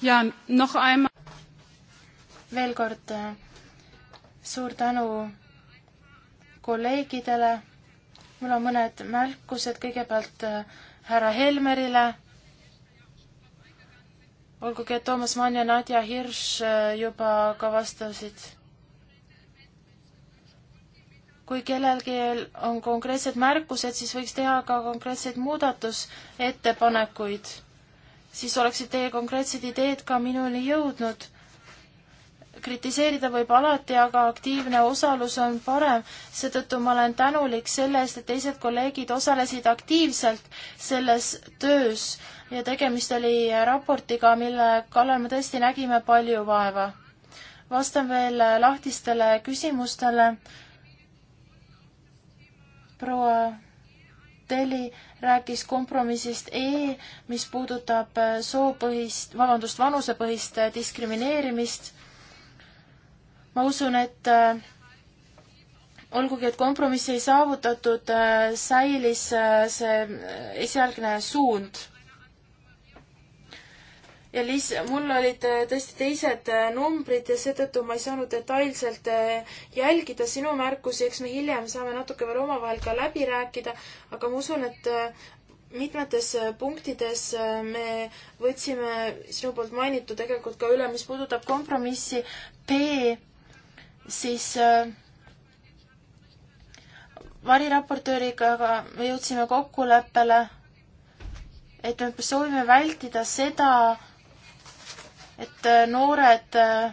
S6: ja noh, veel kord äh, suur tänu kolleegidele. mul on mõned märkused kõigepealt äh, härra Helmerile. olgugi, et Toomas Mann ja Nadja Hirš äh, juba ka vastasid kui kellelgi on konkreetsed märkused, siis võiks teha ka konkreetseid muudatusettepanekuid. siis oleksid teie konkreetsed ideed ka minuni jõudnud. kritiseerida võib alati, aga aktiivne osalus on parem, seetõttu ma olen tänulik selle eest, et teised kolleegid osalesid aktiivselt selles töös ja tegemist oli raportiga, mille kallal me tõesti nägime palju vaeva. vastan veel lahtistele küsimustele proua Telli rääkis kompromissist E, mis puudutab äh, soopõhist, vabandust, vanusepõhist äh, diskrimineerimist. ma usun, et äh, olgugi, et kompromissi ei saavutatud, säilis see esialgne suund ja Liis, mul olid äh, tõesti teised äh, numbrid ja seetõttu ma ei saanud detailselt äh, jälgida sinu märkusi, eks me hiljem saame natuke veel omavahel ka läbi rääkida, aga ma usun, et mitmetes punktides me võtsime sinu poolt mainitu tegelikult ka üle, mis puudutab kompromissi B, siis variraportööriga me jõudsime kokkuleppele, et me soovime vältida seda, et äh, noored äh,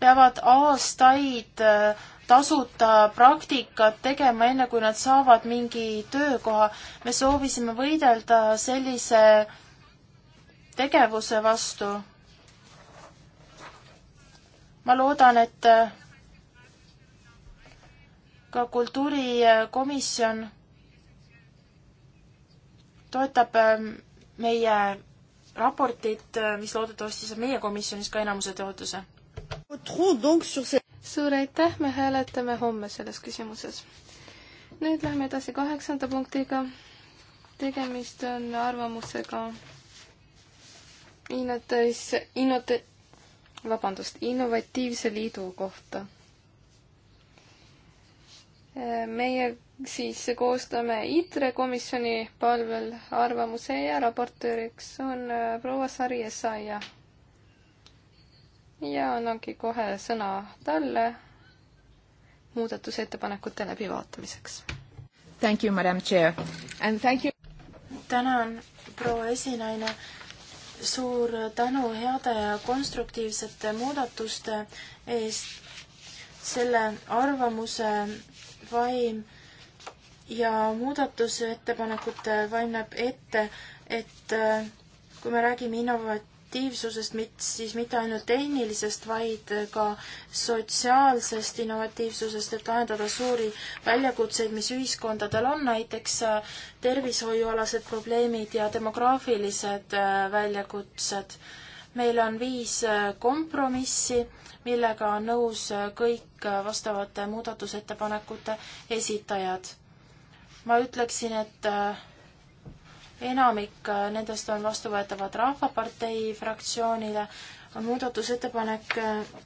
S6: peavad aastaid äh, tasuta praktikat tegema, enne kui nad saavad mingi töökoha. me soovisime võidelda sellise tegevuse vastu. ma loodan, et ka kultuurikomisjon toetab meie raportit, äh, mis loodetavasti saab meie komisjonis ka enamuse toetuse.
S1: suur aitäh,
S2: me hääletame homme selles küsimuses. nüüd lähme edasi kaheksanda punktiga. tegemist on arvamusega innotais-, innot-, vabandust, innovatiivse liidu kohta meie siis koostame ITRE komisjoni palvel arvamuse ja raportööriks on äh, proua Sari Essaia. ja annangi kohe sõna talle
S6: muudatusettepanekute läbivaatamiseks.
S5: Thank you, madam chair
S6: and thank you. tänan, proua esinaine. suur tänu heade ja konstruktiivsete muudatuste eest selle arvamuse vaim ja muudatusettepanekute vaim näeb ette, et äh, kui me räägime innovatiivsusest, siis mitte ainult tehnilisest, vaid ka sotsiaalsest innovatiivsusest, et lahendada suuri väljakutseid, mis ühiskondadel on, näiteks äh, tervishoiualased probleemid ja demograafilised äh, väljakutsed meil on viis äh, kompromissi, millega on nõus äh, kõik äh, vastavate muudatusettepanekute esitajad. ma ütleksin, et enamik nendest on vastuvõetavad Rahvapartei fraktsioonile, on muudatusettepanek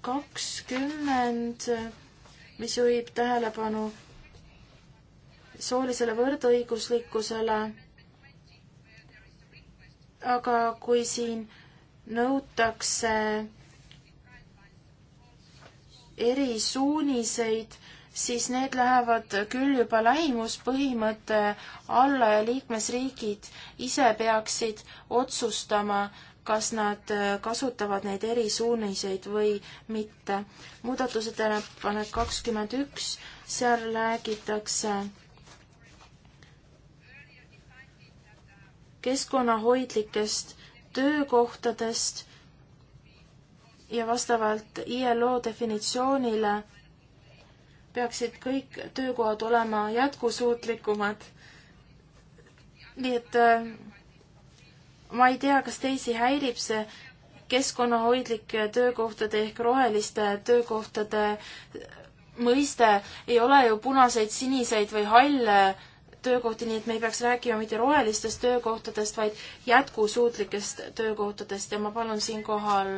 S6: kakskümmend, mis juhib tähelepanu soolisele võrdõiguslikkusele. aga kui siin nõutakse erisuuniseid, siis need lähevad küll juba lähimuspõhimõtte alla ja liikmesriigid ise peaksid otsustama, kas nad kasutavad neid erisuuniseid või mitte. muudatusettepanek kakskümmend üks, seal räägitakse keskkonnahoidlikest töökohtadest ja vastavalt ILO definitsioonile peaksid kõik töökohad olema jätkusuutlikumad. nii et äh, ma ei tea, kas teisi häirib see keskkonnahoidlike töökohtade ehk roheliste töökohtade mõiste ei ole ju punaseid, siniseid või halle töökohti, nii et me ei peaks rääkima mitte rohelistest töökohtadest, vaid jätkusuutlikest töökohtadest ja ma palun siinkohal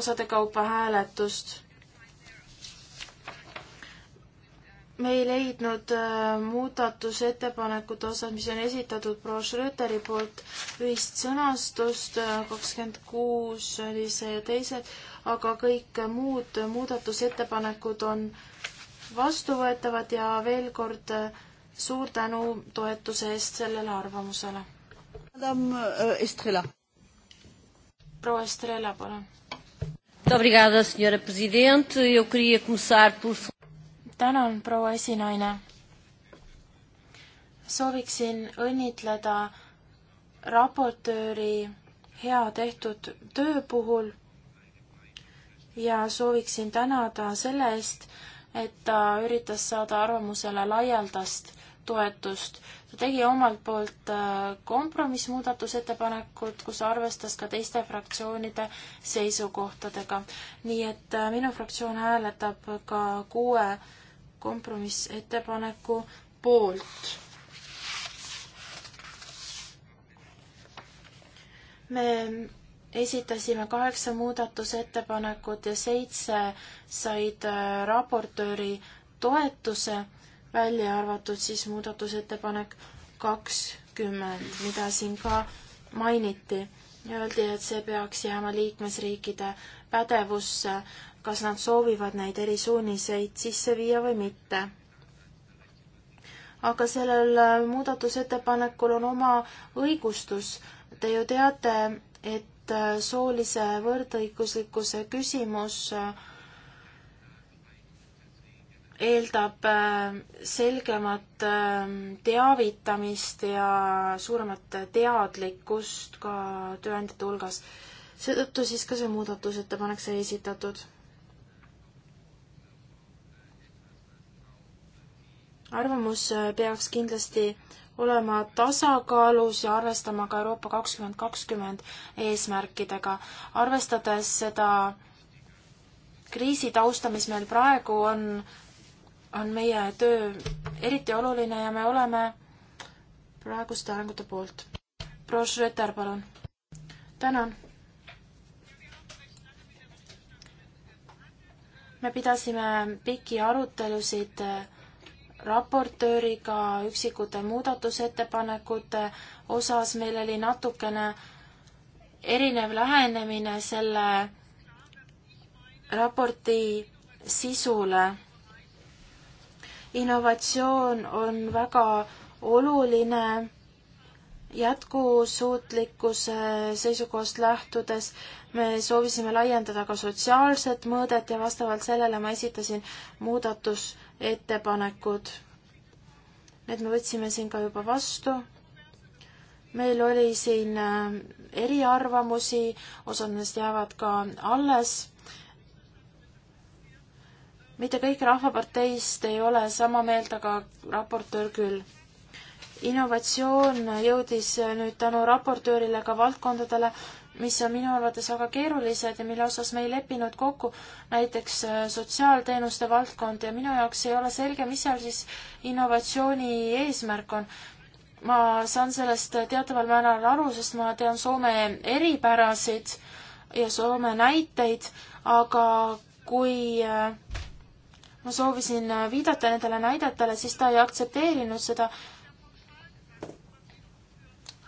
S6: osade kaupa hääletust. me ei leidnud äh, muudatusettepanekute osas, mis on esitatud proua Schröteri poolt, ühist sõnastust, äh, kakskümmend kuus oli see ja teised, aga kõik muud muudatusettepanekud on vastuvõetavad ja veel kord äh, suur tänu toetuse eest sellele arvamusele. Madame äh, Estrela. proua Estrela, palun. Obrigada, senhora presidente. Eu queria começar por. tänan, proua esinaine. sooviksin õnnitleda raportööri hea tehtud töö puhul ja sooviksin tänada selle eest, et ta üritas saada arvamusele laialdast toetust. ta tegi omalt poolt äh, kompromissmuudatusettepanekud, kus arvestas ka teiste fraktsioonide seisukohtadega. nii et äh, minu fraktsioon hääletab ka kuue kompromissettepaneku poolt. me esitasime kaheksa muudatusettepanekut ja seitse said äh, raportööri toetuse, välja arvatud siis muudatusettepanek kakskümmend, mida siin ka mainiti. Öeldi, et see peaks jääma liikmesriikide pädevusse, kas nad soovivad neid erisuuniseid sisse viia või mitte. aga sellel äh, muudatusettepanekul on oma õigustus. Te ju teate, et et äh, soolise võrdõiguslikkuse küsimus äh, eeldab äh, selgemat teavitamist ja suuremat teadlikkust ka tööandjate hulgas. seetõttu siis ka see muudatusettepanek sai esitatud. arvamus peaks kindlasti olema tasakaalus ja arvestama ka Euroopa kakskümmend kakskümmend eesmärkidega. arvestades seda kriisi tausta, mis meil praegu on, on meie töö eriti oluline ja me oleme praeguste arengute poolt. proua Schröter, palun. tänan. me pidasime pikki arutelusid raportööriga üksikute muudatusettepanekute osas, meil oli natukene erinev lähenemine selle raporti sisule. innovatsioon on väga oluline jätkusuutlikkuse seisukohast lähtudes me soovisime laiendada ka sotsiaalset mõõdet ja vastavalt sellele ma esitasin muudatusettepanekud. Need me võtsime siin ka juba vastu. meil oli siin äh, eriarvamusi, osad neist jäävad ka alles. mitte kõik Rahvaparteist ei ole sama meelt, aga raportöör küll innovatsioon jõudis nüüd tänu raportöörile ka valdkondadele, mis on minu arvates väga keerulised ja mille osas me ei leppinud kokku, näiteks äh, sotsiaalteenuste valdkond ja minu jaoks ei ole selge, mis seal siis innovatsiooni eesmärk on. ma saan sellest teataval määral aru, sest ma tean Soome eripärasid ja Soome näiteid, aga kui äh, ma soovisin äh, viidata nendele näidetele, siis ta ei aktsepteerinud seda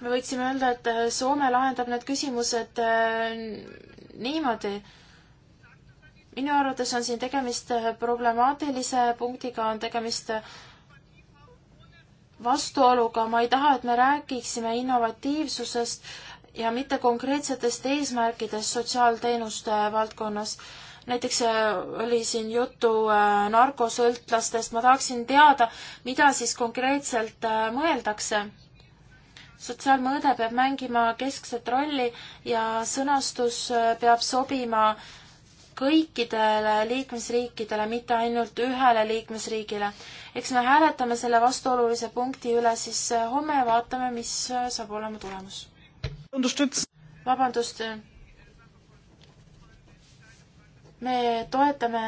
S6: me võiksime öelda, et äh, Soome lahendab need küsimused äh, niimoodi. minu arvates on siin tegemist äh, problemaatilise punktiga, on tegemist vastuoluga, ma ei taha, et me räägiksime innovatiivsusest ja mitte konkreetsetest eesmärkidest sotsiaalteenuste valdkonnas. näiteks oli siin juttu narkosõltlastest, ma tahaksin teada, mida siis konkreetselt mõeldakse sotsiaalmõõde peab mängima keskset rolli ja sõnastus äh, peab sobima kõikidele liikmesriikidele, mitte ainult ühele liikmesriigile. eks me hääletame selle vastuolulise punkti üle siis äh, homme ja vaatame, mis äh, saab olema tulemus. vabandust. me toetame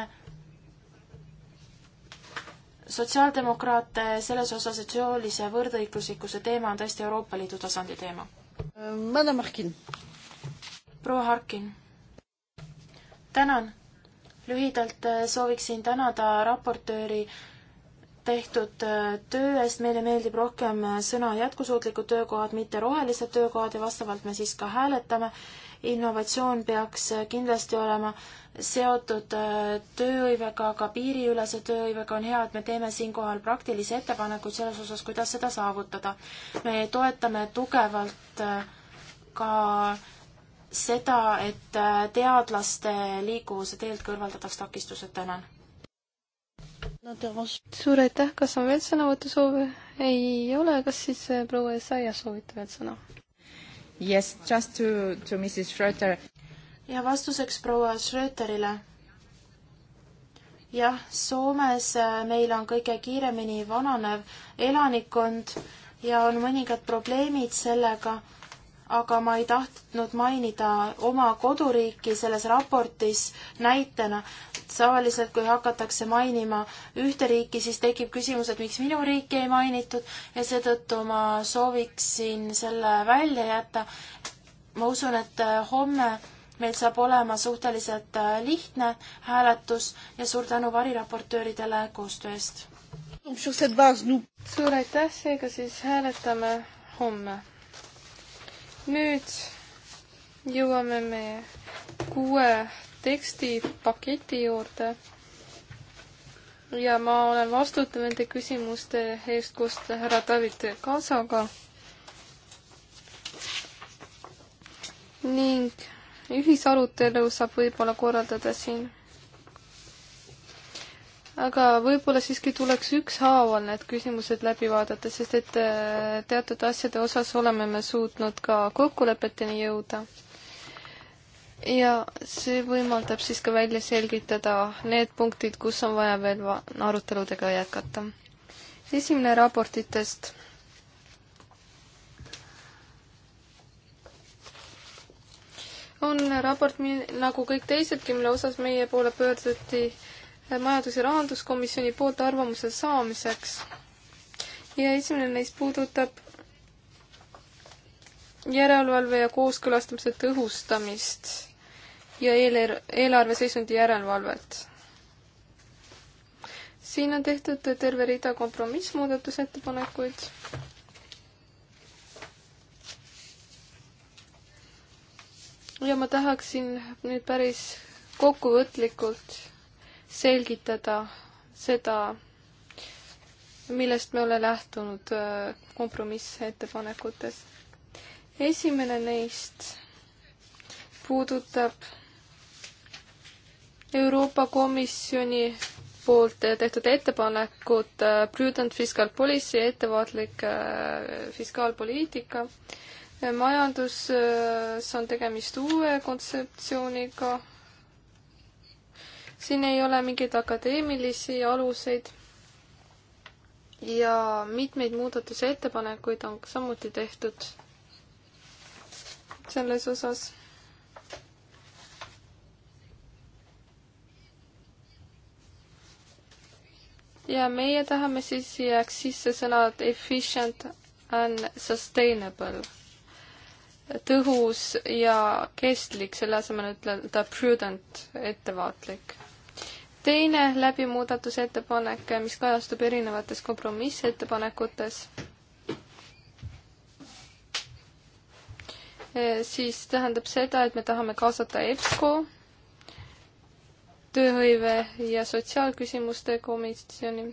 S6: sotsiaaldemokraate selles osas, et soolise võrdõiguslikkuse teema on tõesti Euroopa Liidu tasandi teema. Madam Harkin. proua Harkin. tänan. lühidalt äh, sooviksin tänada raportööri tehtud äh, töö eest, meile meeldib rohkem äh, sõna jätkusuutlikud töökohad, mitte rohelised töökohad ja vastavalt me siis ka hääletame innovatsioon peaks kindlasti olema seotud äh, tööhõivega, ka piiriülese tööhõivega on hea, et me teeme siinkohal praktilisi ettepanekuid selles osas, kuidas seda saavutada. me toetame tugevalt äh, ka seda, et äh, teadlaste liikuvuse teelt kõrvaldataks takistused, tänan.
S2: suur aitäh, kas on veel sõnavõtusoove? ei
S6: ole, kas siis proua Essaia soovite veel sõna?
S5: Yes, just to, to Mrs Schröter.
S6: ja vastuseks proua Schröterile. jah, Soomes äh, meil on kõige kiiremini vananev elanikkond ja on mõningad probleemid sellega, aga ma ei tahtnud mainida oma koduriiki selles raportis näitena tavaliselt, kui hakatakse mainima ühte riiki, siis tekib küsimus, et miks minu riiki ei mainitud ja seetõttu ma sooviksin selle välja jätta. ma usun, et homme meil saab olema suhteliselt lihtne hääletus ja suur tänu variraportööridele koostöö eest.
S1: suur aitäh, seega
S2: siis hääletame homme. nüüd jõuame me kuue tekstipaketi juurde. ja ma olen vastutav nende küsimuste eest koos härra David Kaasaga. ning ühisarutelu saab võib-olla korraldada siin aga võib-olla siiski tuleks ükshaaval need küsimused läbi vaadata, sest et äh, teatud asjade osas oleme me suutnud ka kokkulepeteni jõuda ja see võimaldab siis ka välja selgitada need punktid, kus on vaja veel aruteludega jätkata. esimene raportitest on raport, nagu kõik teisedki, mille osas meie poole pöörduti majandus- ja rahanduskomisjoni poolt arvamuse saamiseks. ja esimene neist puudutab järelevalve ja kooskõlastamise tõhustamist ja eel-, eelarveseisundi järelevalvet. siin on tehtud terve rida kompromissmuudatusettepanekuid. ja ma tahaksin nüüd päris kokkuvõtlikult selgitada seda, millest me oleme lähtunud äh, kompromissettepanekutes. esimene neist puudutab Euroopa Komisjoni poolt tehtud ettepanekud äh, Prudent Fiscal Policy, ettevaatlik äh, fiskaalpoliitika. Äh, majanduses on tegemist uue kontseptsiooniga. siin ei ole mingeid akadeemilisi aluseid. ja mitmeid muudatusettepanekuid on samuti tehtud selles osas ja meie tahame siis jääks sisse sõnad efficient and sustainable, tõhus ja kestlik, selle asemel ütelda prudent, ettevaatlik. teine läbimuudatusettepanek, mis kajastub erinevates kompromissettepanekutes, eh, siis tähendab seda, et me tahame kaasata EBSCO tööhõive ja sotsiaalküsimuste komisjoni.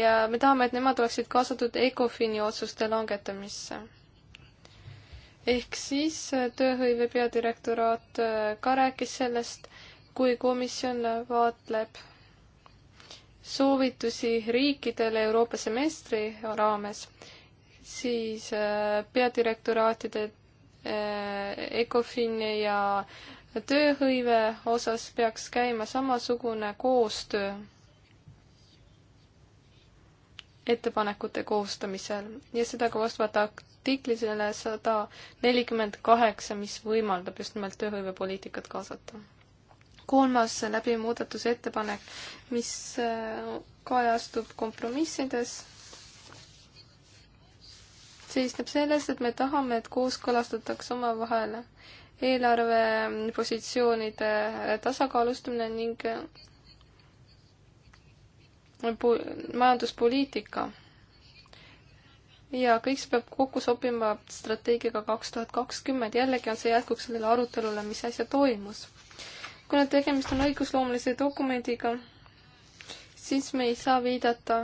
S2: ja me tahame, et nemad oleksid kaasatud ECOFIN-i otsuste langetamisse. ehk siis tööhõive peadirektoraat äh, ka rääkis sellest, kui komisjon vaatleb soovitusi riikidele Euroopa semestri raames, siis äh, peadirektoraatide äh, ECOFIN ja tööhõive osas peaks käima samasugune koostöö ettepanekute koostamisel ja seda ka vastavalt artiklisele sada nelikümmend kaheksa, mis võimaldab just nimelt tööhõivepoliitikat kaasata. kolmas läbi muudatusettepanek, mis äh, kajastub kompromissides, seisneb selles, et me tahame, et kooskõlastatakse omavahel eelarvepositsioonide tasakaalustamine ning majanduspoliitika. ja kõik see peab kokku sobima strateegiaga kaks tuhat kakskümmend, jällegi on see jätkuks sellele arutelule, mis äsja toimus. kuna tegemist on õigusloomelise dokumendiga, siis me ei saa viidata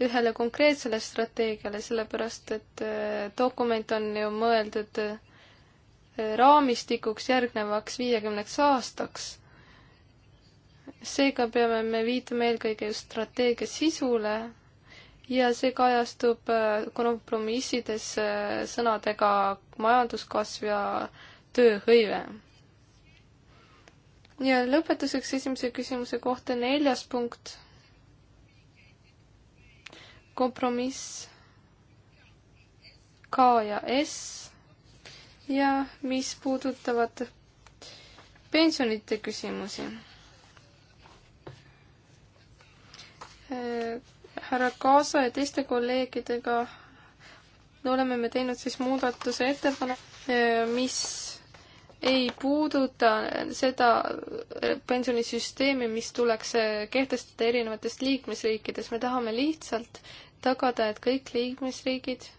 S2: ühele konkreetsele strateegiale, sellepärast et eh, dokument on ju mõeldud raamistikuks järgnevaks viiekümneks aastaks. seega peame me viitama eelkõige just strateegia sisule ja see kajastub äh, kompromissides äh, sõnadega majanduskasv ja tööhõive. ja lõpetuseks esimese küsimuse kohta neljas punkt. kompromiss K ja S ja mis puudutavad pensionite küsimusi. Äh, härra Kaasa ja teiste kolleegidega oleme me teinud siis muudatuse ettepaneku, äh, mis ei puuduta seda pensionisüsteemi, mis tuleks äh, kehtestada erinevates liikmesriikides, me tahame lihtsalt tagada, et kõik liikmesriigid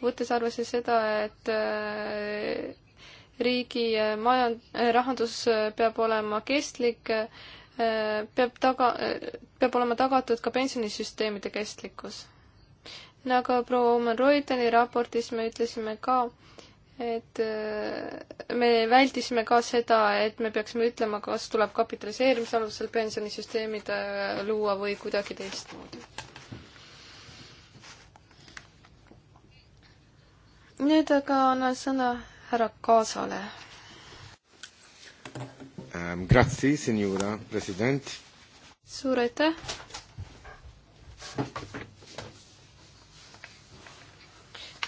S2: võttes arvesse seda, et äh, riigi äh, majand-, äh, rahandus peab olema kestlik, peab taga, peab olema tagatud ka pensionisüsteemide kestlikkus. nagu proua Oman Reuteni raportis me ütlesime ka, et me väldisime ka seda, et me peaksime ütlema, kas tuleb kapitaliseerimise alusel pensionisüsteemid luua või kuidagi teistmoodi nüüd aga annan sõna härra Kaasale.
S4: Ähm, grazie, signora president.
S2: suur aitäh.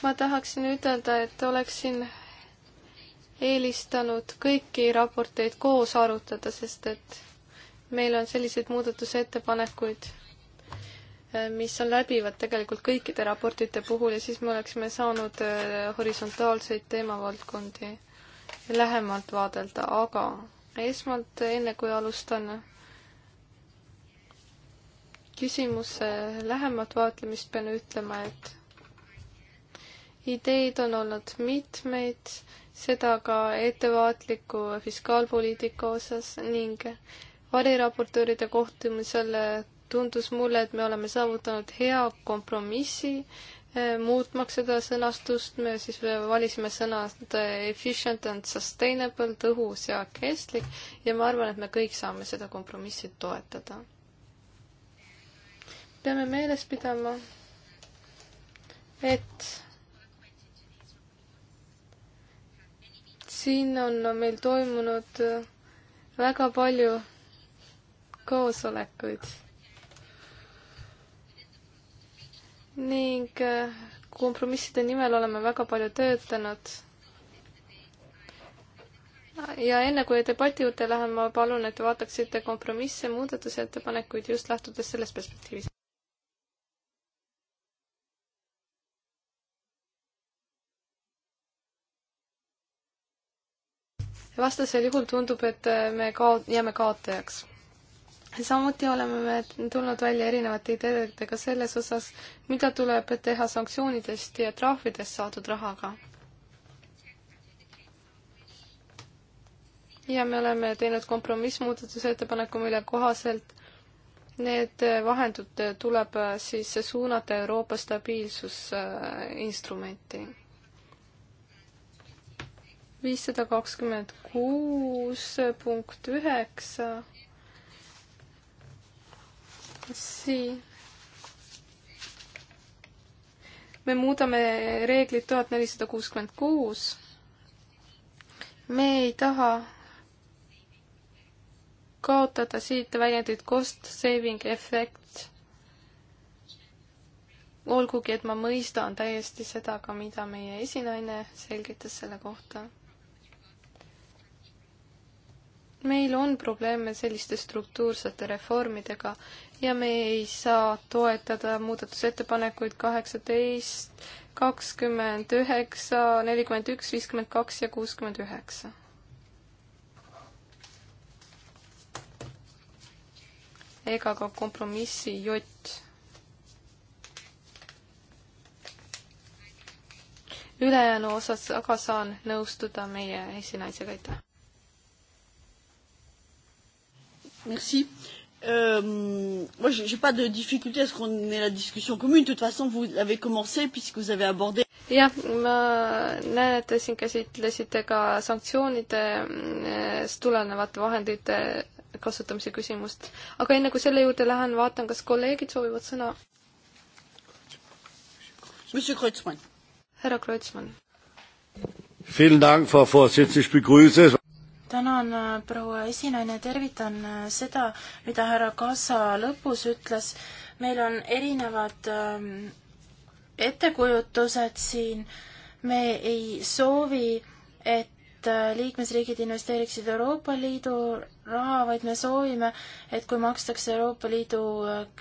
S2: ma tahaksin ütelda, et oleksin eelistanud kõiki raporteid koos arutada, sest et meil on selliseid muudatusettepanekuid Äh, mis on läbivad tegelikult kõikide raportite puhul ja siis me oleksime saanud äh, horisontaalseid teemavaldkondi lähemalt vaadelda, aga esmalt, enne kui alustan küsimuse lähemat vaatlemist, pean ütlema, et ideid on olnud mitmeid, seda ka ettevaatliku fiskaalpoliitika osas ning variraportööride kohtumisel tundus mulle, et me oleme saavutanud hea kompromissi, eh, muutmaks seda sõnastust, me siis valisime sõnad eh, efficient and sustainable, tõhus ja kestlik ja ma arvan, et me kõik saame seda kompromissi toetada. peame meeles pidama, et siin on meil toimunud eh, väga palju koosolekuid ning äh, kompromisside nimel oleme väga palju töötanud. ja enne kui debati juurde lähen, ma palun, et te vaataksite kompromisse, muudatusettepanekuid just lähtudes sellest perspektiivist. vastasel juhul tundub, et äh, me kao-, jääme kaotajaks samuti oleme me tulnud välja erinevate ideedega selles osas, mida tuleb teha sanktsioonidest ja trahvidest saadud rahaga. ja me oleme teinud kompromissmuudatusettepaneku, mille kohaselt need vahendid tuleb siis suunata Euroopa stabiilsusinstrumenti. viissada kakskümmend kuus punkt üheksa siin me muudame reeglit tuhat nelisada kuuskümmend kuus. me ei taha kaotada siit väljendit cost saving effect. olgugi, et ma mõistan täiesti seda ka, mida meie esinaine selgitas selle kohta. meil on probleeme selliste struktuursete reformidega, ja me ei saa toetada muudatusettepanekuid kaheksateist, kakskümmend üheksa, nelikümmend üks, viiskümmend kaks ja kuuskümmend üheksa. ega ka kompromissi jott. ülejäänu osas aga saan nõustuda meie esinaisega, aitäh.
S1: Merci Euh, moi, je n'ai pas de difficulté à ce qu'on ait la discussion commune. De toute façon, vous l'avez commencé puisque vous avez abordé.
S2: jah, ma näen, et te siin käsitlesite ka sanktsioonidest äh, tulenevate vahendite kasutamise küsimust. aga enne kui selle juurde lähen, vaatan, kas kolleegid soovivad sõna.
S6: härra Kreutzmann tänan, äh, proua esinaine, tervitan äh, seda, mida härra Kasa lõpus ütles. meil on erinevad ähm, ettekujutused siin, me ei soovi, et äh, liikmesriigid investeeriksid Euroopa Liidu raha, vaid me soovime, et kui makstakse Euroopa Liidu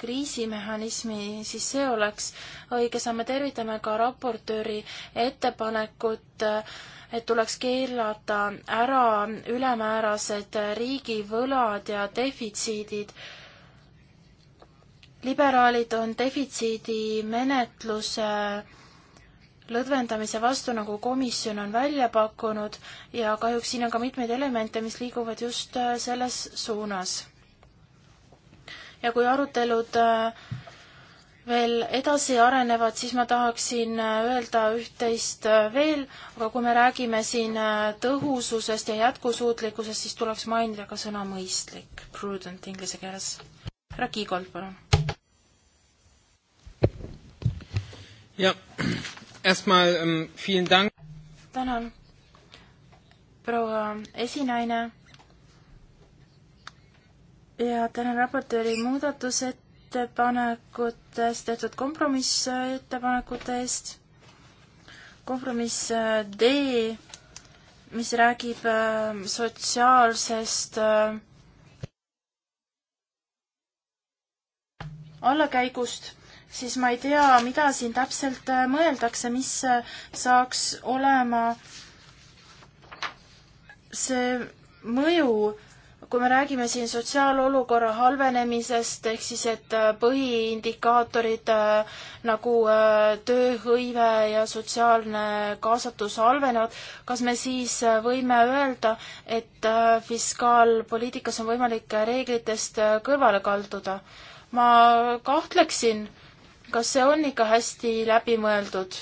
S6: kriisimehhanismi, siis see oleks õige samm. me tervitame ka raportööri ettepanekut äh, et tuleks keelata ära ülemäärased riigivõlad ja defitsiidid. liberaalid on defitsiidi menetluse lõdvendamise vastu, nagu komisjon on välja pakkunud ja kahjuks siin on ka mitmeid elemente, mis liiguvad just selles suunas. ja kui arutelud äh, veel edasi arenevad, siis ma tahaksin äh, öelda üht-teist äh, veel, aga kui me räägime siin äh, tõhususest ja jätkusuutlikkusest, siis tuleks mainida ka sõna mõistlik, prudent inglise keeles. härra Kiigold, palun.
S4: jah, esmal um, ähm, vielen dank.
S6: tänan, proua esinaine ja tänan raportööri muudatused ettepanekutest, tehtud kompromissettepanekute eest. kompromiss äh, D, mis räägib äh, sotsiaalsest äh, allakäigust, siis ma ei tea, mida siin täpselt mõeldakse, mis saaks olema see mõju kui me räägime siin sotsiaalolukorra halvenemisest, ehk siis et äh, põhiindikaatorid äh, nagu äh, tööhõive ja sotsiaalne kaasatus halvenevad, kas me siis võime öelda, et fiskaalpoliitikas on võimalik reeglitest kõrvale kalduda? ma kahtleksin, kas see on ikka hästi läbi mõeldud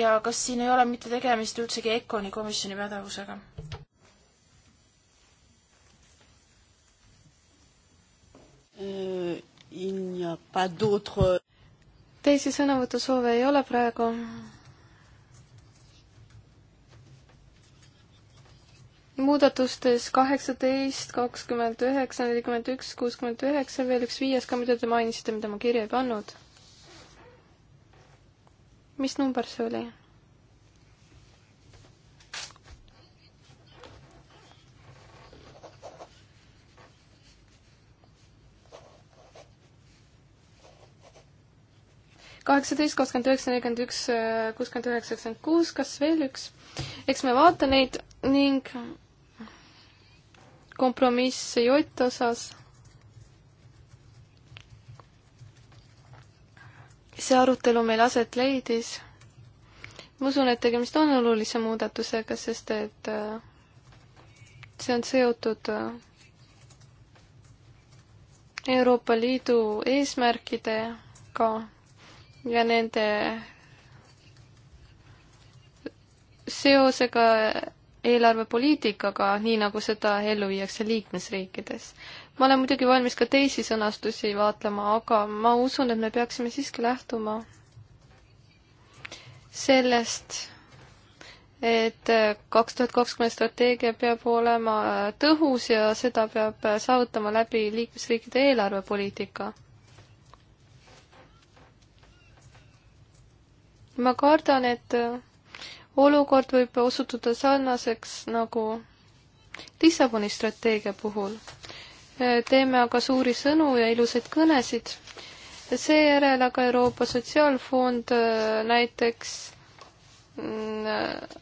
S6: ja kas siin ei ole mitte tegemist üldsegi EKONi komisjoni pädevusega?
S1: Euh,
S2: teisi sõnavõtusoove ei ole praegu. muudatustes kaheksateist, kakskümmend üheksa, nelikümmend üks, kuuskümmend üheksa, veel üks viies ka, mida te mainisite, mida ma kirja ei pannud. mis number see oli? kaheksateist, kakskümmend üheksa, nelikümmend üks, kuuskümmend üheksa, üheksakümmend kuus, kas veel üks? eks me vaata neid ning kompromiss J osas. see arutelu meil aset leidis. ma usun, et tegemist on olulise muudatusega, sest et äh, see on seotud äh, Euroopa Liidu eesmärkidega ja nende seosega eelarvepoliitikaga, nii nagu seda ellu viiakse liikmesriikides. ma olen muidugi valmis ka teisi sõnastusi vaatlema, aga ma usun, et me peaksime siiski lähtuma sellest, et kaks tuhat kakskümmend strateegia peab olema tõhus ja seda peab saavutama läbi liikmesriikide eelarvepoliitika ma kardan, et äh, olukord võib osutuda sarnaseks nagu Lissaboni strateegia puhul. Äh, teeme aga suuri sõnu ja ilusaid kõnesid, seejärel aga Euroopa Sotsiaalfond äh, näiteks mm,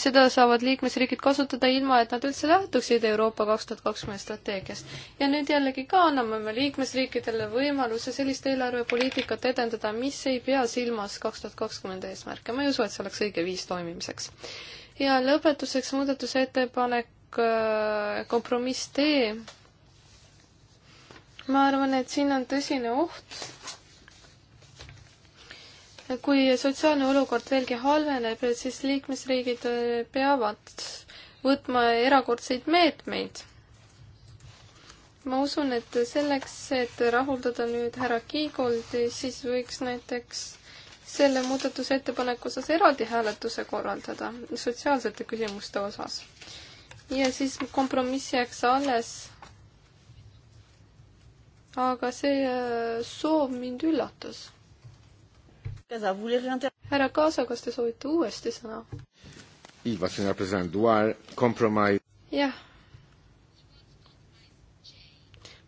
S2: seda saavad liikmesriigid kasutada ilma, et nad üldse lähtuksid Euroopa kaks tuhat kakskümmend strateegiast. ja nüüd jällegi ka anname me liikmesriikidele võimaluse sellist eelarvepoliitikat edendada, mis ei pea silmas kaks tuhat kakskümmend eesmärke. ma ei usu, et see oleks õige viis toimimiseks. ja lõpetuseks muudatusettepanek äh, kompromiss D. ma arvan, et siin on tõsine oht kui sotsiaalne olukord veelgi halveneb, siis liikmesriigid äh, peavad võtma erakordseid meetmeid. ma usun, et selleks, et rahuldada nüüd härra Kiigoldi, siis võiks näiteks selle muudatusettepaneku osas eraldi hääletuse korraldada, sotsiaalsete küsimuste osas. ja siis kompromiss jääks alles. aga see äh, soov mind üllatas härra Kaasa, kas te soovite uuesti sõna? jah.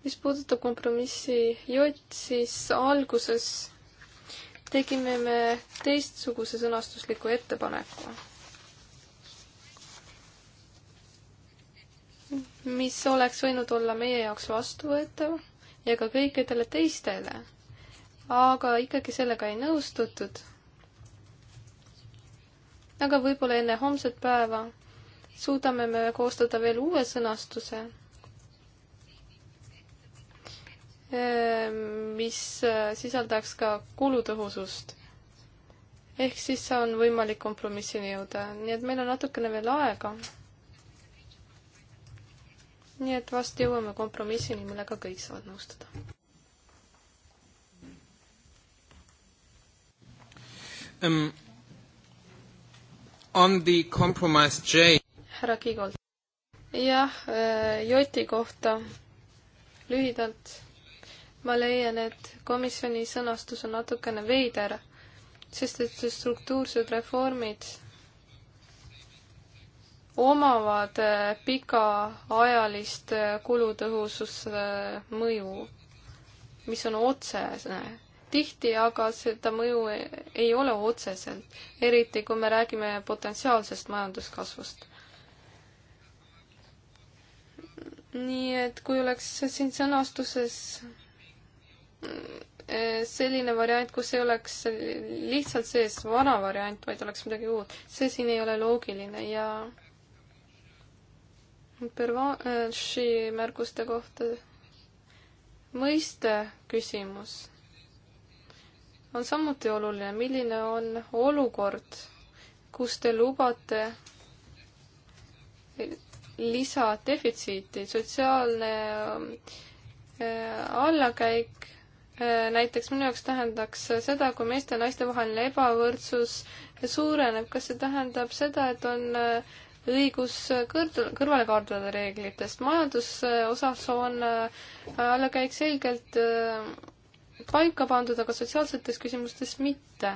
S2: mis puudutab kompromissi J, siis alguses tegime me teistsuguse sõnastusliku ettepaneku mis oleks võinud olla meie jaoks vastuvõetav ja ka kõikidele teistele aga ikkagi sellega ei nõustutud. aga võib-olla enne homset päeva suudame me koostada veel uue sõnastuse, mis sisaldaks ka kulutõhusust. ehk siis on võimalik kompromissini jõuda, nii et meil on natukene veel aega. nii et vast jõuame kompromissini, millega kõik saavad nõustuda.
S1: Um, on the compromise J.
S2: härra Kiigold. jah, äh, Joti kohta lühidalt ma leian, et komisjoni sõnastus on natukene veider, sest et struktuursed reformid omavad äh, pikaajalist äh, kulutõhususe mõju, mis on otsene tihti aga seda mõju ei ole otseselt, eriti kui me räägime potentsiaalsest majanduskasvust. nii et kui oleks siin sõnastuses mm, eh, selline variant, kus ei oleks lihtsalt sees vana variant, vaid oleks midagi uut, see siin ei ole loogiline ja Pervanši märguste kohta mõiste küsimus on samuti oluline, milline on olukord, kus te lubate lisadefitsiiti, sotsiaalne äh, allakäik äh, näiteks minu jaoks tähendaks seda, kui meeste ja naiste vaheline ebavõrdsus suureneb, kas see tähendab seda, et on äh, õigus kõr-, kõrvalekaldade reeglitest, majanduse osas on allakäik selgelt paika pandud, aga sotsiaalsetes küsimustes mitte.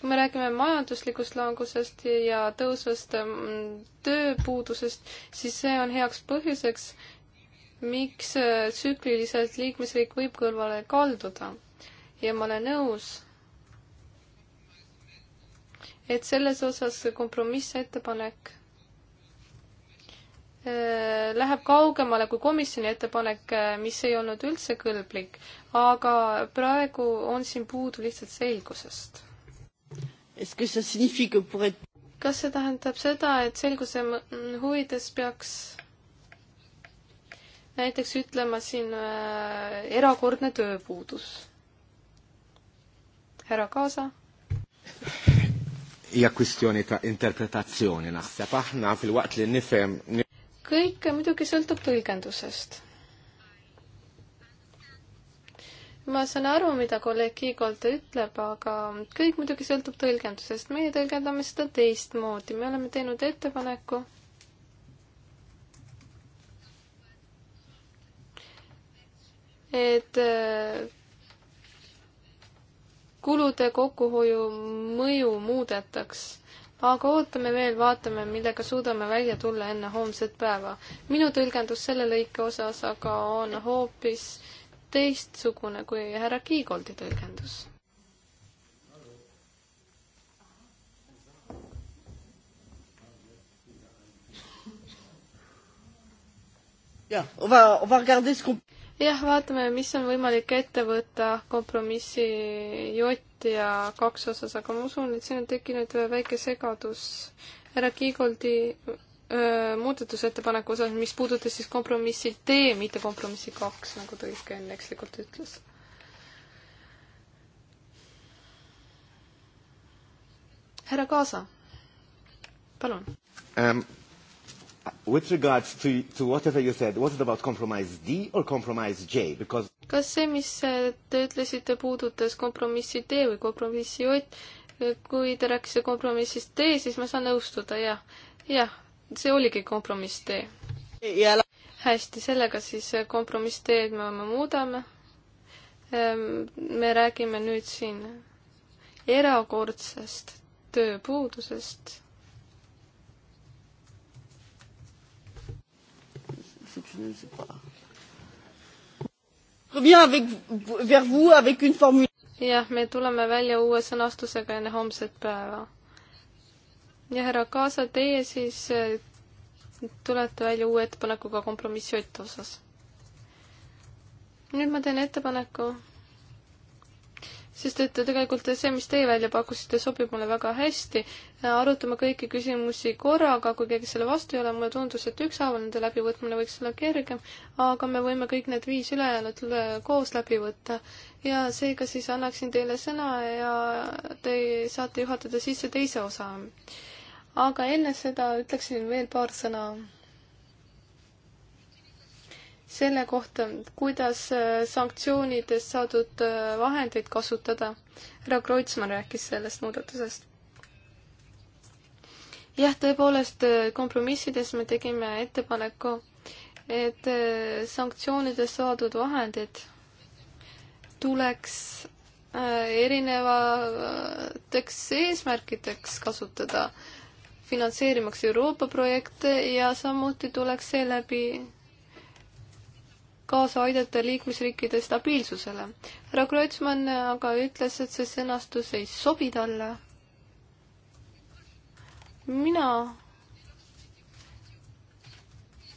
S2: kui me räägime majanduslikust langusest ja tõusvast mm, tööpuudusest, siis see on heaks põhjuseks, miks äh, tsükliliselt liikmesriik võib kõrvale kalduda. ja ma olen nõus, et selles osas kompromissettepanek Äh, läheb kaugemale kui komisjoni ettepanek, äh, mis ei olnud üldse kõlblik, aga praegu on siin puudu lihtsalt selgusest. kas see tähendab seda, et selguse huvides peaks näiteks ütlema siin äh, erakordne tööpuudus? härra Kaasa?
S4: hija kwistjoni ta' interpretazzjoni naħseb aħna fil-waqt li nifhem
S2: kõik muidugi sõltub tõlgendusest. ma saan aru, mida kolleeg Kiigolt ütleb, aga kõik muidugi sõltub tõlgendusest. meie tõlgendame seda teistmoodi, me oleme teinud ettepaneku et äh, kulude kokkuhoiu mõju muudetaks aga ootame veel, vaatame, millega suudame välja tulla enne homset päeva. minu tõlgendus selle lõike osas aga on hoopis teistsugune kui härra Kiigoldi tõlgendus. jah, vaatame, mis on võimalik ette võtta kompromissi J ja kaks osas, aga ma usun, et siin on tekkinud väike segadus härra Kiigoldi muudatusettepaneku osas, mis puudutas siis kompromissi D, mitte kompromissi kaks, nagu ta ikka enne ekslikult ütles. härra Kaasa, palun
S4: um,. With regards to, to whatever you said, was it about compromise D or compromise J because
S2: kas see, mis te ütlesite, puudutas kompromissi D või kompromissi J? kui te rääkisite kompromissist D, siis ma saan nõustuda, jah. jah, see oligi kompromiss D. hästi, sellega siis kompromiss D-d me, me muudame. Ehm, me räägime nüüd siin erakordsest tööpuudusest c'est une, c'est pas jah, me tuleme välja uue sõnastusega enne homset päeva. ja härra Kaasa, teie siis eh, tulete välja uue ettepanekuga kompromissi Ott osas. nüüd ma teen ettepaneku sest et tegelikult see, mis teie välja pakkusite, sobib mulle väga hästi. arutame kõiki küsimusi korraga, kui keegi selle vastu ei ole, mulle tundus, et ükshaaval nende läbivõtmine võiks olla kergem, aga me võime kõik need viis ülejäänud koos läbi võtta. ja seega siis annaksin teile sõna ja te saate juhatada sisse teise osa. aga enne seda ütleksin veel paar sõna selle kohta, kuidas äh, sanktsioonidest saadud äh, vahendeid kasutada. härra Kreutzmann rääkis sellest muudatusest. jah, tõepoolest äh, kompromissides me tegime ettepaneku, et sanktsioonidest saadud vahendid tuleks erinevateks eesmärkideks kasutada, finantseerimaks Euroopa projekte ja samuti tuleks seeläbi kaasa aidata liikmesriikide stabiilsusele. härra Kreutzmann aga ütles, et see sõnastus ei sobi talle. mina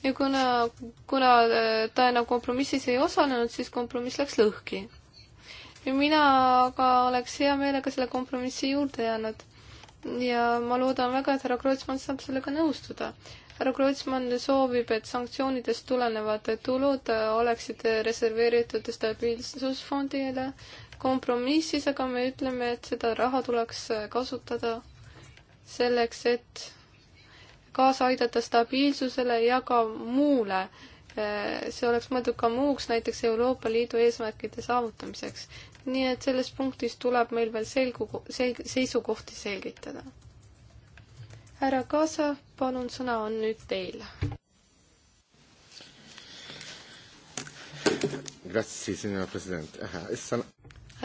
S2: ja kuna, kuna äh, ta enam kompromissis ei osalenud, siis kompromiss läks lõhki. ja mina aga oleks hea meelega selle kompromissi juurde jäänud. ja ma loodan väga, et härra Kreutzmann saab sellega nõustuda härra Kreutzmann soovib, et sanktsioonidest tulenevad tulud oleksid reserveeritud stabiilsusfondile kompromissis, aga me ütleme, et seda raha tuleks kasutada selleks, et kaasa aidata stabiilsusele ja ka muule. see oleks mõeldud ka muuks, näiteks Euroopa Liidu eesmärkide saavutamiseks. nii et selles punktis tuleb meil veel selgu, seisukohti selgitada härra Kaasa, palun, sõna on nüüd teil.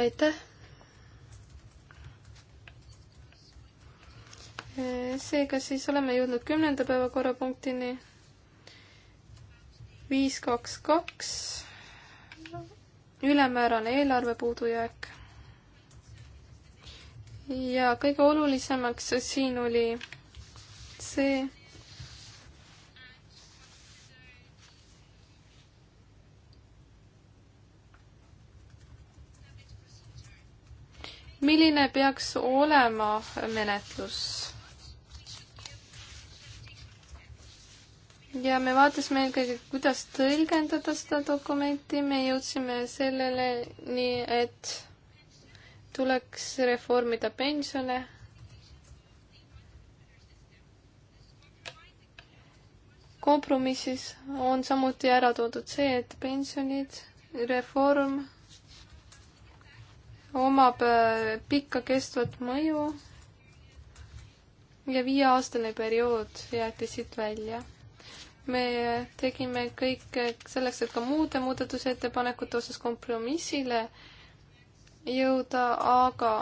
S2: aitäh. Eh, seega siis oleme jõudnud kümnenda päevakorrapunktini. viis, kaks, kaks, ülemäärane eelarve puudujääk ja kõige olulisemaks siin oli see milline peaks olema menetlus? ja me vaatasime eelkõige, kuidas tõlgendada seda dokumenti, me jõudsime sellele nii, et tuleks reformida pensione kompromissis on samuti ära toodud see, et pensionid, reform omab äh, pikka kestvat mõju ja viieaastane periood jäeti siit välja. me tegime kõik selleks, et ka muude muudatusettepanekute osas kompromissile jõuda, aga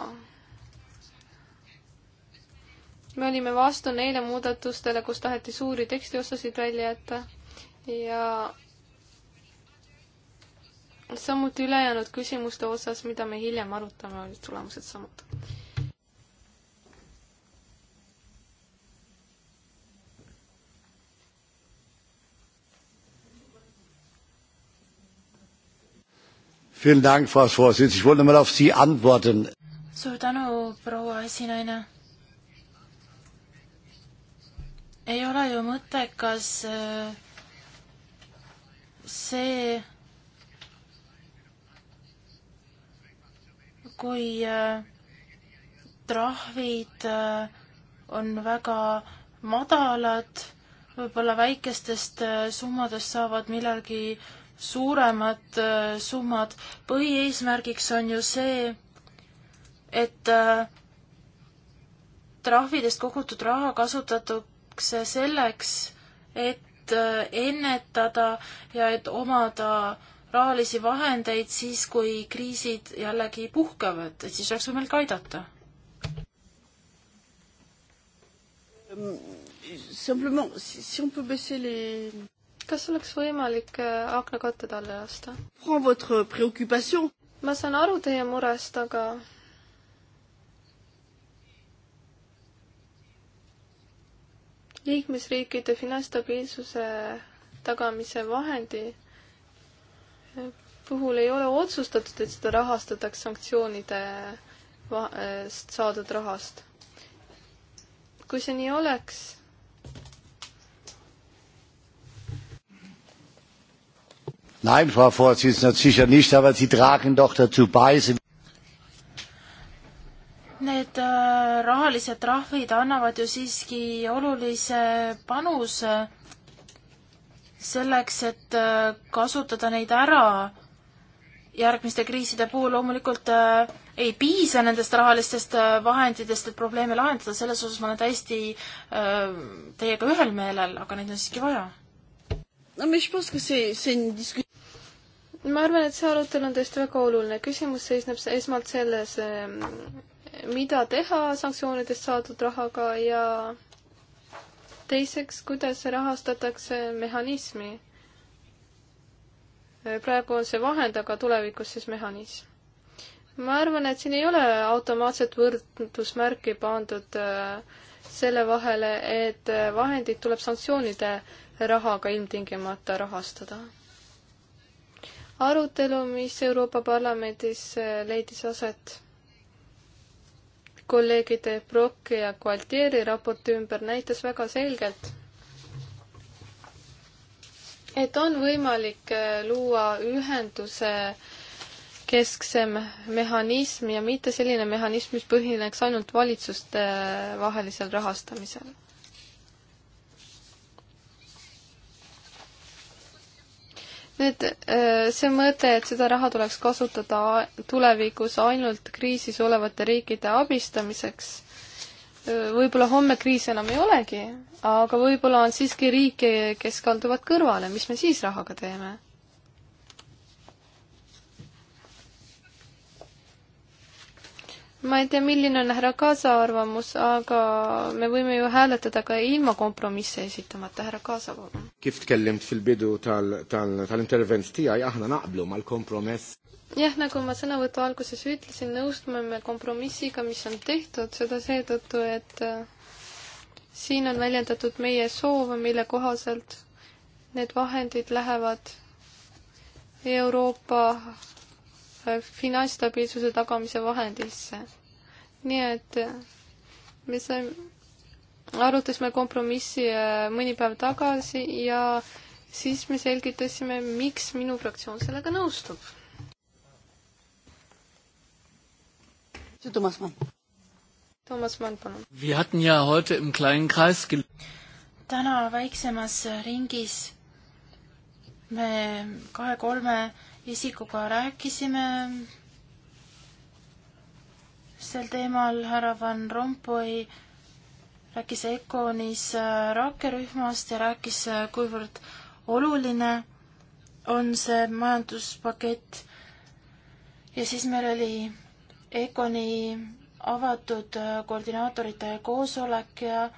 S2: me olime vastu neile muudatustele, kus taheti suuri tekstiosasid välja jätta ja samuti ülejäänud küsimuste osas, mida me hiljem arutame, olid tulemused samad.
S6: suur tänu, proua esinaine ei ole ju mõttekas äh, see, kui äh, trahvid äh, on väga madalad, võib-olla väikestest summadest saavad millalgi suuremad summad. põhieesmärgiks on ju see, et trahvidest kogutud raha kasutatud tehakse selleks, et ennetada ja et omada rahalisi vahendeid siis, kui kriisid jällegi puhkevad, et siis oleks võimalik aidata?
S1: kas oleks võimalik
S2: äh, aknakatted alla lasta? ma saan aru teie murest, aga liikmesriikide finantsstabiilsuse tagamise vahendi puhul ei ole otsustatud, et seda rahastatakse sanktsioonide saadud rahast. kui see nii oleks,
S3: Nein, Frau Vorsitzende, sicher nicht, aber Sie tragen doch dazu bei
S6: need äh, rahalised trahvid annavad ju siiski olulise panuse selleks, et äh, kasutada neid ära järgmiste kriiside puhul loomulikult äh, ei piisa nendest rahalistest äh, vahenditest, et probleeme lahendada, selles osas ma olen täiesti äh, teiega ühel meelel, aga neid on siiski vaja. no mis puudutab see,
S2: see on disku-? ma arvan, et see arutelu on tõesti väga oluline. küsimus seisneb esmalt selles äh,, mida teha sanktsioonidest saadud rahaga ja teiseks, kuidas rahastatakse mehhanismi. praegu on see vahend, aga tulevikus siis mehhanism. ma arvan, et siin ei ole automaatset võrdusmärki pandud äh, selle vahele, et äh, vahendid tuleb sanktsioonide rahaga ilmtingimata rahastada arutelu, mis Euroopa Parlamendis äh, leidis aset kolleegide Brock ja Gualtieri raporti ümber näitas väga selgelt, et on võimalik äh, luua ühenduse kesksem mehhanism ja mitte selline mehhanism, mis põhineks ainult valitsuste äh, vahelisel rahastamisel. Nüüd äh, see mõte, et seda raha tuleks kasutada tulevikus ainult kriisis olevate riikide abistamiseks, äh, võib-olla homme kriisi enam ei olegi, aga võib-olla on siiski riike, kes kalduvad kõrvale, mis me siis rahaga teeme? ma ei tea, milline on härra Kaasa arvamus, aga me võime ju hääletada ka ilma kompromisse esitamata, härra Kaasa, palun.
S4: kif tkellimt fil-bidu tal, tal, tal-intervent tijaj, ahna naqblu mal-kompromess.
S2: jah, nagu ma sõnavõtu alguses ütlesin, nõustume me kompromissiga, mis on tehtud, seda seetõttu, et äh, siin on väljendatud meie soove, mille kohaselt need vahendid lähevad Euroopa finantsstabiilsuse tagamise vahendisse. nii et me saime, arutasime kompromissi äh, mõni päev tagasi ja siis me selgitasime, miks minu fraktsioon sellega nõustub.
S6: Thomas Mann. Thomas Mann, palun.
S3: Wir hatten ja heute im kleinen Kreis
S6: täna väiksemas ringis me kahe-kolme isikuga rääkisime sel teemal, härra Van Rompuy rääkis Econis äh, rakkerühmast ja rääkis, äh, kuivõrd oluline on see majanduspakett. ja siis meil oli Econi avatud äh, koordinaatorite koosolek ja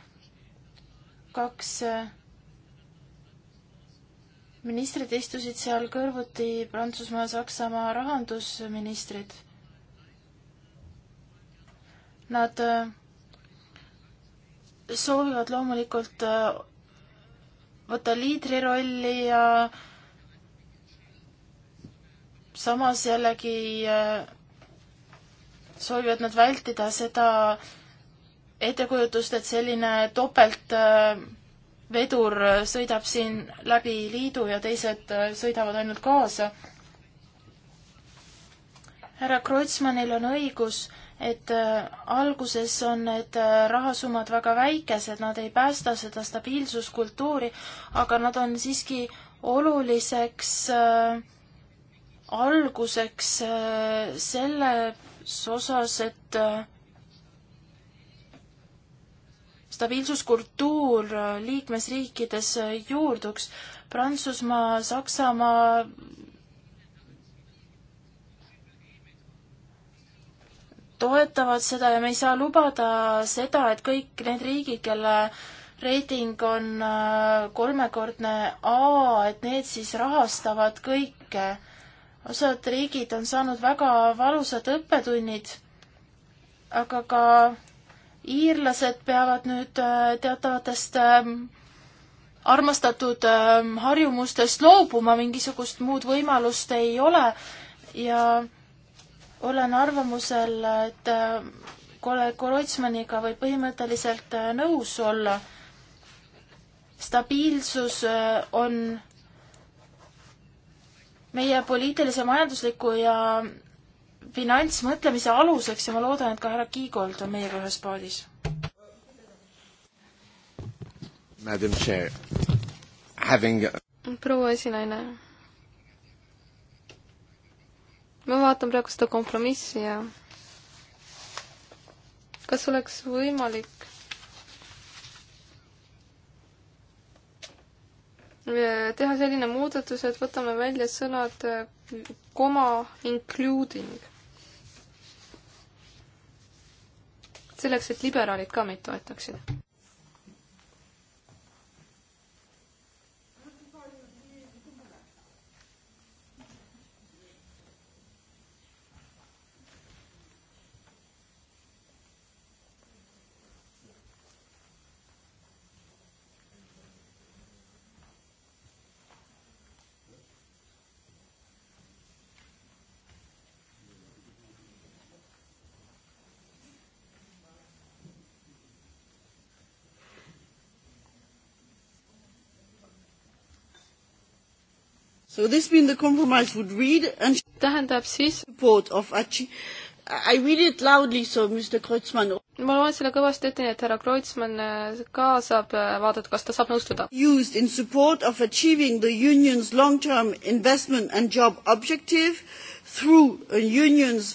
S6: kaks ministrid istusid seal kõrvuti Prantsusmaa ja Saksamaa rahandusministrid. Nad äh, soovivad loomulikult äh, võtta liidri rolli ja samas jällegi äh, soovivad nad vältida seda ettekujutust, et selline topelt äh, vedur sõidab siin läbi liidu ja teised äh, sõidavad ainult kaasa. härra Kreutzmannil on õigus, et äh, alguses on need äh, rahasummad väga väikesed, nad ei päästa seda stabiilsuskultuuri, aga nad on siiski oluliseks äh, alguseks äh, selles osas, et äh, stabiilsuskultuur liikmesriikides juurduks. Prantsusmaa, Saksamaa, toetavad seda ja me ei saa lubada seda, et kõik need riigid, kelle reiting on äh, kolmekordne A, et need siis rahastavad kõike. osad riigid on saanud väga valusad õppetunnid, aga ka iirlased peavad nüüd äh, teatavatest ähm, armastatud ähm, harjumustest loobuma, mingisugust muud võimalust ei ole ja olen arvamusel, et äh, kolleeg Kreutzmanniga võib põhimõtteliselt äh, nõus olla. stabiilsus on meie poliitilise, majandusliku ja finantsmõtlemise aluseks ja ma loodan, et ka härra Kiigold on meiega ühes paadis.
S4: Madam Chair, having
S6: proua esinaine,
S2: ma vaatan praegu seda kompromissi ja kas oleks võimalik teha selline muudatus, et võtame välja sõnad koma äh, including. selleks, et liberaalid ka meid toetaksid.
S1: So this means the compromise would read and tähendab siis support of Achi. I read it loudly, so Mr Kreutzmann. ma loen selle kõvasti ette, nii et härra Kreutzmann äh, ka saab äh, vaadata, kas ta saab nõustuda. Used in support of achieving the union's long-term investment and job objective through a union's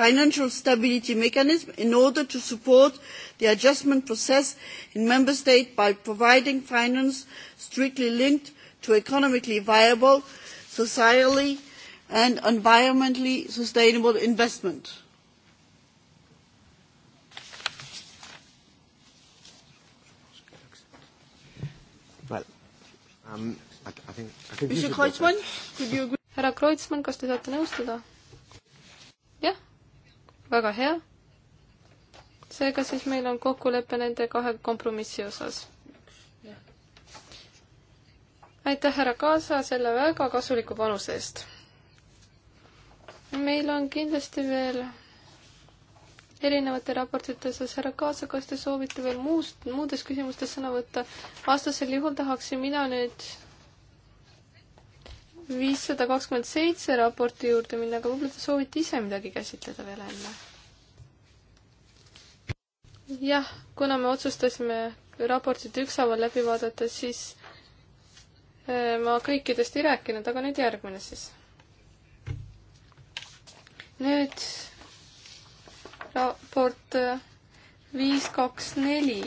S1: financial stability mechanism in order to support the adjustment process in member states by providing finance strictly linked to economically viable, socially and environmentally sustainable investment.
S4: Well, um, I, I think, I think Mr. Kreutzmann,
S2: could you agree? härra Kreutzmann, kas te saate nõustuda? jah, väga hea. seega siis meil on kokkulepe nende kahe kompromissi osas aitäh, härra Kaasa, selle väga kasuliku panuse eest. meil on kindlasti veel erinevate raportite osas, härra Kaasa, kas te soovite veel muust, muudes küsimustes sõna võtta? vastasel juhul tahaksin mina nüüd viissada kakskümmend seitse raporti juurde minna, aga võib-olla te soovite ise midagi käsitleda veel enne? jah, kuna me otsustasime raportit ükshaaval läbi vaadata, siis ma kõikidest ei rääkinud, aga nüüd järgmine siis. nüüd raport viis, kaks, neli.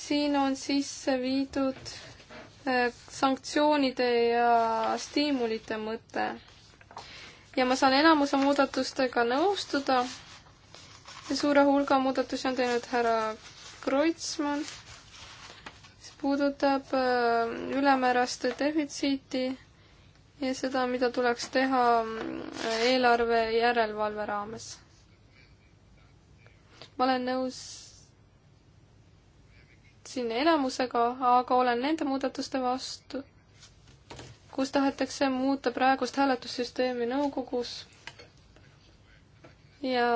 S2: siin on sisse viidud äh, sanktsioonide ja stiimulite mõte. ja ma saan enamuse muudatustega nõustuda. suure hulga muudatusi on teinud härra Kreutzmann, mis puudutab äh, ülemäärast defitsiiti ja seda, mida tuleks teha äh, eelarve järelevalve raames. ma olen nõus siin enamusega, aga olen nende muudatuste vastu, kus tahetakse muuta praegust hääletussüsteemi nõukogus ja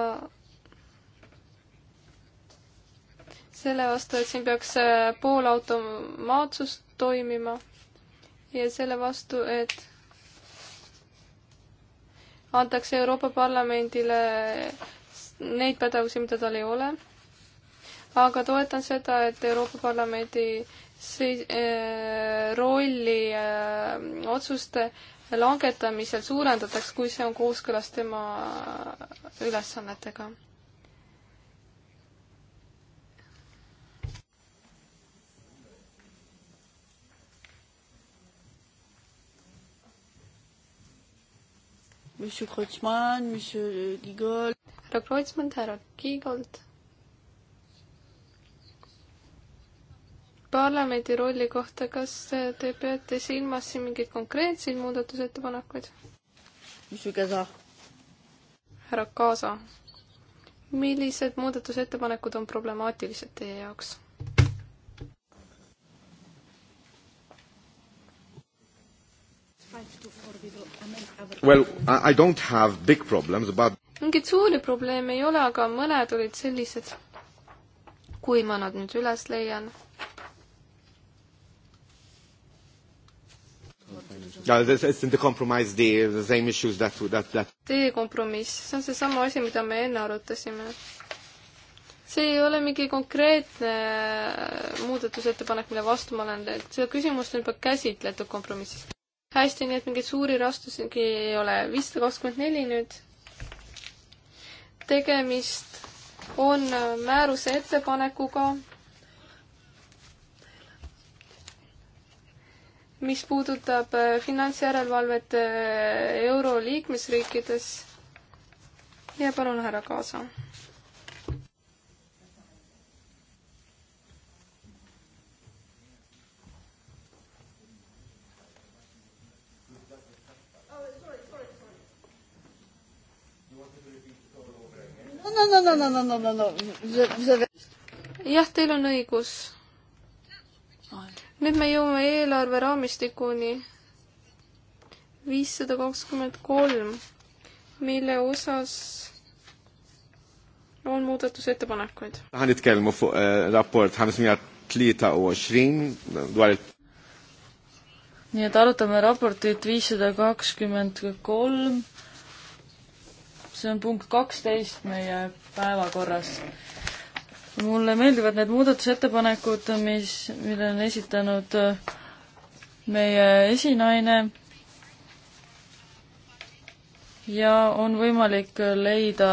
S2: selle vastu, et siin peaks äh, poolautomaatsus toimima ja selle vastu, et antakse Euroopa Parlamendile neid pädevusi, mida tal ei ole. aga toetan seda, et Euroopa Parlamendi see, äh, rolli äh, otsuste langetamisel suurendataks, kui see on kooskõlas tema ülesannetega
S1: Monsieur Kreutzmann, Monsieur euh, Giegold. härra Kreutzmann, härra Giegold.
S2: parlamendi rolli kohta, kas te peate silmas siin mingeid konkreetseid muudatusettepanekuid? Monsieur Kaza. härra Kaasa, millised muudatusettepanekud on problemaatilised teie jaoks? five to Well,
S4: I don't have big problems about
S2: mingeid suuri probleeme ei ole, aga mõned olid sellised, kui ma nad nüüd üles leian. Teie kompromiss, see on seesama asi, mida me enne arutasime. see ei ole mingi konkreetne äh, muudatusettepanek, mille vastu ma olen, et seda küsimust on juba käsitletud kompromissis hästi, nii et mingeid suuri raskusi ei ole. viissada kakskümmend neli nüüd. tegemist on määruse ettepanekuga, mis puudutab äh, finantsjärelevalvet äh, euro liikmesriikides. ja palun härra Kaasa no, no, no, no, no, no, no, no. jah, teil on õigus. nüüd me jõuame eelarveraamistikuni viissada kakskümmend kolm, mille osas on muudatusettepanekuid.
S4: tahan nüüd käima äh, raport
S3: nii et arutame raportit viissada kakskümmend kolm see on punkt kaksteist meie päevakorras. mulle meeldivad need muudatusettepanekud, mis, mille on esitanud äh, meie esinaine ja on võimalik leida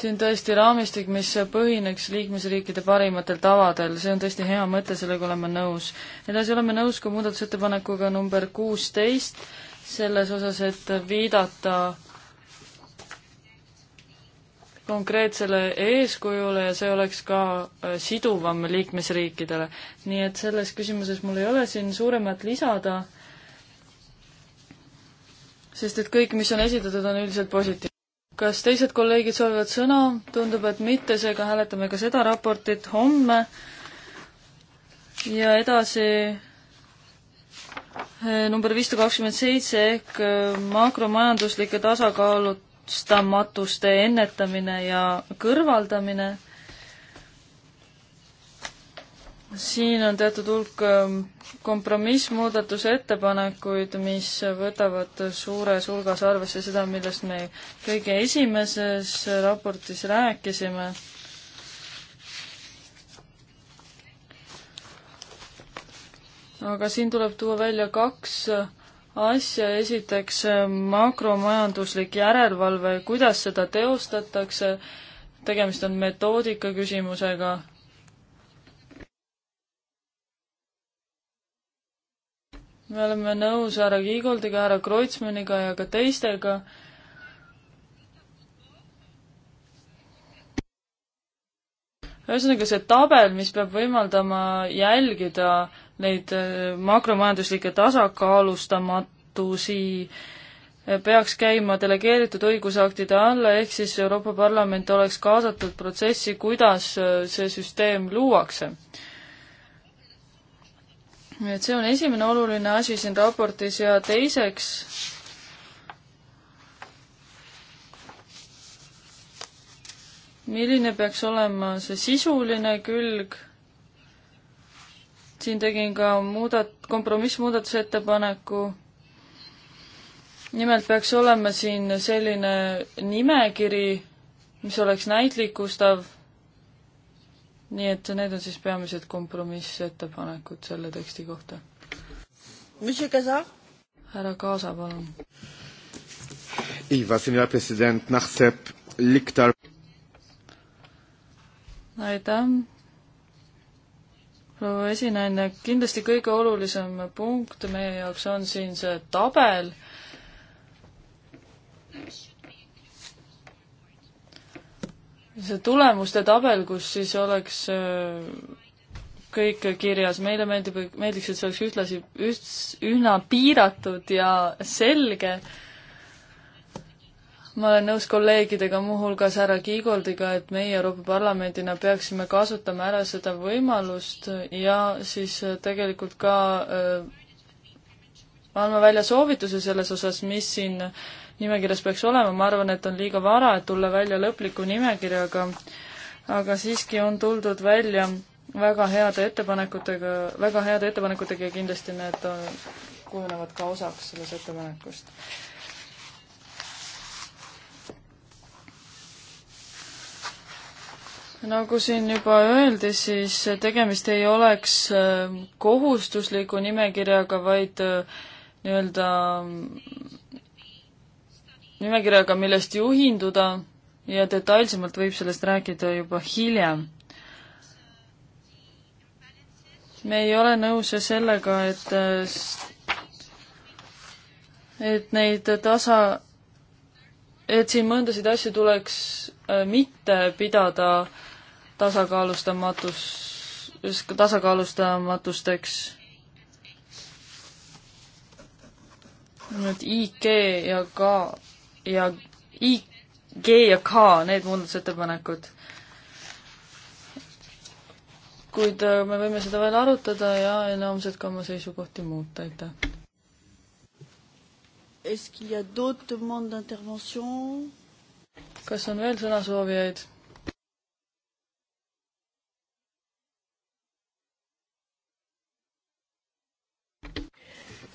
S3: siin tõesti raamistik, mis põhineks liikmesriikide parimatel tavadel, see on tõesti hea mõte, sellega oleme nõus. edasi oleme nõus ka muudatusettepanekuga number kuusteist, selles osas, et viidata konkreetsele eeskujule ja see oleks ka äh, siduvam liikmesriikidele. nii et selles küsimuses mul ei ole siin suuremat lisada, sest et kõik, mis on esitatud, on üldiselt positiivne. kas teised kolleegid soovivad sõna? tundub, et mitte, seega hääletame ka seda raportit homme ja edasi äh, number viissada kakskümmend seitse ehk äh, makromajanduslike tasakaalu vastustamatuste ennetamine ja kõrvaldamine. siin on teatud hulk ähm, kompromissmuudatuse ettepanekuid, mis võtavad suures hulgas arvesse seda, millest me kõige esimeses raportis rääkisime aga siin tuleb tuua välja kaks asja, esiteks äh, makromajanduslik järelevalve, kuidas seda teostatakse, tegemist on metoodika küsimusega. me oleme nõus härra Kiigoldiga, härra Kreutzmanniga ja ka teistega ühesõnaga see tabel, mis peab võimaldama jälgida neid äh, makromajanduslikke tasakaalustamatusi äh, peaks käima delegeeritud õigusaktide alla, ehk siis Euroopa Parlament oleks kaasatud protsessi, kuidas äh, see süsteem luuakse. et see on esimene oluline asi siin raportis ja teiseks milline peaks olema see sisuline külg siin tegin ka muudat-, kompromissmuudatusettepaneku. nimelt peaks olema siin selline nimekiri, mis oleks näitlikustav. nii et need on siis peamised kompromissettepanekud selle teksti kohta. härra Kaasa, palun.
S4: Iva, senor president, nahtseb liktar.
S3: aitäh proua esinaine, kindlasti kõige olulisem punkt meie jaoks on siin see tabel. see tulemuste tabel, kus siis oleks äh, kõik kirjas, meile meeldib, meeldiks, et see oleks ühtlasi, üht-, üsna piiratud ja selge äh, ma olen nõus kolleegidega, muuhulgas härra Kiigoldiga, et meie Euroopa Parlamendina peaksime kasutama ära seda võimalust ja siis äh, tegelikult ka äh, andma välja soovituse selles osas, mis siin nimekirjas peaks olema, ma arvan, et on liiga vara, et tulla välja lõpliku nimekirjaga, aga siiski on tuldud välja väga heade ettepanekutega, väga heade ettepanekutega ja kindlasti need äh, kujunevad ka osaks sellest ettepanekust nagu siin juba öeldi, siis tegemist ei oleks äh, kohustusliku nimekirjaga, vaid äh, nii-öelda mm, nimekirjaga, millest juhinduda ja detailsemalt võib sellest rääkida juba hiljem. me ei ole nõus sellega, et äh, et neid tasa, et siin mõndasid asju tuleks mitte pidada äh, tasakaalustamatus, tasakaalustamatusteks. nüüd IK ja K ja I, G ja K, need muudatusettepanekud. kuid äh, me võime seda veel arutada ja enamused ka oma seisukohti muuta, aitäh.
S1: Est-ce qu'il y a d'autres demandes d'intervention? kas on veel sõnasoovijaid?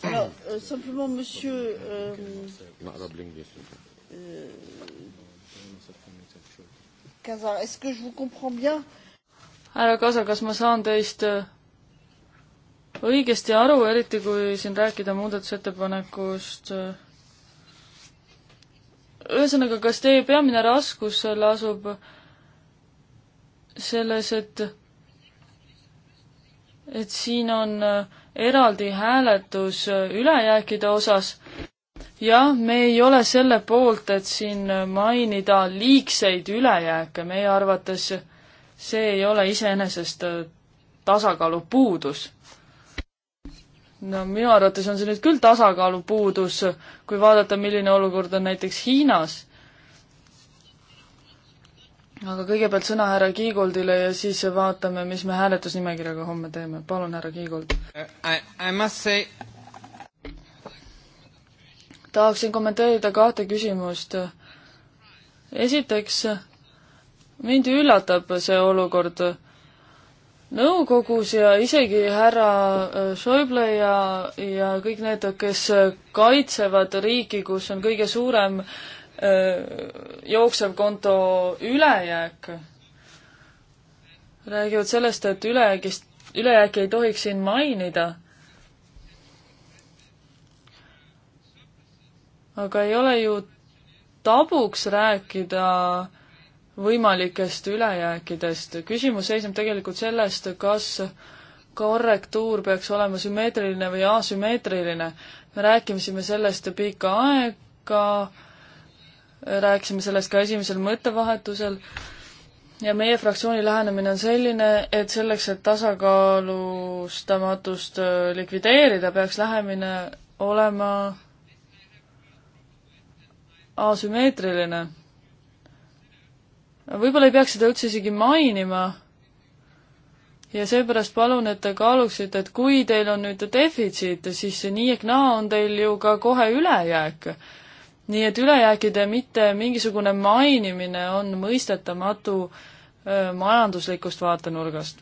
S1: Alors, euh, simplement, monsieur. Euh, euh, Kazar, est-ce que je vous comprends bien
S3: härra Kasa, kas ma saan teist äh, õigesti aru, eriti kui siin rääkida muudatusettepanekust? Äh, ühesõnaga, kas teie peamine raskus lasub selles, et, et siin on äh, eraldi hääletus ülejääkide osas jah, me ei ole selle poolt, et siin mainida liigseid ülejääke, meie arvates see ei ole iseenesest tasakaalu puudus. no minu arvates on see nüüd küll tasakaalu puudus, kui vaadata, milline olukord on näiteks Hiinas aga kõigepealt sõna härra Kiigoldile ja siis vaatame, mis me hääletusnimekirjaga homme teeme. palun, härra Kiigold.
S1: Uh, say...
S3: tahaksin kommenteerida kahte küsimust. esiteks, mind üllatab see olukord nõukogus ja isegi härra äh, Schäuble ja, ja kõik need, kes kaitsevad riiki, kus on kõige suurem äh, jooksev konto ülejääk, räägivad sellest, et ülejäägist, ülejääki ei tohiks siin mainida. aga ei ole ju tabuks rääkida võimalikest ülejääkidest. küsimus seisneb tegelikult sellest, kas korrektuur peaks olema sümmeetriline või asümmeetriline. me rääkisime sellest pikka aega, rääkisime sellest ka esimesel mõttevahetusel ja meie fraktsiooni lähenemine on selline, et selleks, et tasakaalustamatust äh, likvideerida, peaks lähemine olema asümmeetriline. võib-olla ei peaks seda üldse isegi mainima ja seepärast palun, et te kaaluksite, et kui teil on nüüd defitsiit, siis nii ehk naa on teil ju ka kohe ülejääk nii et ülejääkide mitte mingisugune mainimine on mõistetamatu majanduslikust vaatenurgast.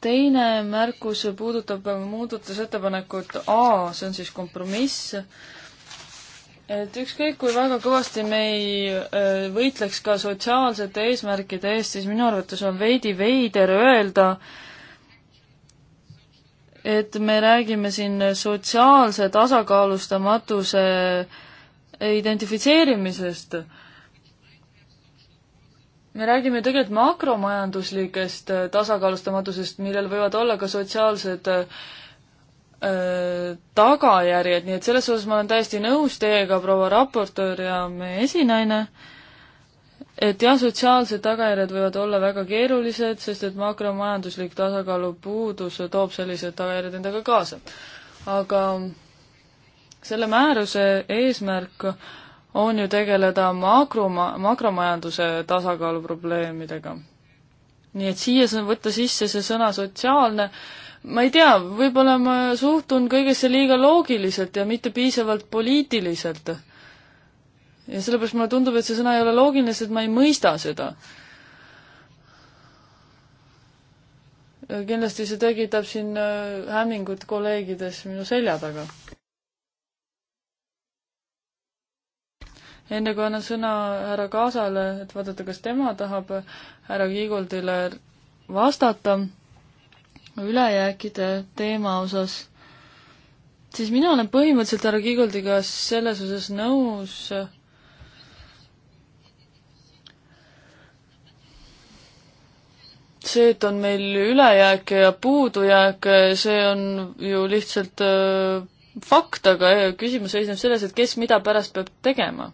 S3: teine märkus puudutab muudatusettepanekut A, see on siis kompromiss, et ükskõik, kui väga kõvasti me ei võitleks ka sotsiaalsete eesmärkide eest, siis minu arvates on veidi veider öelda, et me räägime siin sotsiaalse tasakaalustamatuse identifitseerimisest. me räägime tegelikult makromajanduslikest tasakaalustamatusest, millel võivad olla ka sotsiaalsed öö, äh, tagajärjed, nii et selles osas ma olen täiesti nõus teiega, proua raportöör ja meie esinaine äh,, et jah, sotsiaalsed tagajärjed võivad olla väga keerulised, sest et makromajanduslik tasakaalu puudus toob sellised tagajärjed endaga kaasa. aga selle määruse eesmärk on ju tegeleda makroma-, makromajanduse tasakaalu probleemidega. nii et siia saab võtta sisse see sõna sotsiaalne, ma ei tea, võib-olla ma suhtun kõigesse liiga loogiliselt ja mitte piisavalt poliitiliselt ja sellepärast mulle tundub, et see sõna ei ole loogiline, sest ma ei mõista seda. kindlasti see tekitab siin äh, hämmingut kolleegides minu selja taga. enne kui annan sõna härra Kaasale, et vaadata, kas tema tahab härra Kiigoldile vastata ülejääkide teema osas, siis mina olen põhimõtteliselt härra Kiigoldiga selles osas nõus, see, et on meil ülejääke ja puudujääke, see on ju lihtsalt äh, fakt, aga äh, küsimus seisneb selles, et kes mida pärast peab tegema.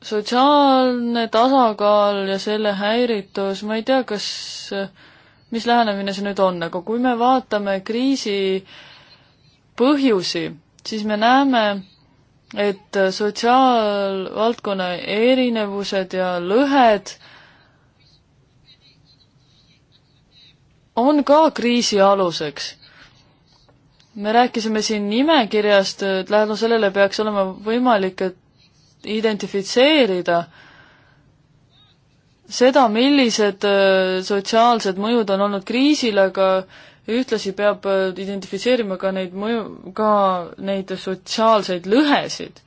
S3: sotsiaalne tasakaal ja selle häiritus, ma ei tea, kas, äh, mis lähenemine see nüüd on, aga kui me vaatame kriisi põhjusi, siis me näeme, et sotsiaalvaldkonna erinevused ja lõhed äh, on ka kriisi aluseks. me rääkisime siin nimekirjast, et lähedal sellele peaks olema võimalik, et identifitseerida seda, millised äh, sotsiaalsed mõjud on olnud kriisil, aga ühtlasi peab äh, identifitseerima ka neid mõju, ka neid sotsiaalseid lõhesid.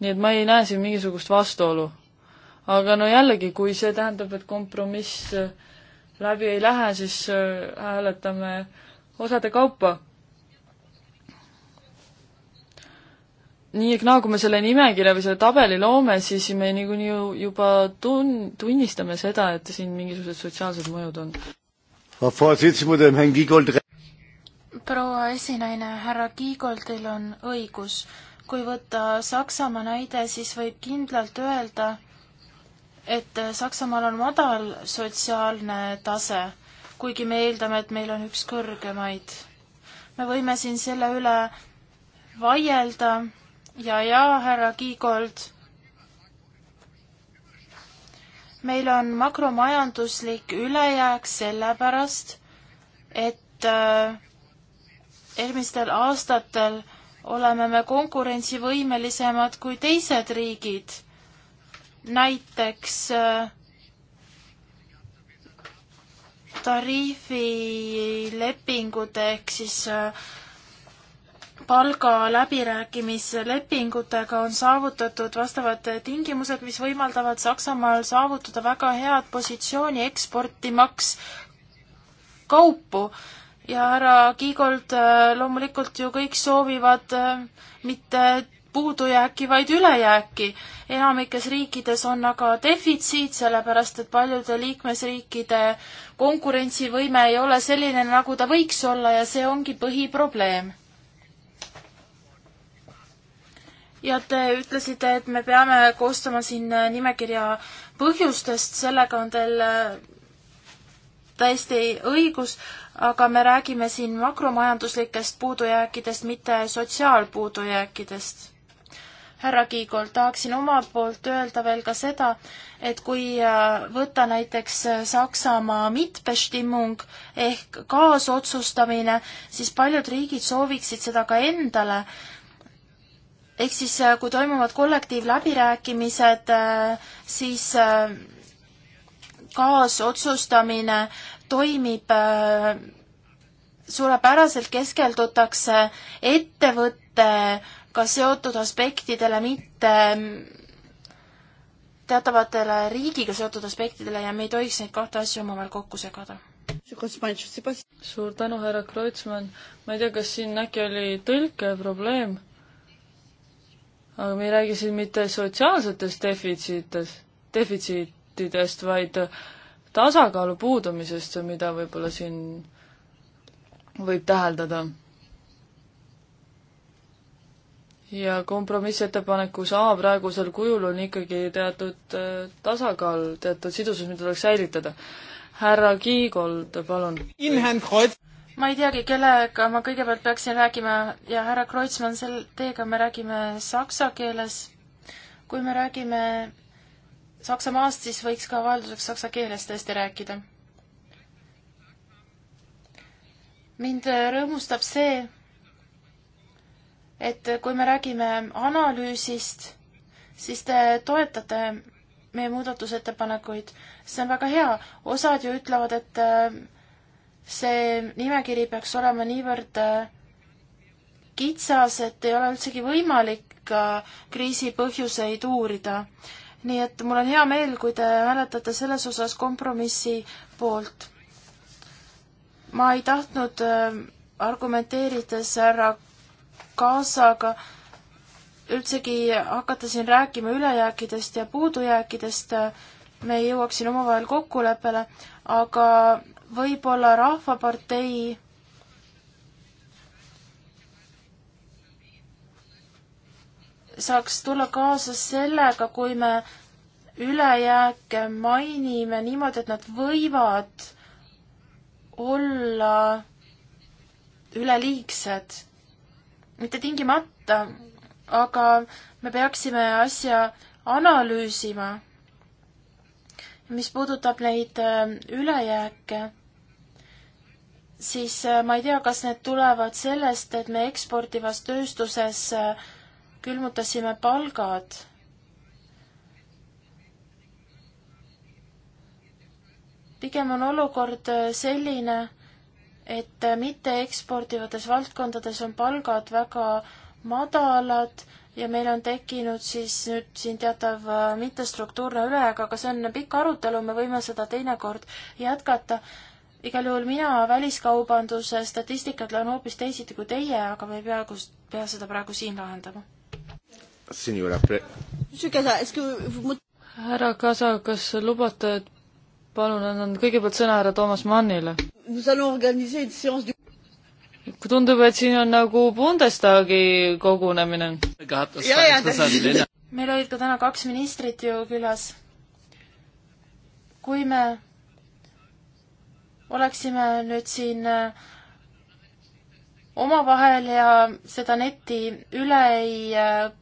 S3: nii et ma ei näe siin mingisugust vastuolu. aga no jällegi, kui see tähendab, et kompromiss äh, läbi ei lähe, siis äh, hääletame osade kaupa. nii ehk naa, nagu kui me selle nimekirja või selle tabeli loome, siis me niikuinii ju juba tun-, tunnistame seda, et siin mingisugused sotsiaalsed mõjud on.
S6: proua esinaine, härra Kiigoldil on õigus. kui võtta Saksamaa näide, siis võib kindlalt öelda, et Saksamaal on madal sotsiaalne tase, kuigi me eeldame, et meil on üks kõrgemaid. me võime siin selle üle vaielda ja, ja härra Kiigold, meil on makromajanduslik ülejääk sellepärast, et äh, eelmistel aastatel oleme me konkurentsivõimelisemad kui teised riigid näiteks äh, tariifilepingud ehk siis äh, palgaläbirääkimise lepingutega on saavutatud vastavad tingimused, mis võimaldavad Saksamaal saavutada väga head positsiooni eksportimaks kaupu. ja härra Kiigold, äh, loomulikult ju kõik soovivad mitte puudujääki, vaid ülejääki. enamikes riikides on aga defitsiit, sellepärast et paljude liikmesriikide konkurentsivõime ei ole selline, nagu ta võiks olla ja see ongi põhiprobleem. ja te ütlesite, et me peame koostama siin nimekirja põhjustest, sellega on teil äh, täiesti õigus, aga me räägime siin makromajanduslikest puudujääkidest, mitte sotsiaalpuudujääkidest härra Kiigol, tahaksin omalt poolt öelda veel ka seda, et kui äh, võtta näiteks äh, Saksamaa mitbestimmung ehk kaasotsustamine, siis paljud riigid sooviksid seda ka endale. ehk siis, äh, kui toimuvad kollektiivläbirääkimised, siis kaasotsustamine toimib suurepäraselt, keskeldutakse ettevõtte ka seotud aspektidele, mitte teatavatele riigiga seotud aspektidele ja me ei tohiks neid kahte asja omavahel kokku segada. suur tänu, härra Kreutzmann. ma ei tea,
S3: kas siin äkki oli tõlkeprobleem? aga me ei räägi siin mitte sotsiaalsetest defitsiitest, defitsiitidest, vaid tasakaalu puudumisest, mida võib-olla siin võib täheldada ja kompromissettepanekus A praegusel kujul on ikkagi teatud äh, tasakaal, teatud sidusus, mida tuleks säilitada. härra Kiigold, palun.
S6: ma ei teagi, kellega ma kõigepealt peaksin rääkima ja härra Kreutzmann, sel, teiega me räägime saksa keeles. kui me räägime Saksamaast, siis võiks ka avalduseks saksa keeles tõesti rääkida. mind rõõmustab see, et kui me räägime analüüsist, siis te toetate meie muudatusettepanekuid. see on väga hea, osad ju ütlevad, et äh, see nimekiri peaks olema niivõrd äh, kitsas, et ei ole üldsegi võimalik kriisi põhjuseid uurida. nii et mul on hea meel, kui te hääletate selles osas kompromissi poolt. ma ei tahtnud äh, argumenteerides härra Gazaga üldsegi hakata siin rääkima ülejääkidest ja puudujääkidest, me ei jõuaks siin omavahel kokkuleppele, aga võib-olla Rahvapartei saaks tulla kaasa sellega, kui me ülejääke mainime niimoodi, et nad võivad olla üleliigsed mitte tingimata, aga me peaksime asja analüüsima. mis puudutab neid äh, ülejääke, siis äh, ma ei tea, kas need tulevad sellest, et me eksportivas tööstuses äh, külmutasime palgad pigem on olukord selline, et mitte ekspordivates valdkondades on palgad väga madalad ja meil on tekkinud siis nüüd siin teatav äh, mittestruktuurne ülejääk, aga see on pikk arutelu, me võime seda teinekord jätkata. igal juhul mina väliskaubanduse statistikat loen hoopis teisiti kui teie, aga me ei pea, pea seda praegu siin lahendama. härra Kasa, kas lubate, et palun, annan
S3: kõigepealt sõna härra Toomas Mannile. tundub, et siin on nagu Bundestagi kogunemine.
S6: meil olid ka täna kaks ministrit ju külas. kui me oleksime nüüd siin äh, omavahel ja seda netti üle ei äh,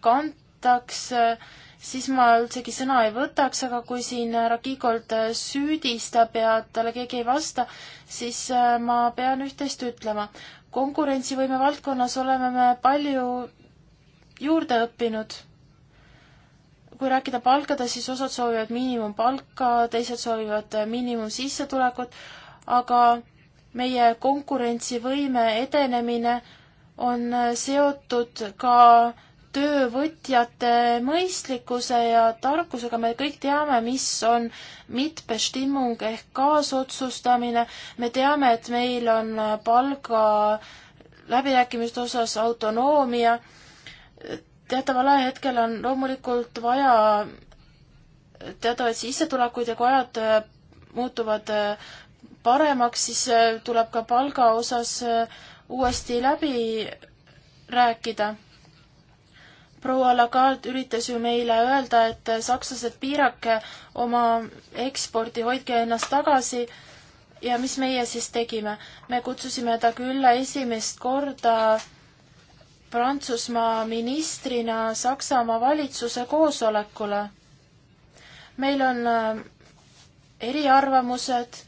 S6: kantaks, äh, siis ma üldsegi sõna ei võtaks, aga kui siin härra Kiigold äh, süüdistab ja talle keegi ei vasta, siis äh, ma pean üht-teist ütlema. konkurentsivõime valdkonnas oleme me palju juurde õppinud. kui rääkida palkadest, siis osad soovivad miinimumpalka, teised soovivad äh, miinimumsissetulekut, aga meie konkurentsivõime edenemine on seotud ka töövõtjate mõistlikkuse ja tarkusega me kõik teame, mis on mitbestimmung ehk kaasotsustamine. me teame, et meil on palga läbirääkimiste osas autonoomia. teataval ajahetkel on loomulikult vaja teatavaid sissetulekuid ja kui ajad muutuvad paremaks, siis tuleb ka palga osas uuesti läbi rääkida proua Lagarde üritas ju meile öelda, et sakslased, piirake oma eksporti, hoidke ennast tagasi. ja mis meie siis tegime? me kutsusime ta külla esimest korda Prantsusmaa ministrina Saksamaa valitsuse koosolekule. meil on äh, eriarvamused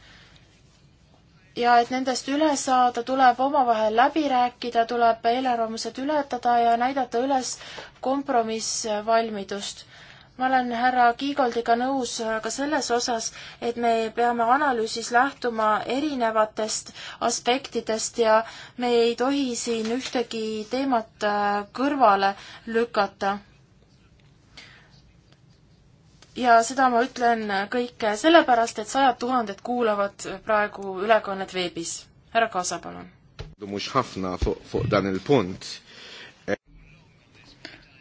S6: ja et nendest üle saada, tuleb omavahel läbi rääkida, tuleb eelarvamused ületada ja näidata üles kompromissvalmidust. ma olen härra Kiigoldiga nõus ka selles osas, et me peame analüüsis lähtuma erinevatest aspektidest ja me ei tohi siin ühtegi teemat kõrvale lükata ja seda ma ütlen kõike sellepärast, et sajad tuhanded kuulavad praegu ülekannet veebis. härra Kaasa, palun.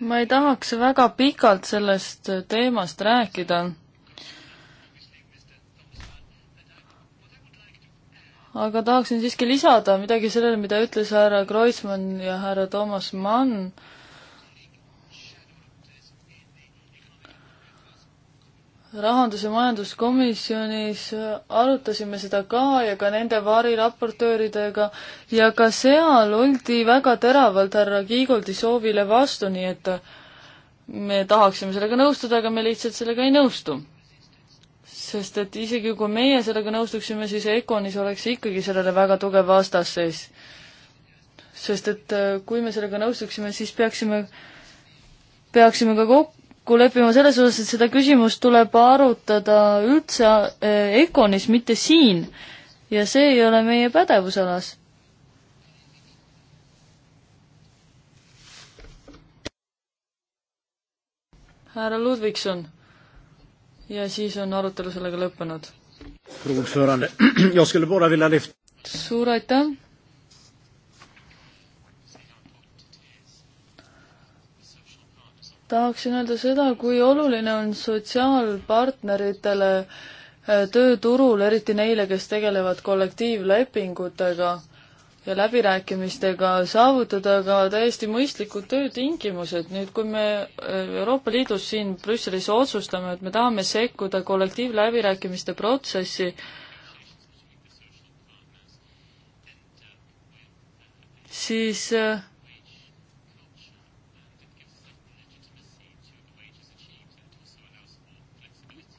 S3: ma ei tahaks väga pikalt sellest teemast rääkida aga tahaksin siiski lisada midagi sellele, mida ütles härra Kreutzmann ja härra Toomas Mann. rahandus- ja majanduskomisjonis arutasime seda ka ja ka nende variraportööridega ja ka seal oldi väga teravalt härra Kiigoldi soovile vastu, nii et me tahaksime sellega nõustuda, aga me lihtsalt sellega ei nõustu. sest et isegi kui meie sellega nõustuksime, siis Econis oleks ikkagi sellele väga tugev vastasseis. sest et kui me sellega nõustuksime, siis peaksime, peaksime ka kokku kokku leppima selles osas, et seda küsimust tuleb arutada üldse EKONis, eh, mitte siin. ja see ei ole meie pädevusalas. härra Ludvigson. ja siis on arutelu sellega lõppenud. suur aitäh tahaksin öelda seda, kui oluline on sotsiaalpartneritele äh, tööturul, eriti neile, kes tegelevad kollektiivlepingutega ja läbirääkimistega, saavutada ka täiesti mõistlikud töötingimused. nüüd, kui me äh, Euroopa Liidus siin Brüsselis otsustame, et me tahame sekkuda kollektiivläbirääkimiste protsessi, siis äh,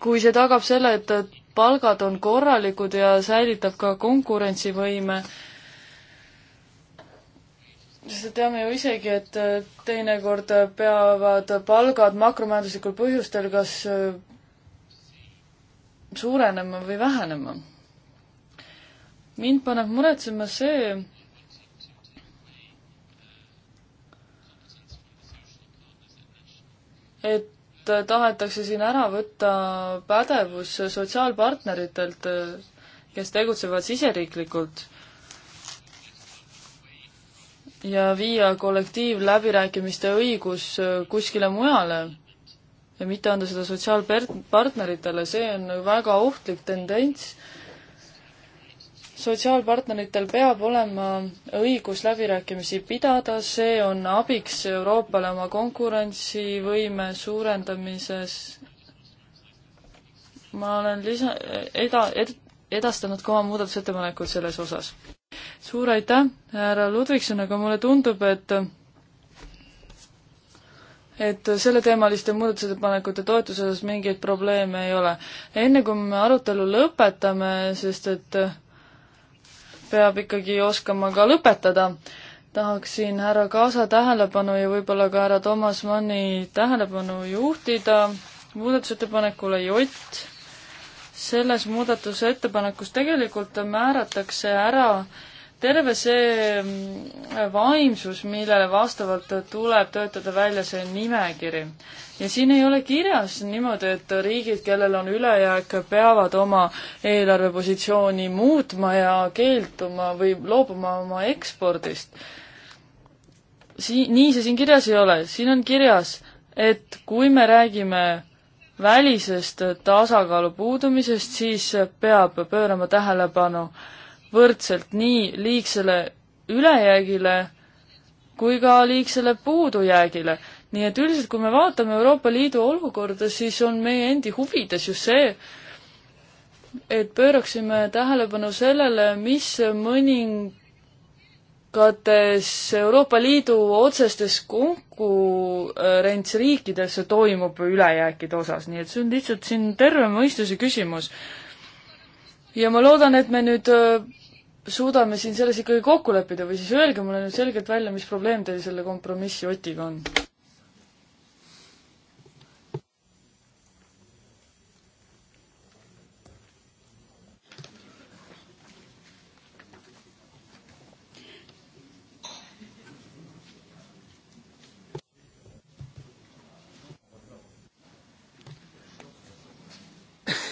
S3: kui see tagab selle, et palgad on korralikud ja säilitab ka konkurentsivõime, sest teame ju isegi, et teinekord peavad palgad makromajanduslikul põhjustel kas äh, suurenema või vähenema. mind paneb muretsema see, et et tahetakse siin ära võtta pädevus sotsiaalpartneritelt, kes tegutsevad siseriiklikult ja viia kollektiivläbirääkimiste õigus kuskile mujale ja mitte anda seda sotsiaalpartneritele, see on väga ohtlik tendents sotsiaalpartneritel peab olema õigus läbirääkimisi pidada, see on abiks Euroopale oma konkurentsivõime suurendamises. ma olen lisa, eda- ed,, edastanud ka oma muudatusettepanekud selles osas. suur aitäh, härra Ludvigson, aga mulle tundub, et et selleteemaliste muudatusettepanekute toetuse osas mingeid probleeme ei ole. enne kui me arutelu lõpetame, sest et peab ikkagi oskama ka lõpetada. tahaksin härra Kaasa tähelepanu ja võib-olla ka härra Toomas Manni tähelepanu juhtida muudatusettepanekule Jott. selles muudatusettepanekus tegelikult määratakse ära äh, terve see mm, vaimsus, millele vastavalt tuleb töötada välja see nimekiri. ja siin ei ole kirjas niimoodi, et riigid, kellel on ülejääk, peavad oma eelarvepositsiooni muutma ja keelduma või loobuma oma ekspordist. Sii-, nii see siin kirjas ei ole, siin on kirjas, et kui me räägime välisest tasakaalu puudumisest, siis peab pöörama tähelepanu äh, võrdselt nii liigsele ülejäägile kui ka liigsele puudujäägile. nii et üldiselt, kui me vaatame Euroopa Liidu olukorda, siis on meie endi huvides ju see, et pööraksime tähelepanu sellele, mis mõningates Euroopa Liidu otsestes konkurentsriikides toimub ülejääkide osas, nii et see on lihtsalt siin terve mõistuse küsimus. ja ma loodan, et me nüüd äh, suudame siin selles ikkagi kokku leppida või siis öelge mulle nüüd selgelt välja, mis probleem teil selle kompromissi Otiga on?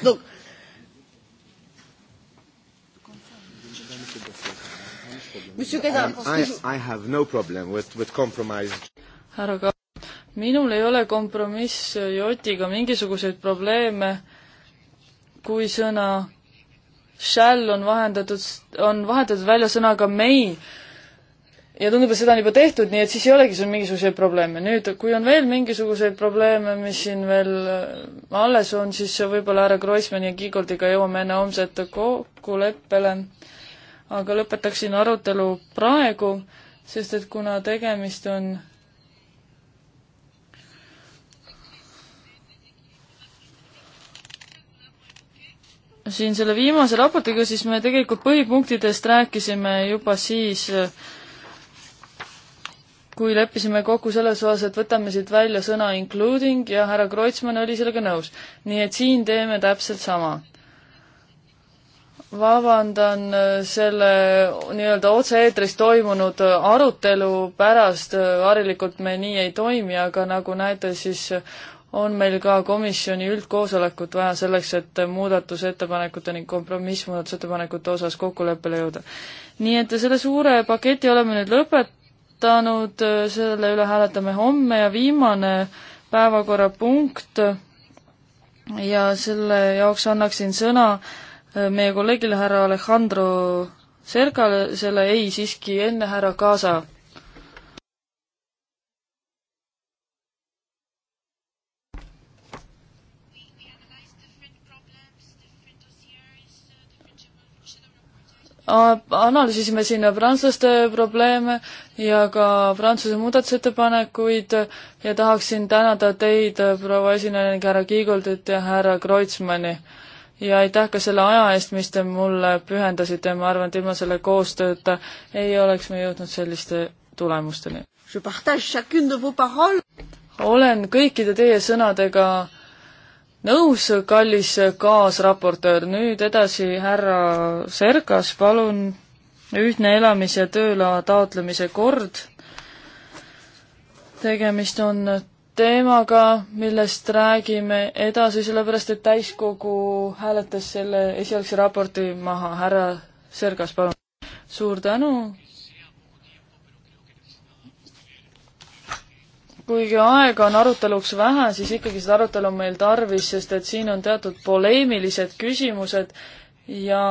S3: Donc, härra Ka-, minul ei ole kompromiss Jotiga mingisuguseid probleeme, kui sõna shall on vahendatud, on vahetatud välja sõnaga may ja tundub, et seda on juba tehtud, nii et siis ei olegi seal mingisuguseid probleeme. nüüd, kui on veel mingisuguseid probleeme, mis siin veel äh, alles on, siis võib-olla härra Kroismann ja Kigoldiga jõuame enne homset kokkuleppele. Leppele aga lõpetaksin arutelu praegu, sest et kuna tegemist on siin selle viimase raportiga, siis me tegelikult põhipunktidest rääkisime juba siis, kui leppisime kokku selles osas, et võtame siit välja sõna including ja härra Kreutzmann oli sellega nõus. nii et siin teeme täpselt sama vabandan äh, selle nii-öelda otse-eetris toimunud äh, arutelu pärast, äh, harilikult me nii ei toimi, aga nagu näete, siis on meil ka komisjoni üldkoosolekut vaja selleks, et muudatusettepanekute ning kompromissmuudatusettepanekute osas kokkuleppele jõuda. nii et selle suure paketi oleme nüüd lõpetanud, selle üle hääletame homme ja viimane päevakorrapunkt ja selle jaoks annaksin sõna äh, meie kolleegile härra Alejandro Sergale, selle ei siiski enne härra Kaasa. analüüsisime siin prantslaste probleeme ja ka Prantsuse muudatusettepanekuid ja tahaksin tänada teid, proua esineja, härra Kiigoldit ja härra Kreutzmanni äh, ja aitäh ka selle aja eest, mis te mulle pühendasite, ma arvan, et ilma selle koostööta ei oleks me jõudnud selliste tulemusteni. olen kõikide teie sõnadega nõus, kallis kaasraportöör, nüüd edasi härra Sergas, palun ühtne elamis- ja tööloa taotlemise kord. tegemist on teemaga, millest räägime edasi, sellepärast et täiskogu hääletas selle esialgse raporti maha. härra Sergas, palun. suur tänu. kuigi aega on aruteluks vähe, siis ikkagi seda arutelu on meil tarvis, sest et siin on teatud poleemilised küsimused ja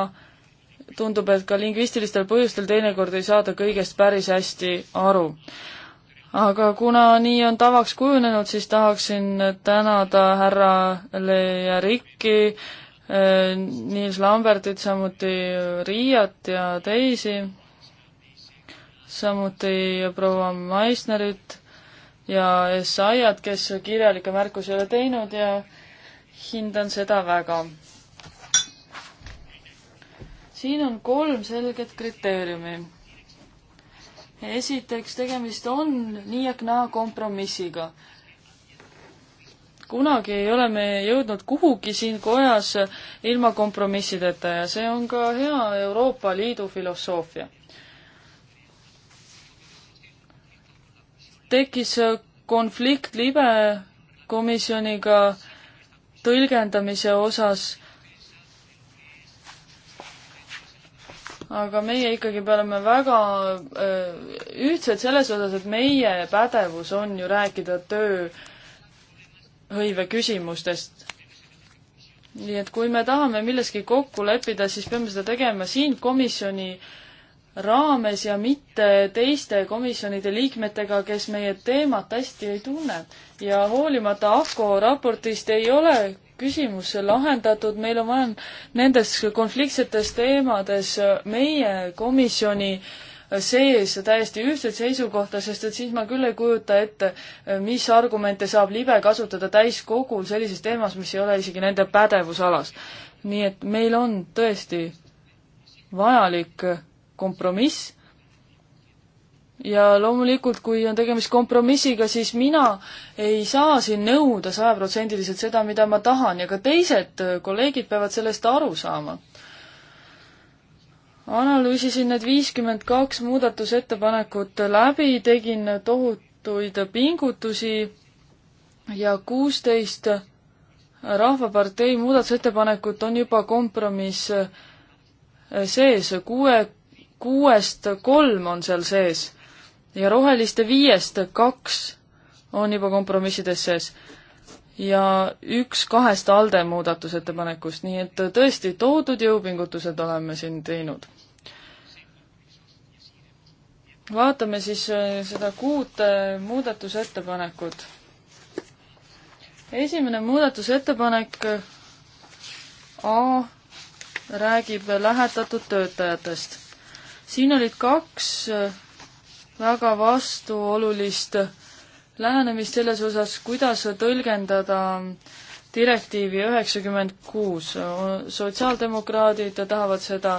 S3: tundub, et ka lingvistilistel põhjustel teinekord ei saada kõigest päris hästi aru aga kuna nii on tavaks kujunenud, siis tahaksin tänada härra Leia Rikki, eh, Niels Lambertit, samuti Riiat ja teisi, samuti proua Meissnerit ja Essayat, kes kirjalikke märkusi ei ole teinud ja hindan seda väga. siin on kolm selget kriteeriumi esiteks, tegemist on nii ehk naa kompromissiga. kunagi ei ole me jõudnud kuhugi siin kojas ilma kompromissideta ja see on ka hea Euroopa Liidu filosoofia. tekkis konflikt libe komisjoniga tõlgendamise osas aga meie ikkagi oleme väga äh, ühtsed selles osas, et meie pädevus on ju rääkida tööhõive küsimustest. nii et kui me tahame milleski kokku leppida, siis peame seda tegema siin komisjoni raames ja mitte teiste komisjonide liikmetega, kes meie teemat hästi ei tunne. ja hoolimata AFCO raportist ei ole küsimus lahendatud, meil on vaja nendes konfliktsetes teemades meie komisjoni sees täiesti ühtset seisukohta, sest et siis ma küll ei kujuta ette, mis argumente saab libe kasutada täiskogul sellises teemas, mis ei ole isegi nende pädevusalas. nii et meil on tõesti vajalik kompromiss ja loomulikult, kui on tegemist kompromissiga, siis mina ei saa siin nõuda sajaprotsendiliselt seda, mida ma tahan ja ka teised äh, kolleegid peavad sellest aru saama. analüüsisin need viiskümmend kaks muudatusettepanekut läbi, tegin tohutuid pingutusi ja kuusteist Rahvapartei muudatusettepanekut on juba kompromiss äh, sees, kuue, kuuest kolm on seal sees ja roheliste viiest kaks on juba kompromissides sees ja üks kahest ALDE muudatusettepanekust, nii et tõesti, toodud jõupingutused oleme siin teinud. vaatame siis äh, seda kuut äh, muudatusettepanekut. esimene muudatusettepanek äh, A räägib lähetatud töötajatest. siin olid kaks väga vastuolulist lähenemist selles osas, kuidas tõlgendada direktiivi üheksakümmend kuus. sotsiaaldemokraadid tahavad seda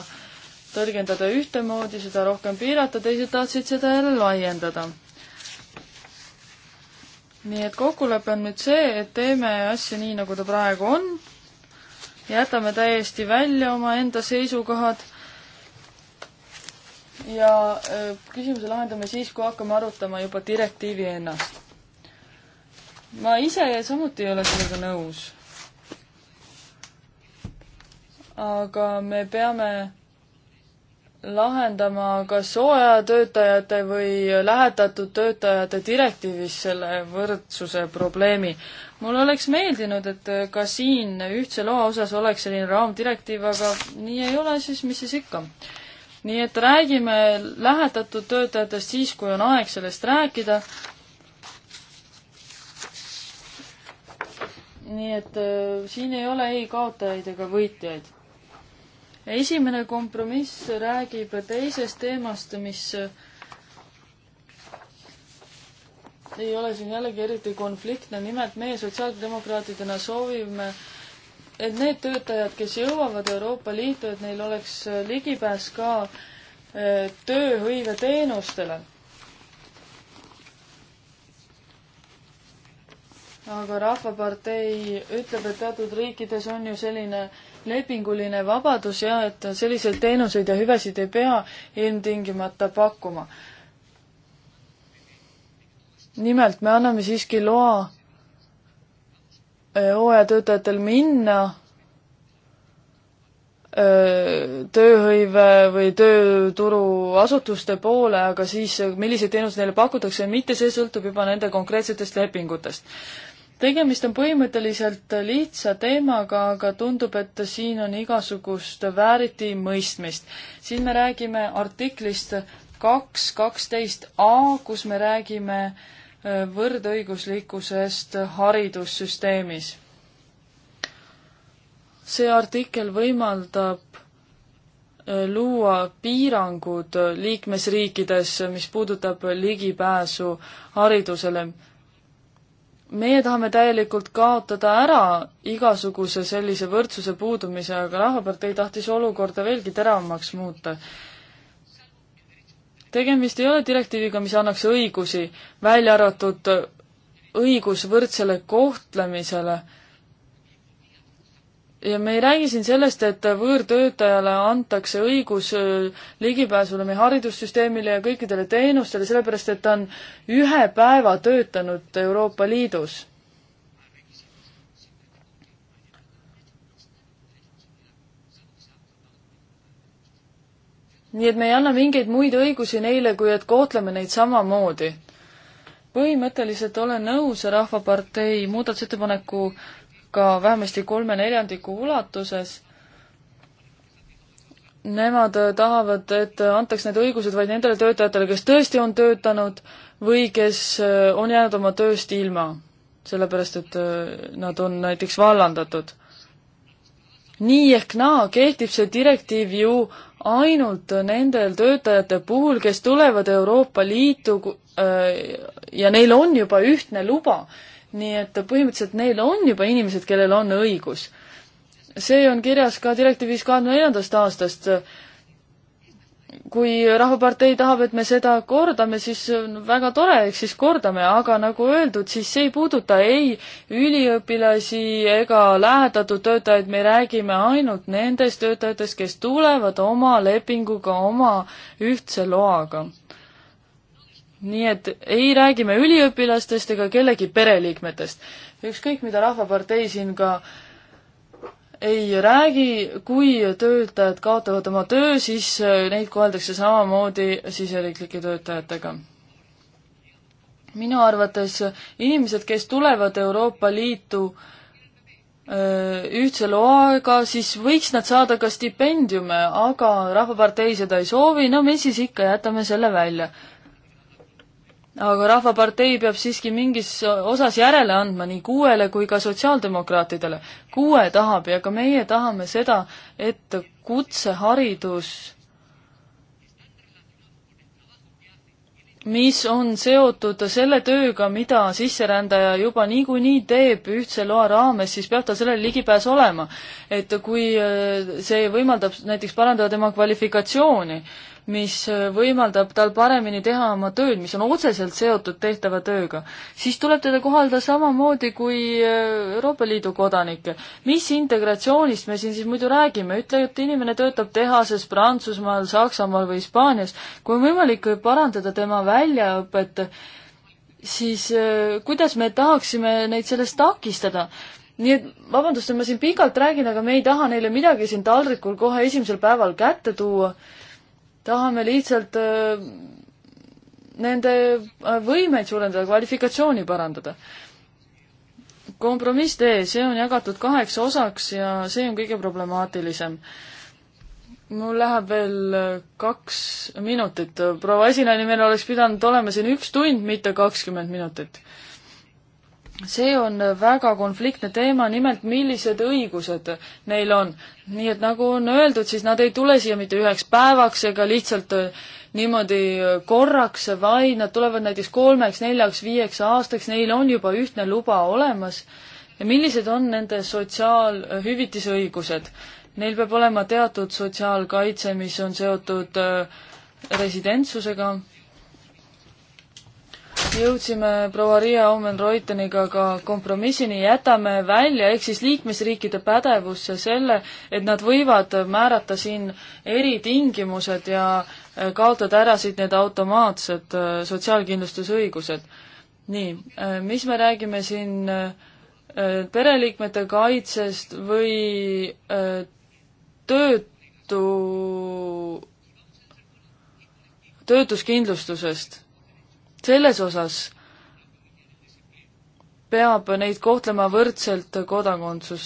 S3: tõlgendada ühtemoodi, seda rohkem piirata, teised tahtsid seda jälle laiendada. nii et kokkulepe on nüüd see, et teeme asja nii, nagu ta praegu on, jätame täiesti välja omaenda seisukohad ja äh, küsimuse lahendame siis, kui hakkame arutama juba direktiivi ennast. ma ise samuti ei ole sellega nõus. aga me peame lahendama kas hooajatöötajate või lähetatud töötajate direktiivis selle võrdsuse probleemi. mul oleks meeldinud, et ka siin ühtse loa osas oleks selline raamdirektiiv, aga nii ei ole, siis mis siis ikka nii et räägime lähetatud töötajatest siis, kui on aeg sellest rääkida. nii et äh, siin ei ole ei kaotajaid ega võitjaid. esimene kompromiss räägib teisest teemast, mis äh, ei ole siin jällegi eriti konfliktne, nimelt meie sotsiaaldemokraatidena soovime äh, et need töötajad, kes jõuavad Euroopa Liitu, et neil oleks äh, ligipääs ka äh, tööhõiveteenustele. aga Rahvapartei ütleb, et teatud riikides on ju selline lepinguline vabadus ja et selliseid teenuseid ja hüvesid ei pea ilmtingimata pakkuma. nimelt, me anname siiski loa hooajatöötajatel minna tööhõive või tööturuasutuste poole, aga siis milliseid teenuseid neile pakutakse või mitte, see sõltub juba nende konkreetsetest lepingutest. tegemist on põhimõtteliselt lihtsa teemaga, aga tundub, et siin on igasugust vääritimõistmist. siin me räägime artiklist kaks kaksteist A, kus me räägime äh, võrdõiguslikkusest haridussüsteemis. see artikkel võimaldab äh, luua piirangud liikmesriikides, mis puudutab ligipääsu haridusele. meie tahame täielikult kaotada ära igasuguse sellise võrdsuse puudumise, aga Rahvapartei tahtis olukorda veelgi teravamaks muuta tegemist ei ole direktiiviga, mis annaks õigusi, välja arvatud õigus võrdsele kohtlemisele. ja me ei räägi siin sellest, et võõrtöötajale antakse õigus äh, ligipääsule meie haridussüsteemile ja kõikidele teenustele, sellepärast et ta on ühe päeva töötanud Euroopa Liidus nii et me ei anna mingeid muid õigusi neile, kui et kohtleme neid samamoodi. põhimõtteliselt olen nõus Rahvapartei muudatusettepanekuga vähemasti kolme neljandiku ulatuses. Nemad tahavad, et antaks need õigused vaid nendele töötajatele, kes tõesti on töötanud või kes äh, on jäänud oma tööst ilma, sellepärast et äh, nad on näiteks vallandatud nii ehk naa kehtib see direktiiv ju ainult nendel töötajate puhul, kes tulevad Euroopa Liitu äh, ja neil on juba ühtne luba. nii et põhimõtteliselt neil on juba inimesed, kellel on õigus. see on kirjas ka direktiivis kahekümne neljandast aastast kui Rahvapartei tahab, et me seda kordame, siis väga tore, eks siis kordame, aga nagu öeldud, siis see ei puuduta ei üliõpilasi ega lähedatud töötajaid, me räägime ainult nendest töötajatest, kes tulevad oma lepinguga, oma ühtse loaga. nii et ei räägi me üliõpilastest ega kellegi pereliikmetest. ükskõik, mida Rahvapartei siin ka äh, ei räägi, kui töötajad kaotavad oma töö, siis äh, neid koheldakse samamoodi siseriiklike töötajatega. minu arvates inimesed, kes tulevad Euroopa Liitu äh, ühtse loaga, siis võiks nad saada ka stipendiume, aga Rahvapartei seda ei soovi, no me siis ikka jätame selle välja aga Rahvapartei peab siiski mingis osas järele andma nii kuuele kui ka sotsiaaldemokraatidele. kuue tahab ja ka meie tahame seda, et kutseharidus, mis on seotud selle tööga, mida sisserändaja juba niikuinii teeb ühtse loa raames, siis peab tal sellele ligipääs olema. et kui äh, see võimaldab näiteks parandada tema kvalifikatsiooni mis äh, võimaldab tal paremini teha oma tööd, mis on otseselt seotud tehtava tööga, siis tuleb teda kohalda samamoodi kui äh, Euroopa Liidu kodanikke. mis integratsioonist me siin siis muidu räägime, ütle, et inimene töötab tehases Prantsusmaal, Saksamaal või Hispaanias, kui on võimalik parandada tema väljaõpet, siis äh, kuidas me tahaksime neid sellest takistada? nii et vabandust, et ma siin pikalt räägin, aga me ei taha neile midagi siin taldrikul kohe esimesel päeval kätte tuua tahame lihtsalt äh, nende äh, võimeid suurendada, kvalifikatsiooni parandada. kompromiss D, see on jagatud kaheks osaks ja see on kõige problemaatilisem. mul läheb veel äh, kaks minutit, proua esinaine, meil oleks pidanud olema siin üks tund, mitte kakskümmend minutit see on väga konfliktne teema, nimelt millised õigused neil on. nii et nagu on öeldud, siis nad ei tule siia mitte üheks päevaks ega lihtsalt äh, niimoodi äh, korraks, vaid nad tulevad näiteks kolmeks, neljaks, viieks aastaks, neil on juba ühtne luba olemas. ja millised on nende sotsiaalhüvitise õigused? Neil peab olema teatud sotsiaalkaitse, mis on seotud äh, residentsusega äh, jõudsime proua Riia Omen-Reuteniga ka kompromissini, jätame välja, ehk siis liikmesriikide pädevusse selle, et nad võivad määrata siin eritingimused ja äh, kaotada ära siit need automaatsed äh, sotsiaalkindlustusõigused. nii, äh, mis me räägime siin pereliikmete kaitsest või töötu, töötuskindlustusest selles osas peab neid kohtlema võrdselt kodakondsus,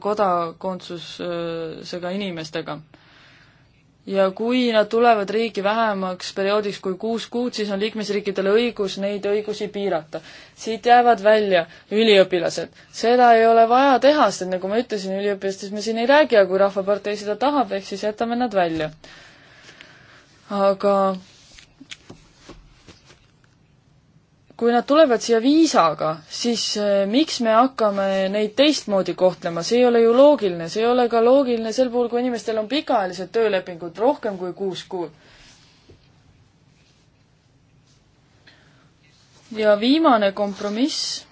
S3: kodakondsusega inimestega. ja kui nad tulevad riiki vähemaks perioodiks kui kuus kuud, siis on liikmesriikidel õigus neid õigusi piirata. siit jäävad välja üliõpilased. seda ei ole vaja teha, sest nagu ma ütlesin, üliõpilastest me siin ei räägi, aga kui Rahvapartei seda tahab, ehk siis jätame nad välja. aga kui nad tulevad siia viisaga, siis eh, miks me hakkame neid teistmoodi kohtlema, see ei ole ju loogiline, see ei ole ka loogiline sel puhul, kui inimestel on pikaajalised töölepingud rohkem kui kuus kuud. ja viimane kompromiss,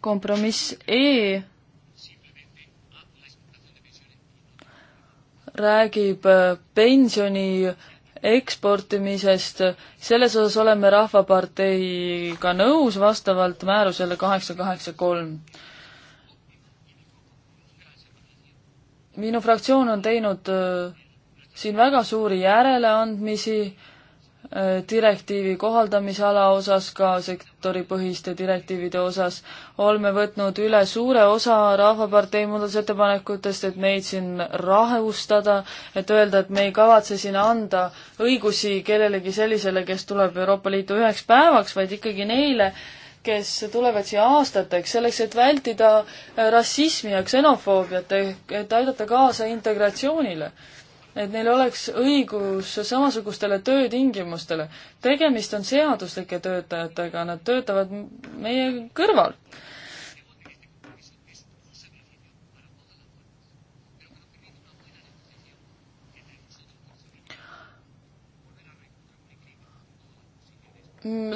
S3: kompromiss E räägib eh, pensioni eksportimisest, selles osas oleme Rahvaparteiga nõus vastavalt määrusele kaheksa kaheksa kolm. minu fraktsioon on teinud äh, siin väga suuri järeleandmisi Äh, direktiivi kohaldamisala osas, ka sektoripõhiste direktiivide osas, oleme võtnud üle suure osa Rahvapartei muudatusettepanekutest, et neid siin rahustada, et öelda, et me ei kavatse siin anda õigusi kellelegi sellisele, kes tuleb Euroopa Liitu üheks päevaks, vaid ikkagi neile, kes tulevad siia aastateks, selleks et vältida äh, rassismi ja ksenofoobiat, ehk et aidata kaasa integratsioonile et neil oleks õigus samasugustele töötingimustele. tegemist on seaduslike töötajatega, nad töötavad meie kõrval.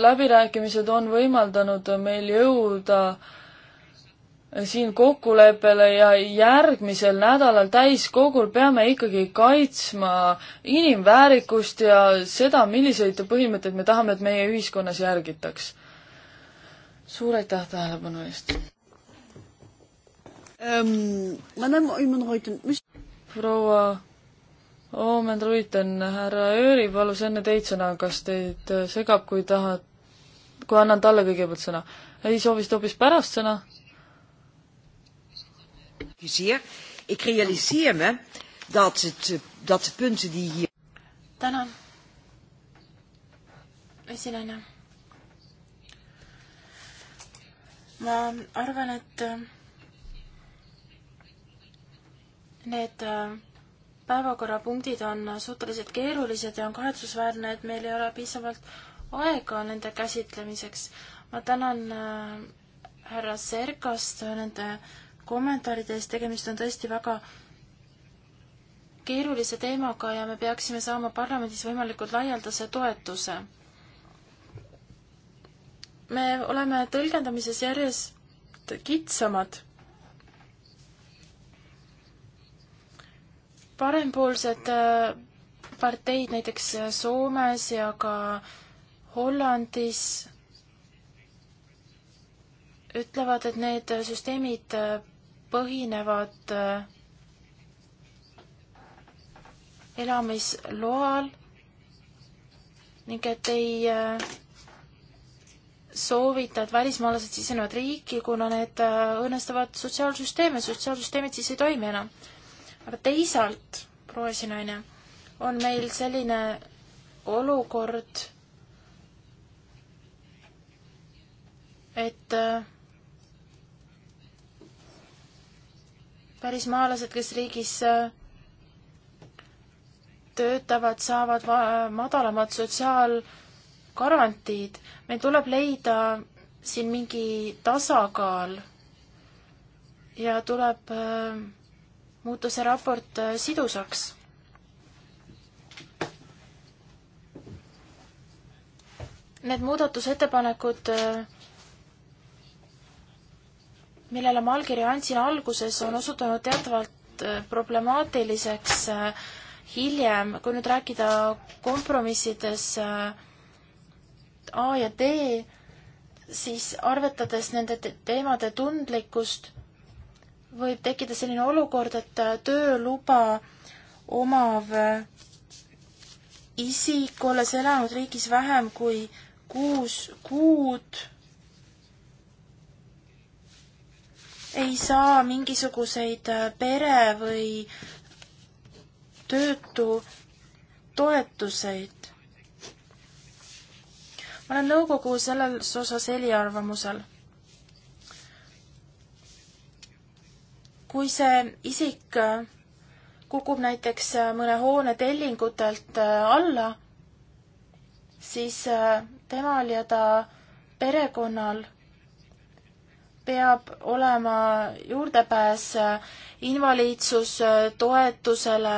S3: läbirääkimised on võimaldanud meil jõuda äh, siin kokkuleppele ja järgmisel nädalal täiskogul peame ikkagi kaitsma inimväärikust ja seda, milliseid põhimõtteid me tahame, et meie ühiskonnas järgitaks. suur aitäh
S1: tähelepanu eest ähm,!
S3: Mis... proua Oomen Ruiten, härra Ööri palus enne teid sõna, kas teid äh, segab, kui tahad, kui annan talle kõigepealt sõna? ei,
S7: soovisid hoopis pärast sõna? Zeer. Ik realiseer me dat, het, eh, dat de punten die hier...
S6: Tänan. Esinaine. Ma arvan, et eh, need eh, päevakorrapunktid on suhteliselt keerulised ja on kahetsusväärne, et meil ei ole piisavalt aega nende käsitlemiseks. ma tänan härra Serkast nende kommentaaride eest, tegemist on tõesti väga keerulise teemaga ja me peaksime saama parlamendis võimalikult laialdase toetuse. me oleme tõlgendamises järjest kitsamad. parempoolsed äh, parteid näiteks Soomes ja ka Hollandis ütlevad, et need süsteemid äh, põhinevad äh, elamisloal ning et ei äh, soovita, et välismaalased sisenevad riiki, kuna need äh, õõnestavad sotsiaalsüsteeme, sotsiaalsüsteemid siis ei toimi enam. aga teisalt, proua esinaine, on meil selline olukord, et äh, pärismaalased, kes riigis äh, töötavad, saavad äh, madalamad sotsiaalgarantiid. meil tuleb leida siin mingi tasakaal ja tuleb äh, muuta see raport sidusaks. Need muudatusettepanekud äh, millele ma allkirja andsin alguses, on osutunud teatavalt äh, problemaatiliseks äh, hiljem, kui nüüd rääkida kompromissides äh, A ja D, siis arvetades nende teemade tundlikkust, võib tekkida selline olukord, et tööluba omav isik, olles elanud riigis vähem kui kuus kuud, ei saa mingisuguseid äh, pere või töötu toetuseid. ma olen nõukogu selles osas eriarvamusel. kui see isik äh, kukub näiteks äh, mõne hoone tellingutelt alla, siis temal ja ta perekonnal peab olema juurdepääs invaliidsustoetusele,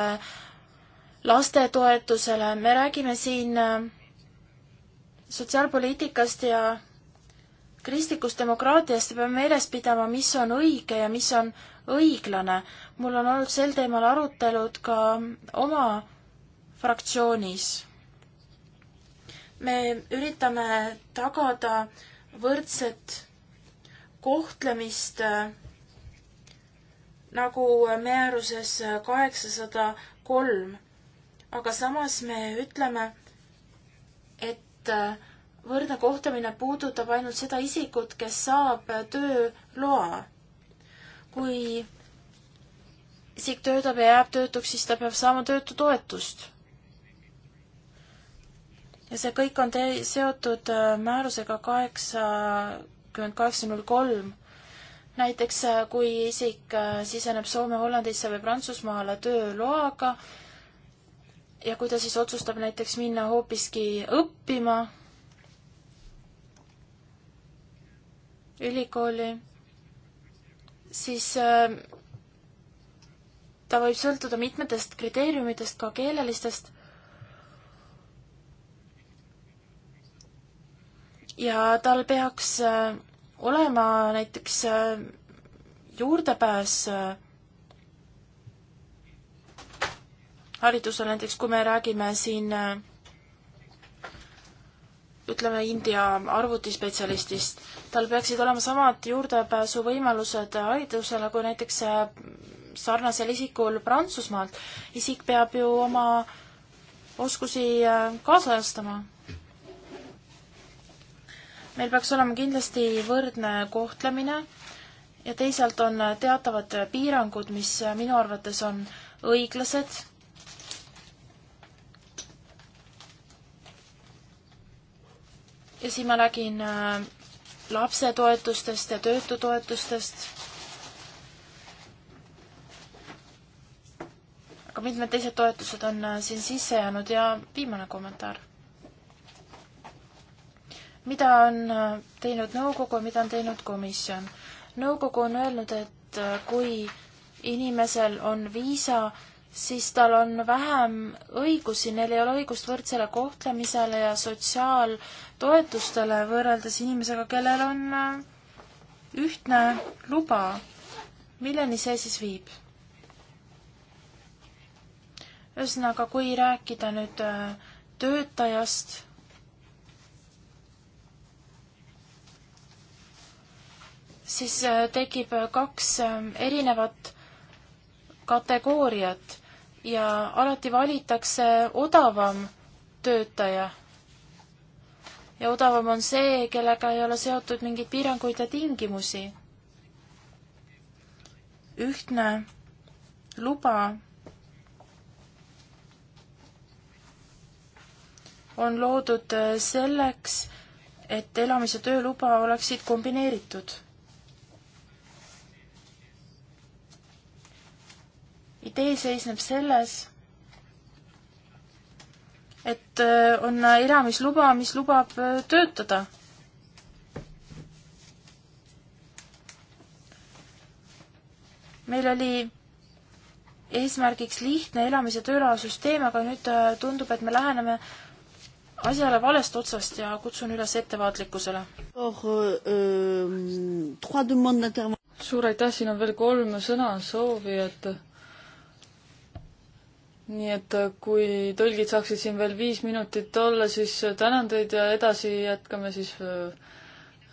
S6: lastetoetusele, me räägime siin äh, sotsiaalpoliitikast ja kristlikust demokraatiast ja peame meeles pidama, mis on õige ja mis on õiglane. mul on olnud sel teemal arutelud ka oma fraktsioonis. me üritame tagada võrdset kohtlemist äh, nagu määruses äh, kaheksasada kolm. aga samas me ütleme, et äh, võrdne kohtlemine puudutab ainult seda isikut, kes saab tööloa. kui isik töötab ja jääb töötuks, siis ta peab saama töötutoetust. ja see kõik on seotud määrusega kaheksa 8 kolmkümmend kaheksa null kolm. näiteks äh, kui isik äh, siseneb Soome, Hollandisse või Prantsusmaale tööloaga ja kui ta siis otsustab näiteks minna hoopiski õppima ülikooli, siis äh, ta võib sõltuda mitmetest kriteeriumitest, ka keelelistest ja tal peaks äh, olema näiteks äh, juurdepääs äh, haridusele, näiteks kui me räägime siin ütleme, India arvutispetsialistist, tal peaksid olema samad juurdepääsuvõimalused haridusele kui näiteks sarnasel isikul Prantsusmaalt. isik peab ju oma oskusi kaasajastama meil peaks olema kindlasti võrdne kohtlemine ja teisalt on teatavad piirangud, mis minu arvates on õiglased. ja siin ma räägin äh, lapsetoetustest ja töötutoetustest. aga mitmed teised toetused on äh, siin sisse jäänud ja viimane kommentaar mida on äh, teinud nõukogu, mida on teinud komisjon? nõukogu on öelnud, et äh, kui inimesel on viisa, siis tal on vähem õigusi, neil ei ole õigust võrdsele kohtlemisele ja sotsiaaltoetustele võrreldes inimesega, kellel on äh, ühtne luba. milleni see siis viib? ühesõnaga, kui rääkida nüüd töötajast, siis äh, tekib äh, kaks ähm, erinevat kategooriat ja alati valitakse odavam töötaja. ja odavam on see, kellega ei ole seotud mingeid piiranguid ja tingimusi. ühtne luba on loodud äh, selleks, et elamis- ja tööluba oleksid kombineeritud idee seisneb selles, et äh, on elamisluba, mis lubab äh, töötada. meil oli eesmärgiks lihtne elamise töölaosüsteem, aga nüüd äh, tundub, et me läheneme asjale valest otsast ja kutsun üles ettevaatlikkusele
S1: oh,. Euh,
S3: euh suur aitäh, siin on veel kolm sõnasoovijat et nii et äh, kui tõlgid saaksid siin veel viis minutit olla, siis äh, tänan teid ja edasi jätkame siis äh,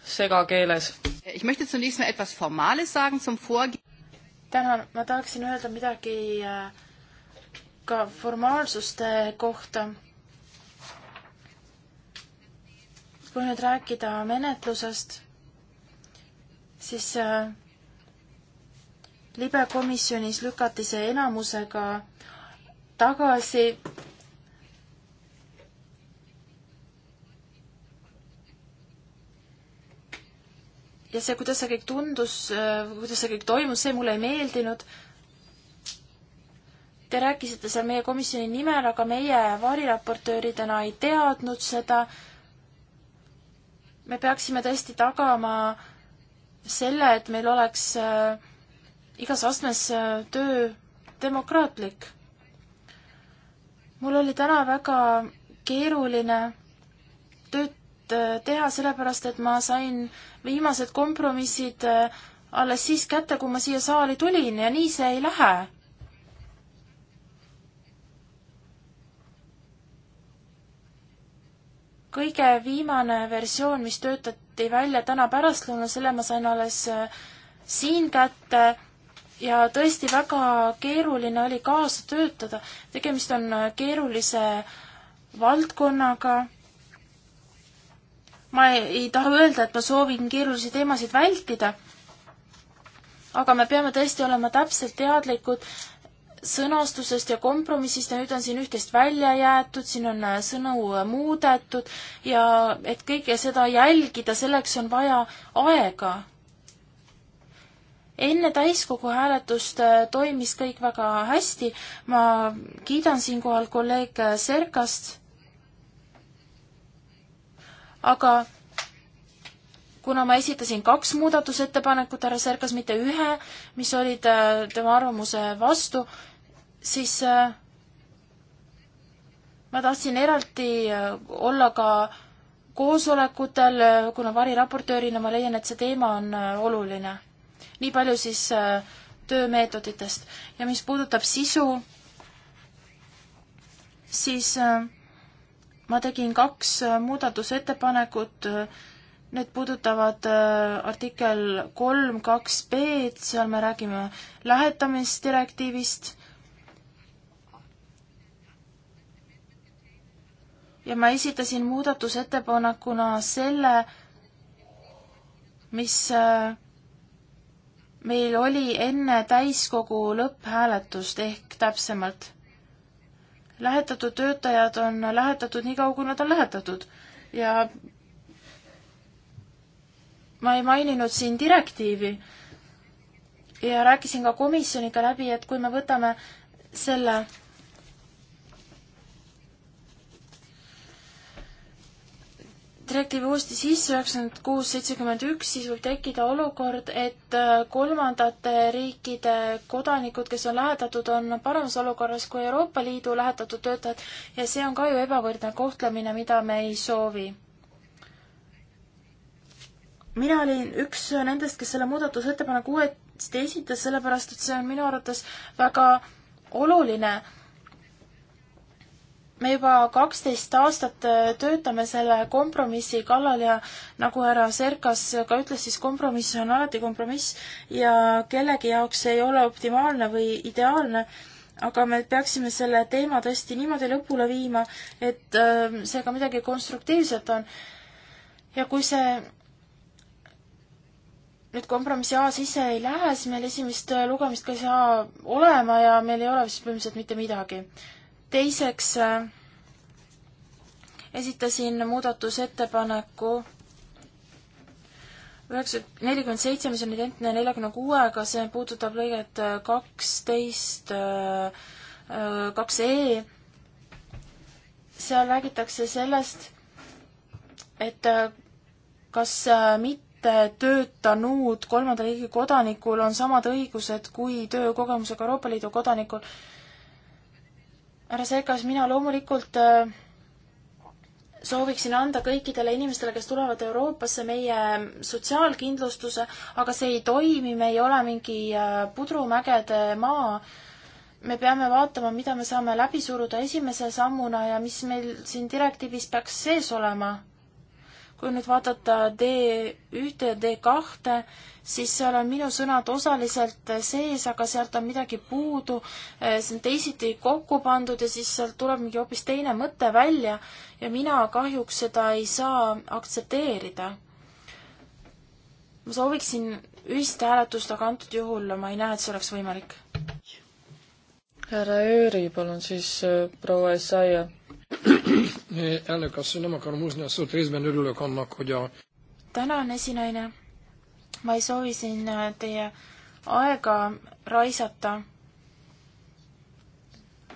S3: segakeeles.
S6: tänan, ma tahaksin öelda midagi ka formaalsuste kohta. kui nüüd rääkida menetlusest, siis libekomisjonis lükati see enamusega tagasi. ja see, kuidas see kõik tundus, kuidas see kõik toimus, see mulle ei meeldinud. Te rääkisite seal meie komisjoni nimel, aga meie variraportööridena ei teadnud seda. me peaksime tõesti tagama selle, et meil oleks äh, igas astmes äh, töö demokraatlik mul oli täna väga keeruline tööd äh, teha, sellepärast et ma sain viimased kompromissid äh, alles siis kätte, kui ma siia saali tulin ja nii see ei lähe. kõige viimane versioon, mis töötati välja täna pärastlõunal, selle ma sain alles äh, siin kätte ja tõesti väga keeruline oli kaasa töötada. tegemist on äh, keerulise valdkonnaga. ma ei, ei taha öelda, et ma soovin keerulisi teemasid vältida, aga me peame tõesti olema täpselt teadlikud sõnastusest ja kompromissist ja nüüd on siin üht-teist välja jäetud, siin on äh, sõnu äh, muudetud ja et kõike seda jälgida, selleks on vaja aega enne täiskogu hääletust äh, toimis kõik väga hästi. ma kiidan siinkohal kolleeg Serkast. aga kuna ma esitasin kaks muudatusettepanekut, härra Serkas mitte ühe, mis olid äh, tema arvamuse vastu, siis äh, ma tahtsin eraldi olla ka koosolekutel, kuna variraportöörina ma leian, et see teema on oluline nii palju siis äh, töömeetoditest ja mis puudutab sisu, siis äh, ma tegin kaks äh, muudatusettepanekut, need puudutavad artikkel kolm kaks B-d, seal me räägime lähetamisdirektiivist ja ma esitasin muudatusettepanekuna selle, mis äh, meil oli enne täiskogu lõpphääletust ehk täpsemalt. lähetatud töötajad on lähetatud nii kaua, kui nad on lähetatud ja ma ei maininud siin direktiivi ja rääkisin ka komisjoniga läbi, et kui me võtame selle direktiivi uuesti sisse üheksakümmend kuus, seitsekümmend üks, siis võib tekkida olukord, et äh, kolmandate riikide kodanikud, kes on lähetatud, on paremas olukorras kui Euroopa Liidu lähetatud töötajad ja see on ka ju ebavõrdne kohtlemine, mida me ei soovi. mina olin üks nendest, kes selle muudatusettepaneku uuesti esitas, sellepärast et see on minu arvates väga oluline me juba kaksteist aastat äh, töötame selle kompromissi kallal ja nagu härra Serkas ka ütles, siis kompromiss on alati kompromiss ja kellegi jaoks ei ole optimaalne või ideaalne, aga me peaksime selle teema tõesti niimoodi lõpule viima, et äh, see ka midagi konstruktiivset on. ja kui see nüüd kompromissi A sisse ei lähe, siis meil esimest äh, lugemist ka ei saa olema ja meil ei ole siis põhimõtteliselt mitte midagi teiseks äh, esitasin muudatusettepaneku üheksa, nelikümmend seitse, mis on identne neljakümne kuuega, see puudutab lõiget äh, kaksteist, äh, kaks E. seal räägitakse sellest, et kas mittetöötanud kolmanda riigi kodanikul on samad õigused kui töökogemusega Euroopa Liidu kodanikul härra Sekas, mina loomulikult äh, sooviksin anda kõikidele inimestele, kes tulevad Euroopasse, meie sotsiaalkindlustuse, aga see ei toimi, me ei ole mingi äh, pudrumägede maa. me peame vaatama, mida me saame läbi suruda esimese sammuna ja mis meil siin direktiivis peaks sees olema kui nüüd vaadata D1 ja D2, siis seal on minu sõnad osaliselt sees, aga sealt on midagi puudu, eh, see on teisiti kokku pandud ja siis sealt tuleb mingi hoopis teine mõte välja ja mina kahjuks seda ei saa aktsepteerida. ma sooviksin ühist hääletust, aga antud juhul ma ei näe, et see oleks võimalik.
S3: härra Jüri, palun siis eh, proua Essaia
S4: Elnök asszony, nem akarom húzni a szót, részben örülök annak, hogy a...
S6: Tänan, esinaine. Ma ei soovi siin äh, teie aega raisata.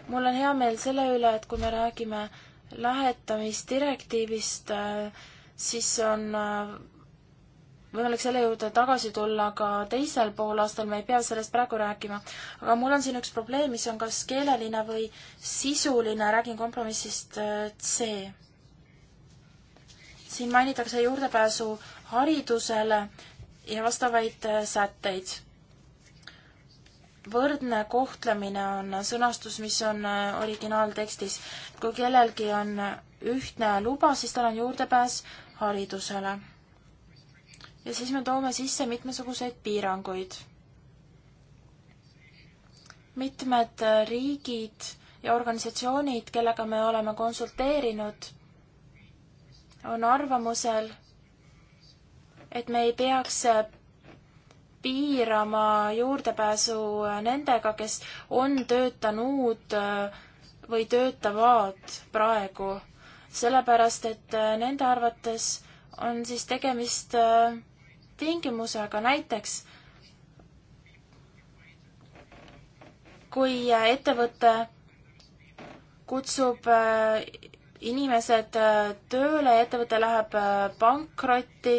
S6: mul on hea meel selle üle, et kui me räägime lähetamisdirektiivist, äh, siis on äh, võimalik selle juurde tagasi tulla ka teisel poolaastal, me ei pea sellest praegu rääkima. aga mul on siin üks probleem, mis on kas keeleline või sisuline, räägin kompromissist äh, C. siin mainitakse juurdepääsu haridusele ja vastavaid äh, sätteid võrdne kohtlemine on sõnastus, mis on äh, originaaltekstis. kui kellelgi on ühtne luba, siis tal on juurdepääs haridusele ja siis me toome sisse mitmesuguseid piiranguid. mitmed äh, riigid ja organisatsioonid, kellega me oleme konsulteerinud, on arvamusel, et me ei peaks äh, piirama juurdepääsu äh, nendega, kes on töötanud või töötavad praegu, sellepärast et nende arvates on siis tegemist äh, tingimusega, näiteks kui ettevõte kutsub äh, inimesed äh, tööle ja ettevõte läheb äh, pankrotti,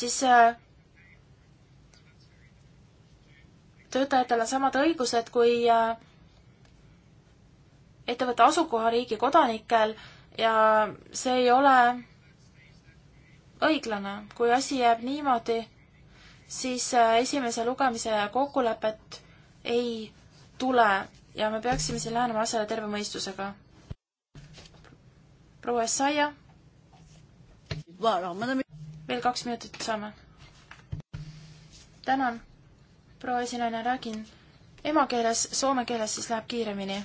S6: siis töötajatel on samad õigused kui ettevõtte asukohariigi kodanikel ja see ei ole õiglane. kui asi jääb niimoodi, siis äh, esimese lugemise kokkulepet ei tule ja me peaksime siin lähenema asjale terve mõistusega. proua Essaia. veel kaks minutit saame. tänan, proua esinaine, räägin emakeeles, soome keeles, siis läheb kiiremini.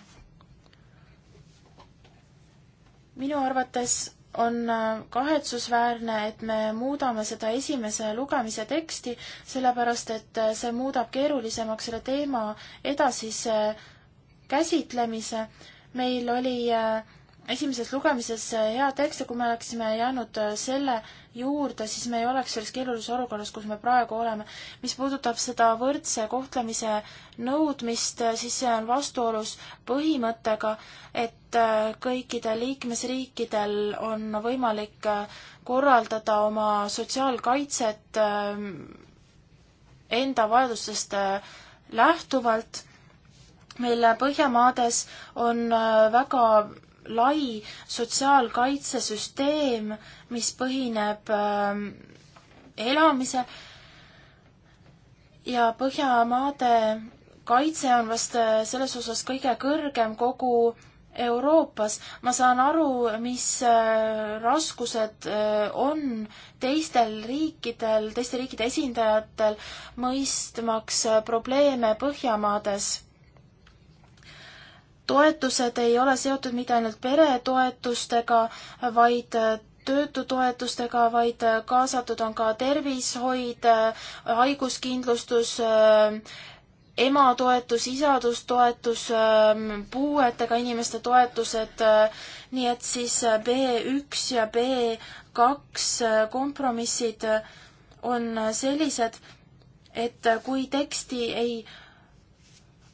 S6: minu arvates on äh, kahetsusväärne, et me muudame seda esimese lugemise teksti, sellepärast et äh, see muudab keerulisemaks selle teema edasise käsitlemise. meil oli äh, esimeses lugemises hea tekst ja kui me oleksime jäänud äh, selle juurde, siis me ei oleks selles keerulises olukorras, kus me praegu oleme. mis puudutab seda võrdse kohtlemise nõudmist, äh, siis see on vastuolus põhimõttega, et äh, kõikidel liikmesriikidel on võimalik korraldada oma sotsiaalkaitset enda vajadustest lähtuvalt meil Põhjamaades on väga lai sotsiaalkaitsesüsteem, mis põhineb äh, elamise ja Põhjamaade kaitse on vast äh, selles osas kõige kõrgem kogu Euroopas, ma saan aru, mis äh, raskused äh, on teistel riikidel, teiste riikide esindajatel mõistmaks probleeme Põhjamaades toetused ei ole seotud mitte ainult peretoetustega, vaid äh, töötutoetustega, vaid äh, kaasatud on ka tervishoid, äh, haiguskindlustus, ematoetus, isadustoetus, puuetega inimeste toetused, nii et siis B1 ja B2 kompromissid on sellised, et kui teksti ei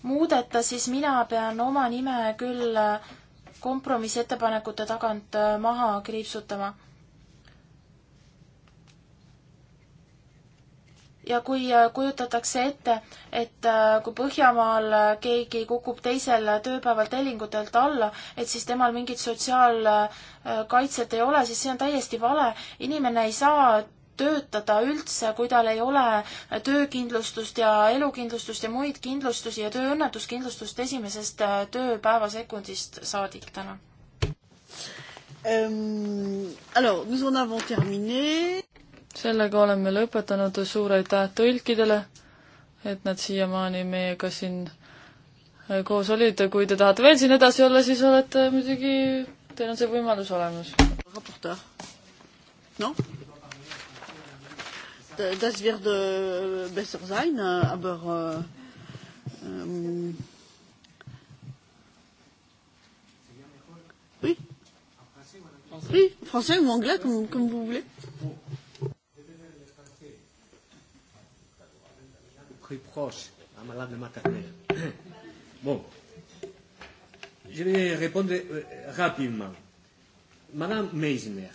S6: muudeta, siis mina pean oma nime küll kompromissettepanekute tagant äh, maha kriipsutama. ja kui äh, kujutatakse ette, et äh, kui Põhjamaal keegi kukub teisel tööpäeval tellingutelt alla, et siis temal mingit sotsiaalkaitset ei ole, siis see on täiesti vale. inimene ei saa töötada üldse, kui tal ei ole töökindlustust ja elukindlustust ja muid kindlustusi ja tööõnnetuskindlustust esimesest äh, tööpäeva sekundist saadik täna
S1: ähm,? Alors, nous en avons terminé.
S3: sellega oleme lõpetanud, suur aitäh tõlkidele, et nad siiamaani meiega siin äh, koos olid, kui te tahate veel siin edasi olla, siis olete
S1: muidugi, teil on see võimalus olemas. raportöör, noh das wird äh, besser sein, äh, euh, aber äh, ähm, oui.
S4: Oui, français ou anglais, comme, comme vous voulez. Très proche, à Madame de Maternelle. Bon, je vais répondre rapidement. Madame Meisner,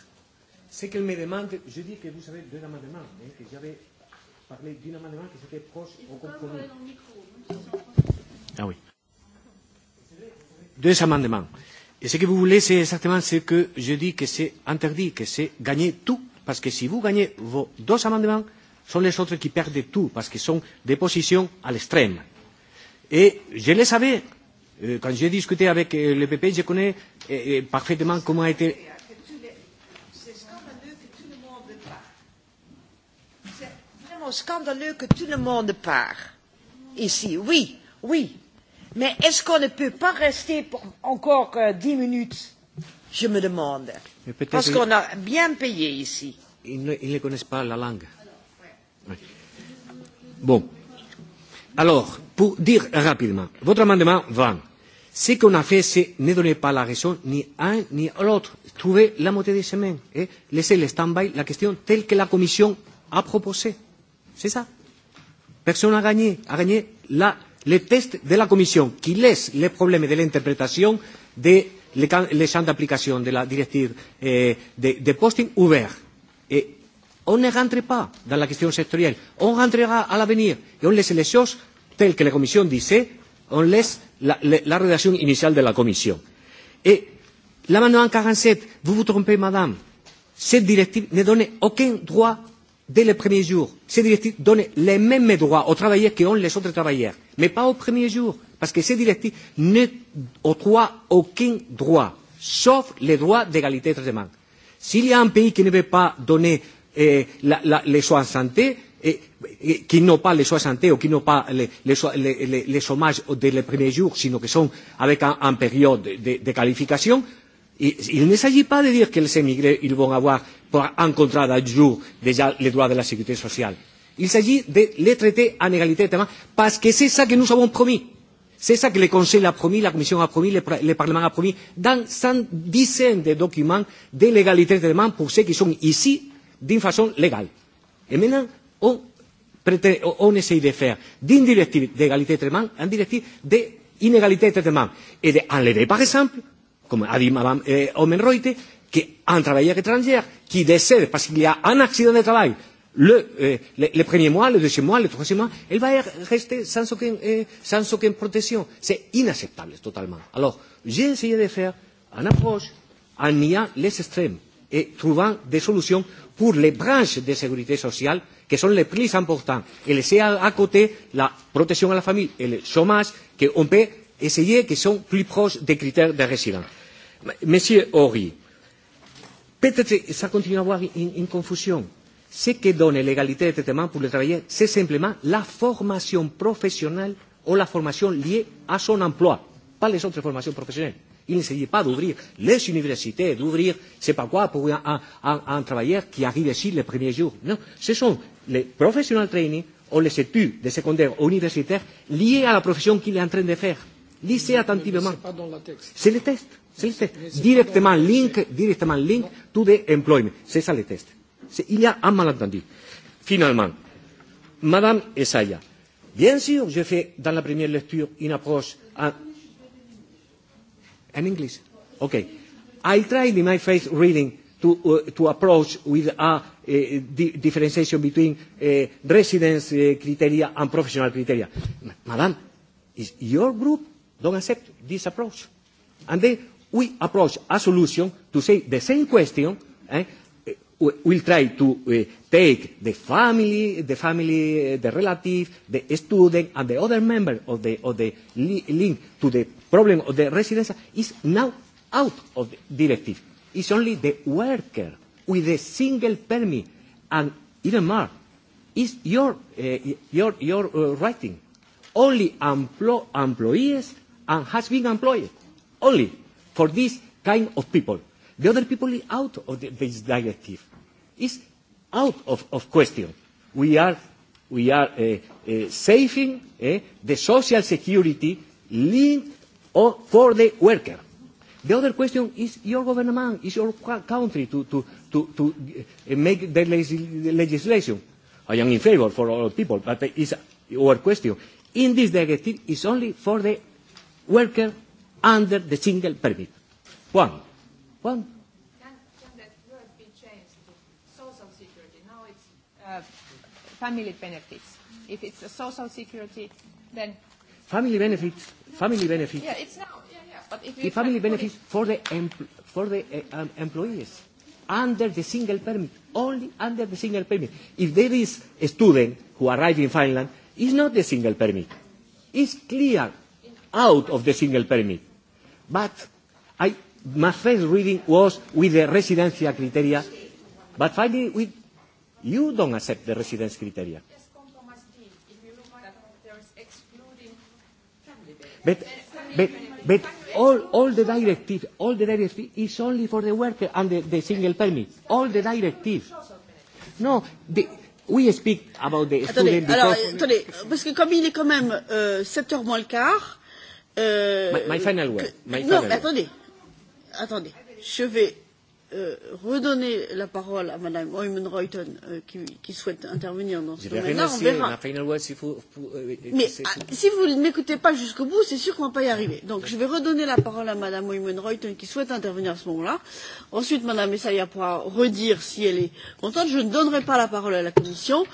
S4: Ce qu'elle me demande, je dis que vous avez deux amendements, hein, que j'avais parlé d'un amendement qui était proche au compromis. Ah oui. Deux amendements. Et ce que vous voulez, c'est exactement ce que je dis que c'est interdit, que c'est gagner tout. Parce que si vous gagnez vos deux amendements, sont les autres qui perdent tout, parce qu'ils sont des positions à l'extrême. Et je le savais, euh, quand j'ai discuté avec euh, le PP, je connais euh, euh, parfaitement comment
S7: a été avons scandaleux que tout le monde part ici. Oui, oui. Mais est-ce qu'on ne peut pas rester pour encore dix euh, minutes Je me demande. Parce qu'on a bien payé ici. Ils ne,
S4: ils ne connaissent pas la langue. Oui. Bon. Alors, pour dire rapidement, votre amendement va. Ce qu'on a fait, c'est ne donner pas la raison ni à un ni à l'autre. Trouver la moitié des semaines. Et laisser le stand-by la question telle que la Commission a proposée. C'est ça. Personne n'a gagné, a gagné la, les tests de la Commission qui laissent les problèmes de l'interprétation des les, les champs d'application de la directive euh, de, de posting ouverts. Et on ne rentre pas dans la question sectorielle. On rentrera à l'avenir et on laisse les choses telles que la Commission disait, on laisse la, la, la rédaction initiale de la Commission. Et l'amendement 47, vous vous trompez, madame, cette directive ne donne aucun droit dès le premier jour. Ces directives donnent les mêmes droits aux travailleurs qu'ont les autres travailleurs, mais pas au premier jour, parce que ces directives n'octroient aucun droit, sauf les droits d'égalité de traitement. S'il y a un pays qui ne veut pas donner eh, la, la, les soins en santé, et, eh, et, eh, qui n'ont pas les soins santé ou qui n'ont pas les, les, les, les, les chômages dès le premier jour, sino que sont avec un, un période de, de qualification, Il ne s'agit pas de dire que les émigrés ils vont avoir pour un contrat d'un jour déjà les droits de la sécurité sociale. Il s'agit de les traiter en égalité de terrain parce que c'est ça que nous avons promis. C'est ça que le Conseil a promis, la Commission a promis, le, le Parlement a promis dans cent dizaines de documents de l'égalité de demande pour ceux qui sont ici d'une façon légale. Et maintenant, on, prétend, on essaye de faire d'une directive d'égalité de traitement une directive d'inégalité de traitement et d'enlever, par exemple, comme a dit Mme euh, Omenreuter, qu'un travailleur étranger qui décède parce qu'il y a un accident de travail le, euh, le, le premier mois, le deuxième mois, le troisième mois, elle va er-, rester sans aucune, euh, sans aucune protection. C'est inacceptable totalement. Alors, j'ai essayé de faire une approche en niant les extrêmes et trouvant des solutions pour les branches de sécurité sociale qui sont les plus importantes et laisser à, à côté la protection à la famille et le chômage qu'on peut essayez, qui sont plus proches des critères des résidents. Monsieur Horry, peut-être ça continue à avoir une, une confusion. Ce que donne l'égalité de traitement pour les travailleurs, c'est simplement la formation professionnelle ou la formation liée à son emploi, pas les autres formations professionnelles. Il ne s'agit pas d'ouvrir les universités, d'ouvrir, c'est pas quoi, pour un, un, un, un travailleur qui arrive ici le premier jour. Non, ce sont les professional training ou les études de secondaire ou universitaire liées à la profession qu'il est en train de faire lycée attentivement. C'est le test. C'est le test. Directement link, directement link to the employment. C'est ça le test. Il y a un malentendu. Finalement, Madame Essaya, bien sûr, j'ai fait dans la première lecture une approche en, en English. Okay. I tried in my first reading to, uh, to approach with a uh, di differentiation between uh, residence uh, criteria and professional criteria. Madam, is your group don't accept this approach. And then we approach a solution to say the same question, eh, we'll try to uh, take the family, the family, uh, the relative, the student, and the other member of the, of the li- link to the problem of the residence is now out of the directive. It's only the worker with a single permit, and even more, is your, uh, your, your uh, writing. Only emplo- employees and has been employed only for this kind of people. The other people is out of the, this directive. It's out of, of question. We are, we are uh, uh, saving uh, the social security linked or for the worker. The other question is your government, is your country to, to, to, to uh, make the legislation. I am in favor for all people, but it's our question. In this directive, it's only for the workers under the single permit.
S5: One. One. Can, can that word be changed to social security? Now it's uh, family benefits. If it's a social security, then...
S4: Family benefits. No. Family benefits. Yeah,
S5: it's now. Yeah, yeah. But if the family benefits it,
S4: for the, empl for the uh, um, employees under the single permit, only under the single permit. If there is a student who arrived in Finland, it's not the single permit. It's clear out of the single permit. But I, my first reading was with the residencia criteria, but finally we, you don't accept the residence criteria. But, but, but all, all the directive, all the directive is only for the worker and the, the single permit. All the directive. No, the, we speak about the attendez, student alors, because...
S1: attendez, parce que comme il est quand même euh, 7h moins le quart, Euh, my, my final word. My non, final mais attendez. Attendez. Je vais euh, redonner la parole à Madame Oymen Reuten euh, qui, qui souhaite intervenir dans ce domaine-là. On verra.
S4: Final word, si vous, pour, euh, euh mais ah, si
S1: vous n'écoutez pas jusqu'au bout, c'est sûr qu'on ne va pas y arriver. Donc je vais redonner la parole à Madame Oymen Reuten qui souhaite intervenir à ce moment-là. Ensuite, Madame Essaya pourra redire si elle est contente. Je ne donnerai pas la parole à la Commission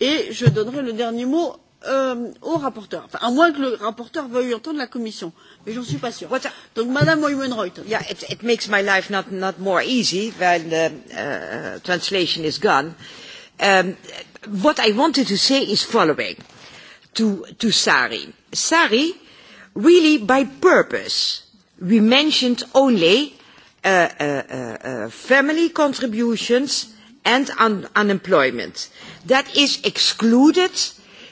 S1: et je donnerai le dernier mot euh, au rapporteur, enfin, à moins que le rapporteur veuille entendre la commission, mais j'en suis pas sûre. What's Donc Madame Oymen-Reuter. Yeah,
S7: it, it makes my life not, not more easy when the uh, translation is gone. Um, what I wanted to say is following to, to Sari. Sari, really by purpose, we mentioned only uh, uh, uh, uh family contributions and un unemployment. That is excluded uh,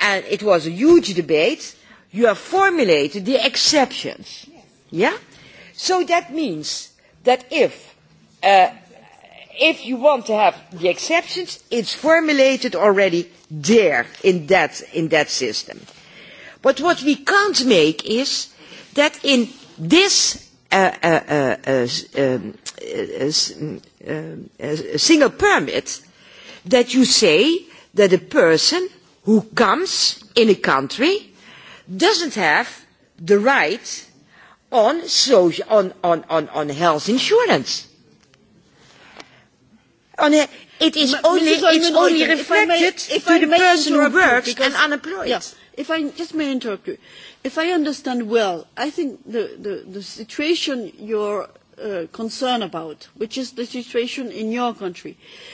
S7: and it was a huge debate, you have formulated the exceptions. Yes. Yeah? So that means that if, uh, if you want to have the exceptions, it's formulated already there in that, in that system. But what we can't make is that in this uh, uh, uh, uh um, uh, um, uh, uh, single permit, that you say that a person who comes in a country doesn't have the right on, social, on, on, on, on health insurance.
S1: On a, it is but only, it's only order, reflected may, to the person who works because, and unemployed. Yeah, if I just may interrupt you. If I understand well, I think the, the, the situation you're uh, concerned about, which is the situation in your country, uh,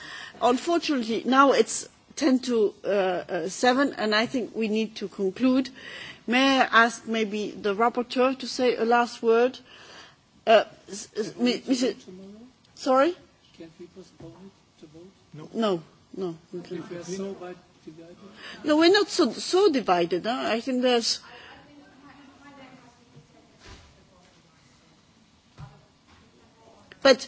S1: unfortunately now it's 10 to uh, uh, 7 and I think we need to conclude. May I ask maybe the rapporteur to say a last word? Uh, Mr. Sorry?
S4: Can we postpone it to vote?
S1: No. No. No. Okay. If we are so
S4: bad divided?
S1: No, we're not so, so divided. Huh? I think there's... But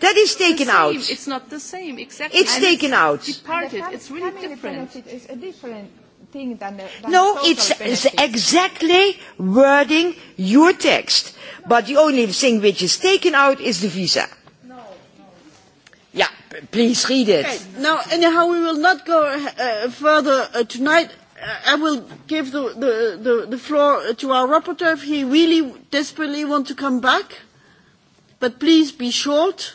S7: That is taken the same. out. It's
S5: not the same, exactly. It's and taken it's out. Departed. It's really different. Benefit is a different thing than the than No, it's, benefit. it's
S7: exactly wording your text. No. But the only thing which is taken out is the visa. No, no. Yeah, please read it. Okay.
S1: Now, anyhow, we will not go uh, further uh, tonight. Uh, I will give the, the, the, the floor to our rapporteur if he really desperately wants to come back. But please be short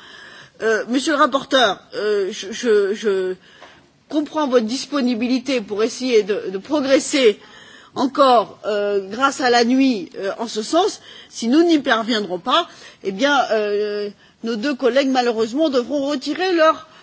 S1: Euh, monsieur le rapporteur, euh, je, je, je comprends votre disponibilité pour essayer de, de progresser encore euh, grâce à la nuit euh, en ce sens. Si nous n'y parviendrons pas, eh bien, euh, nos deux collègues, malheureusement, devront retirer leur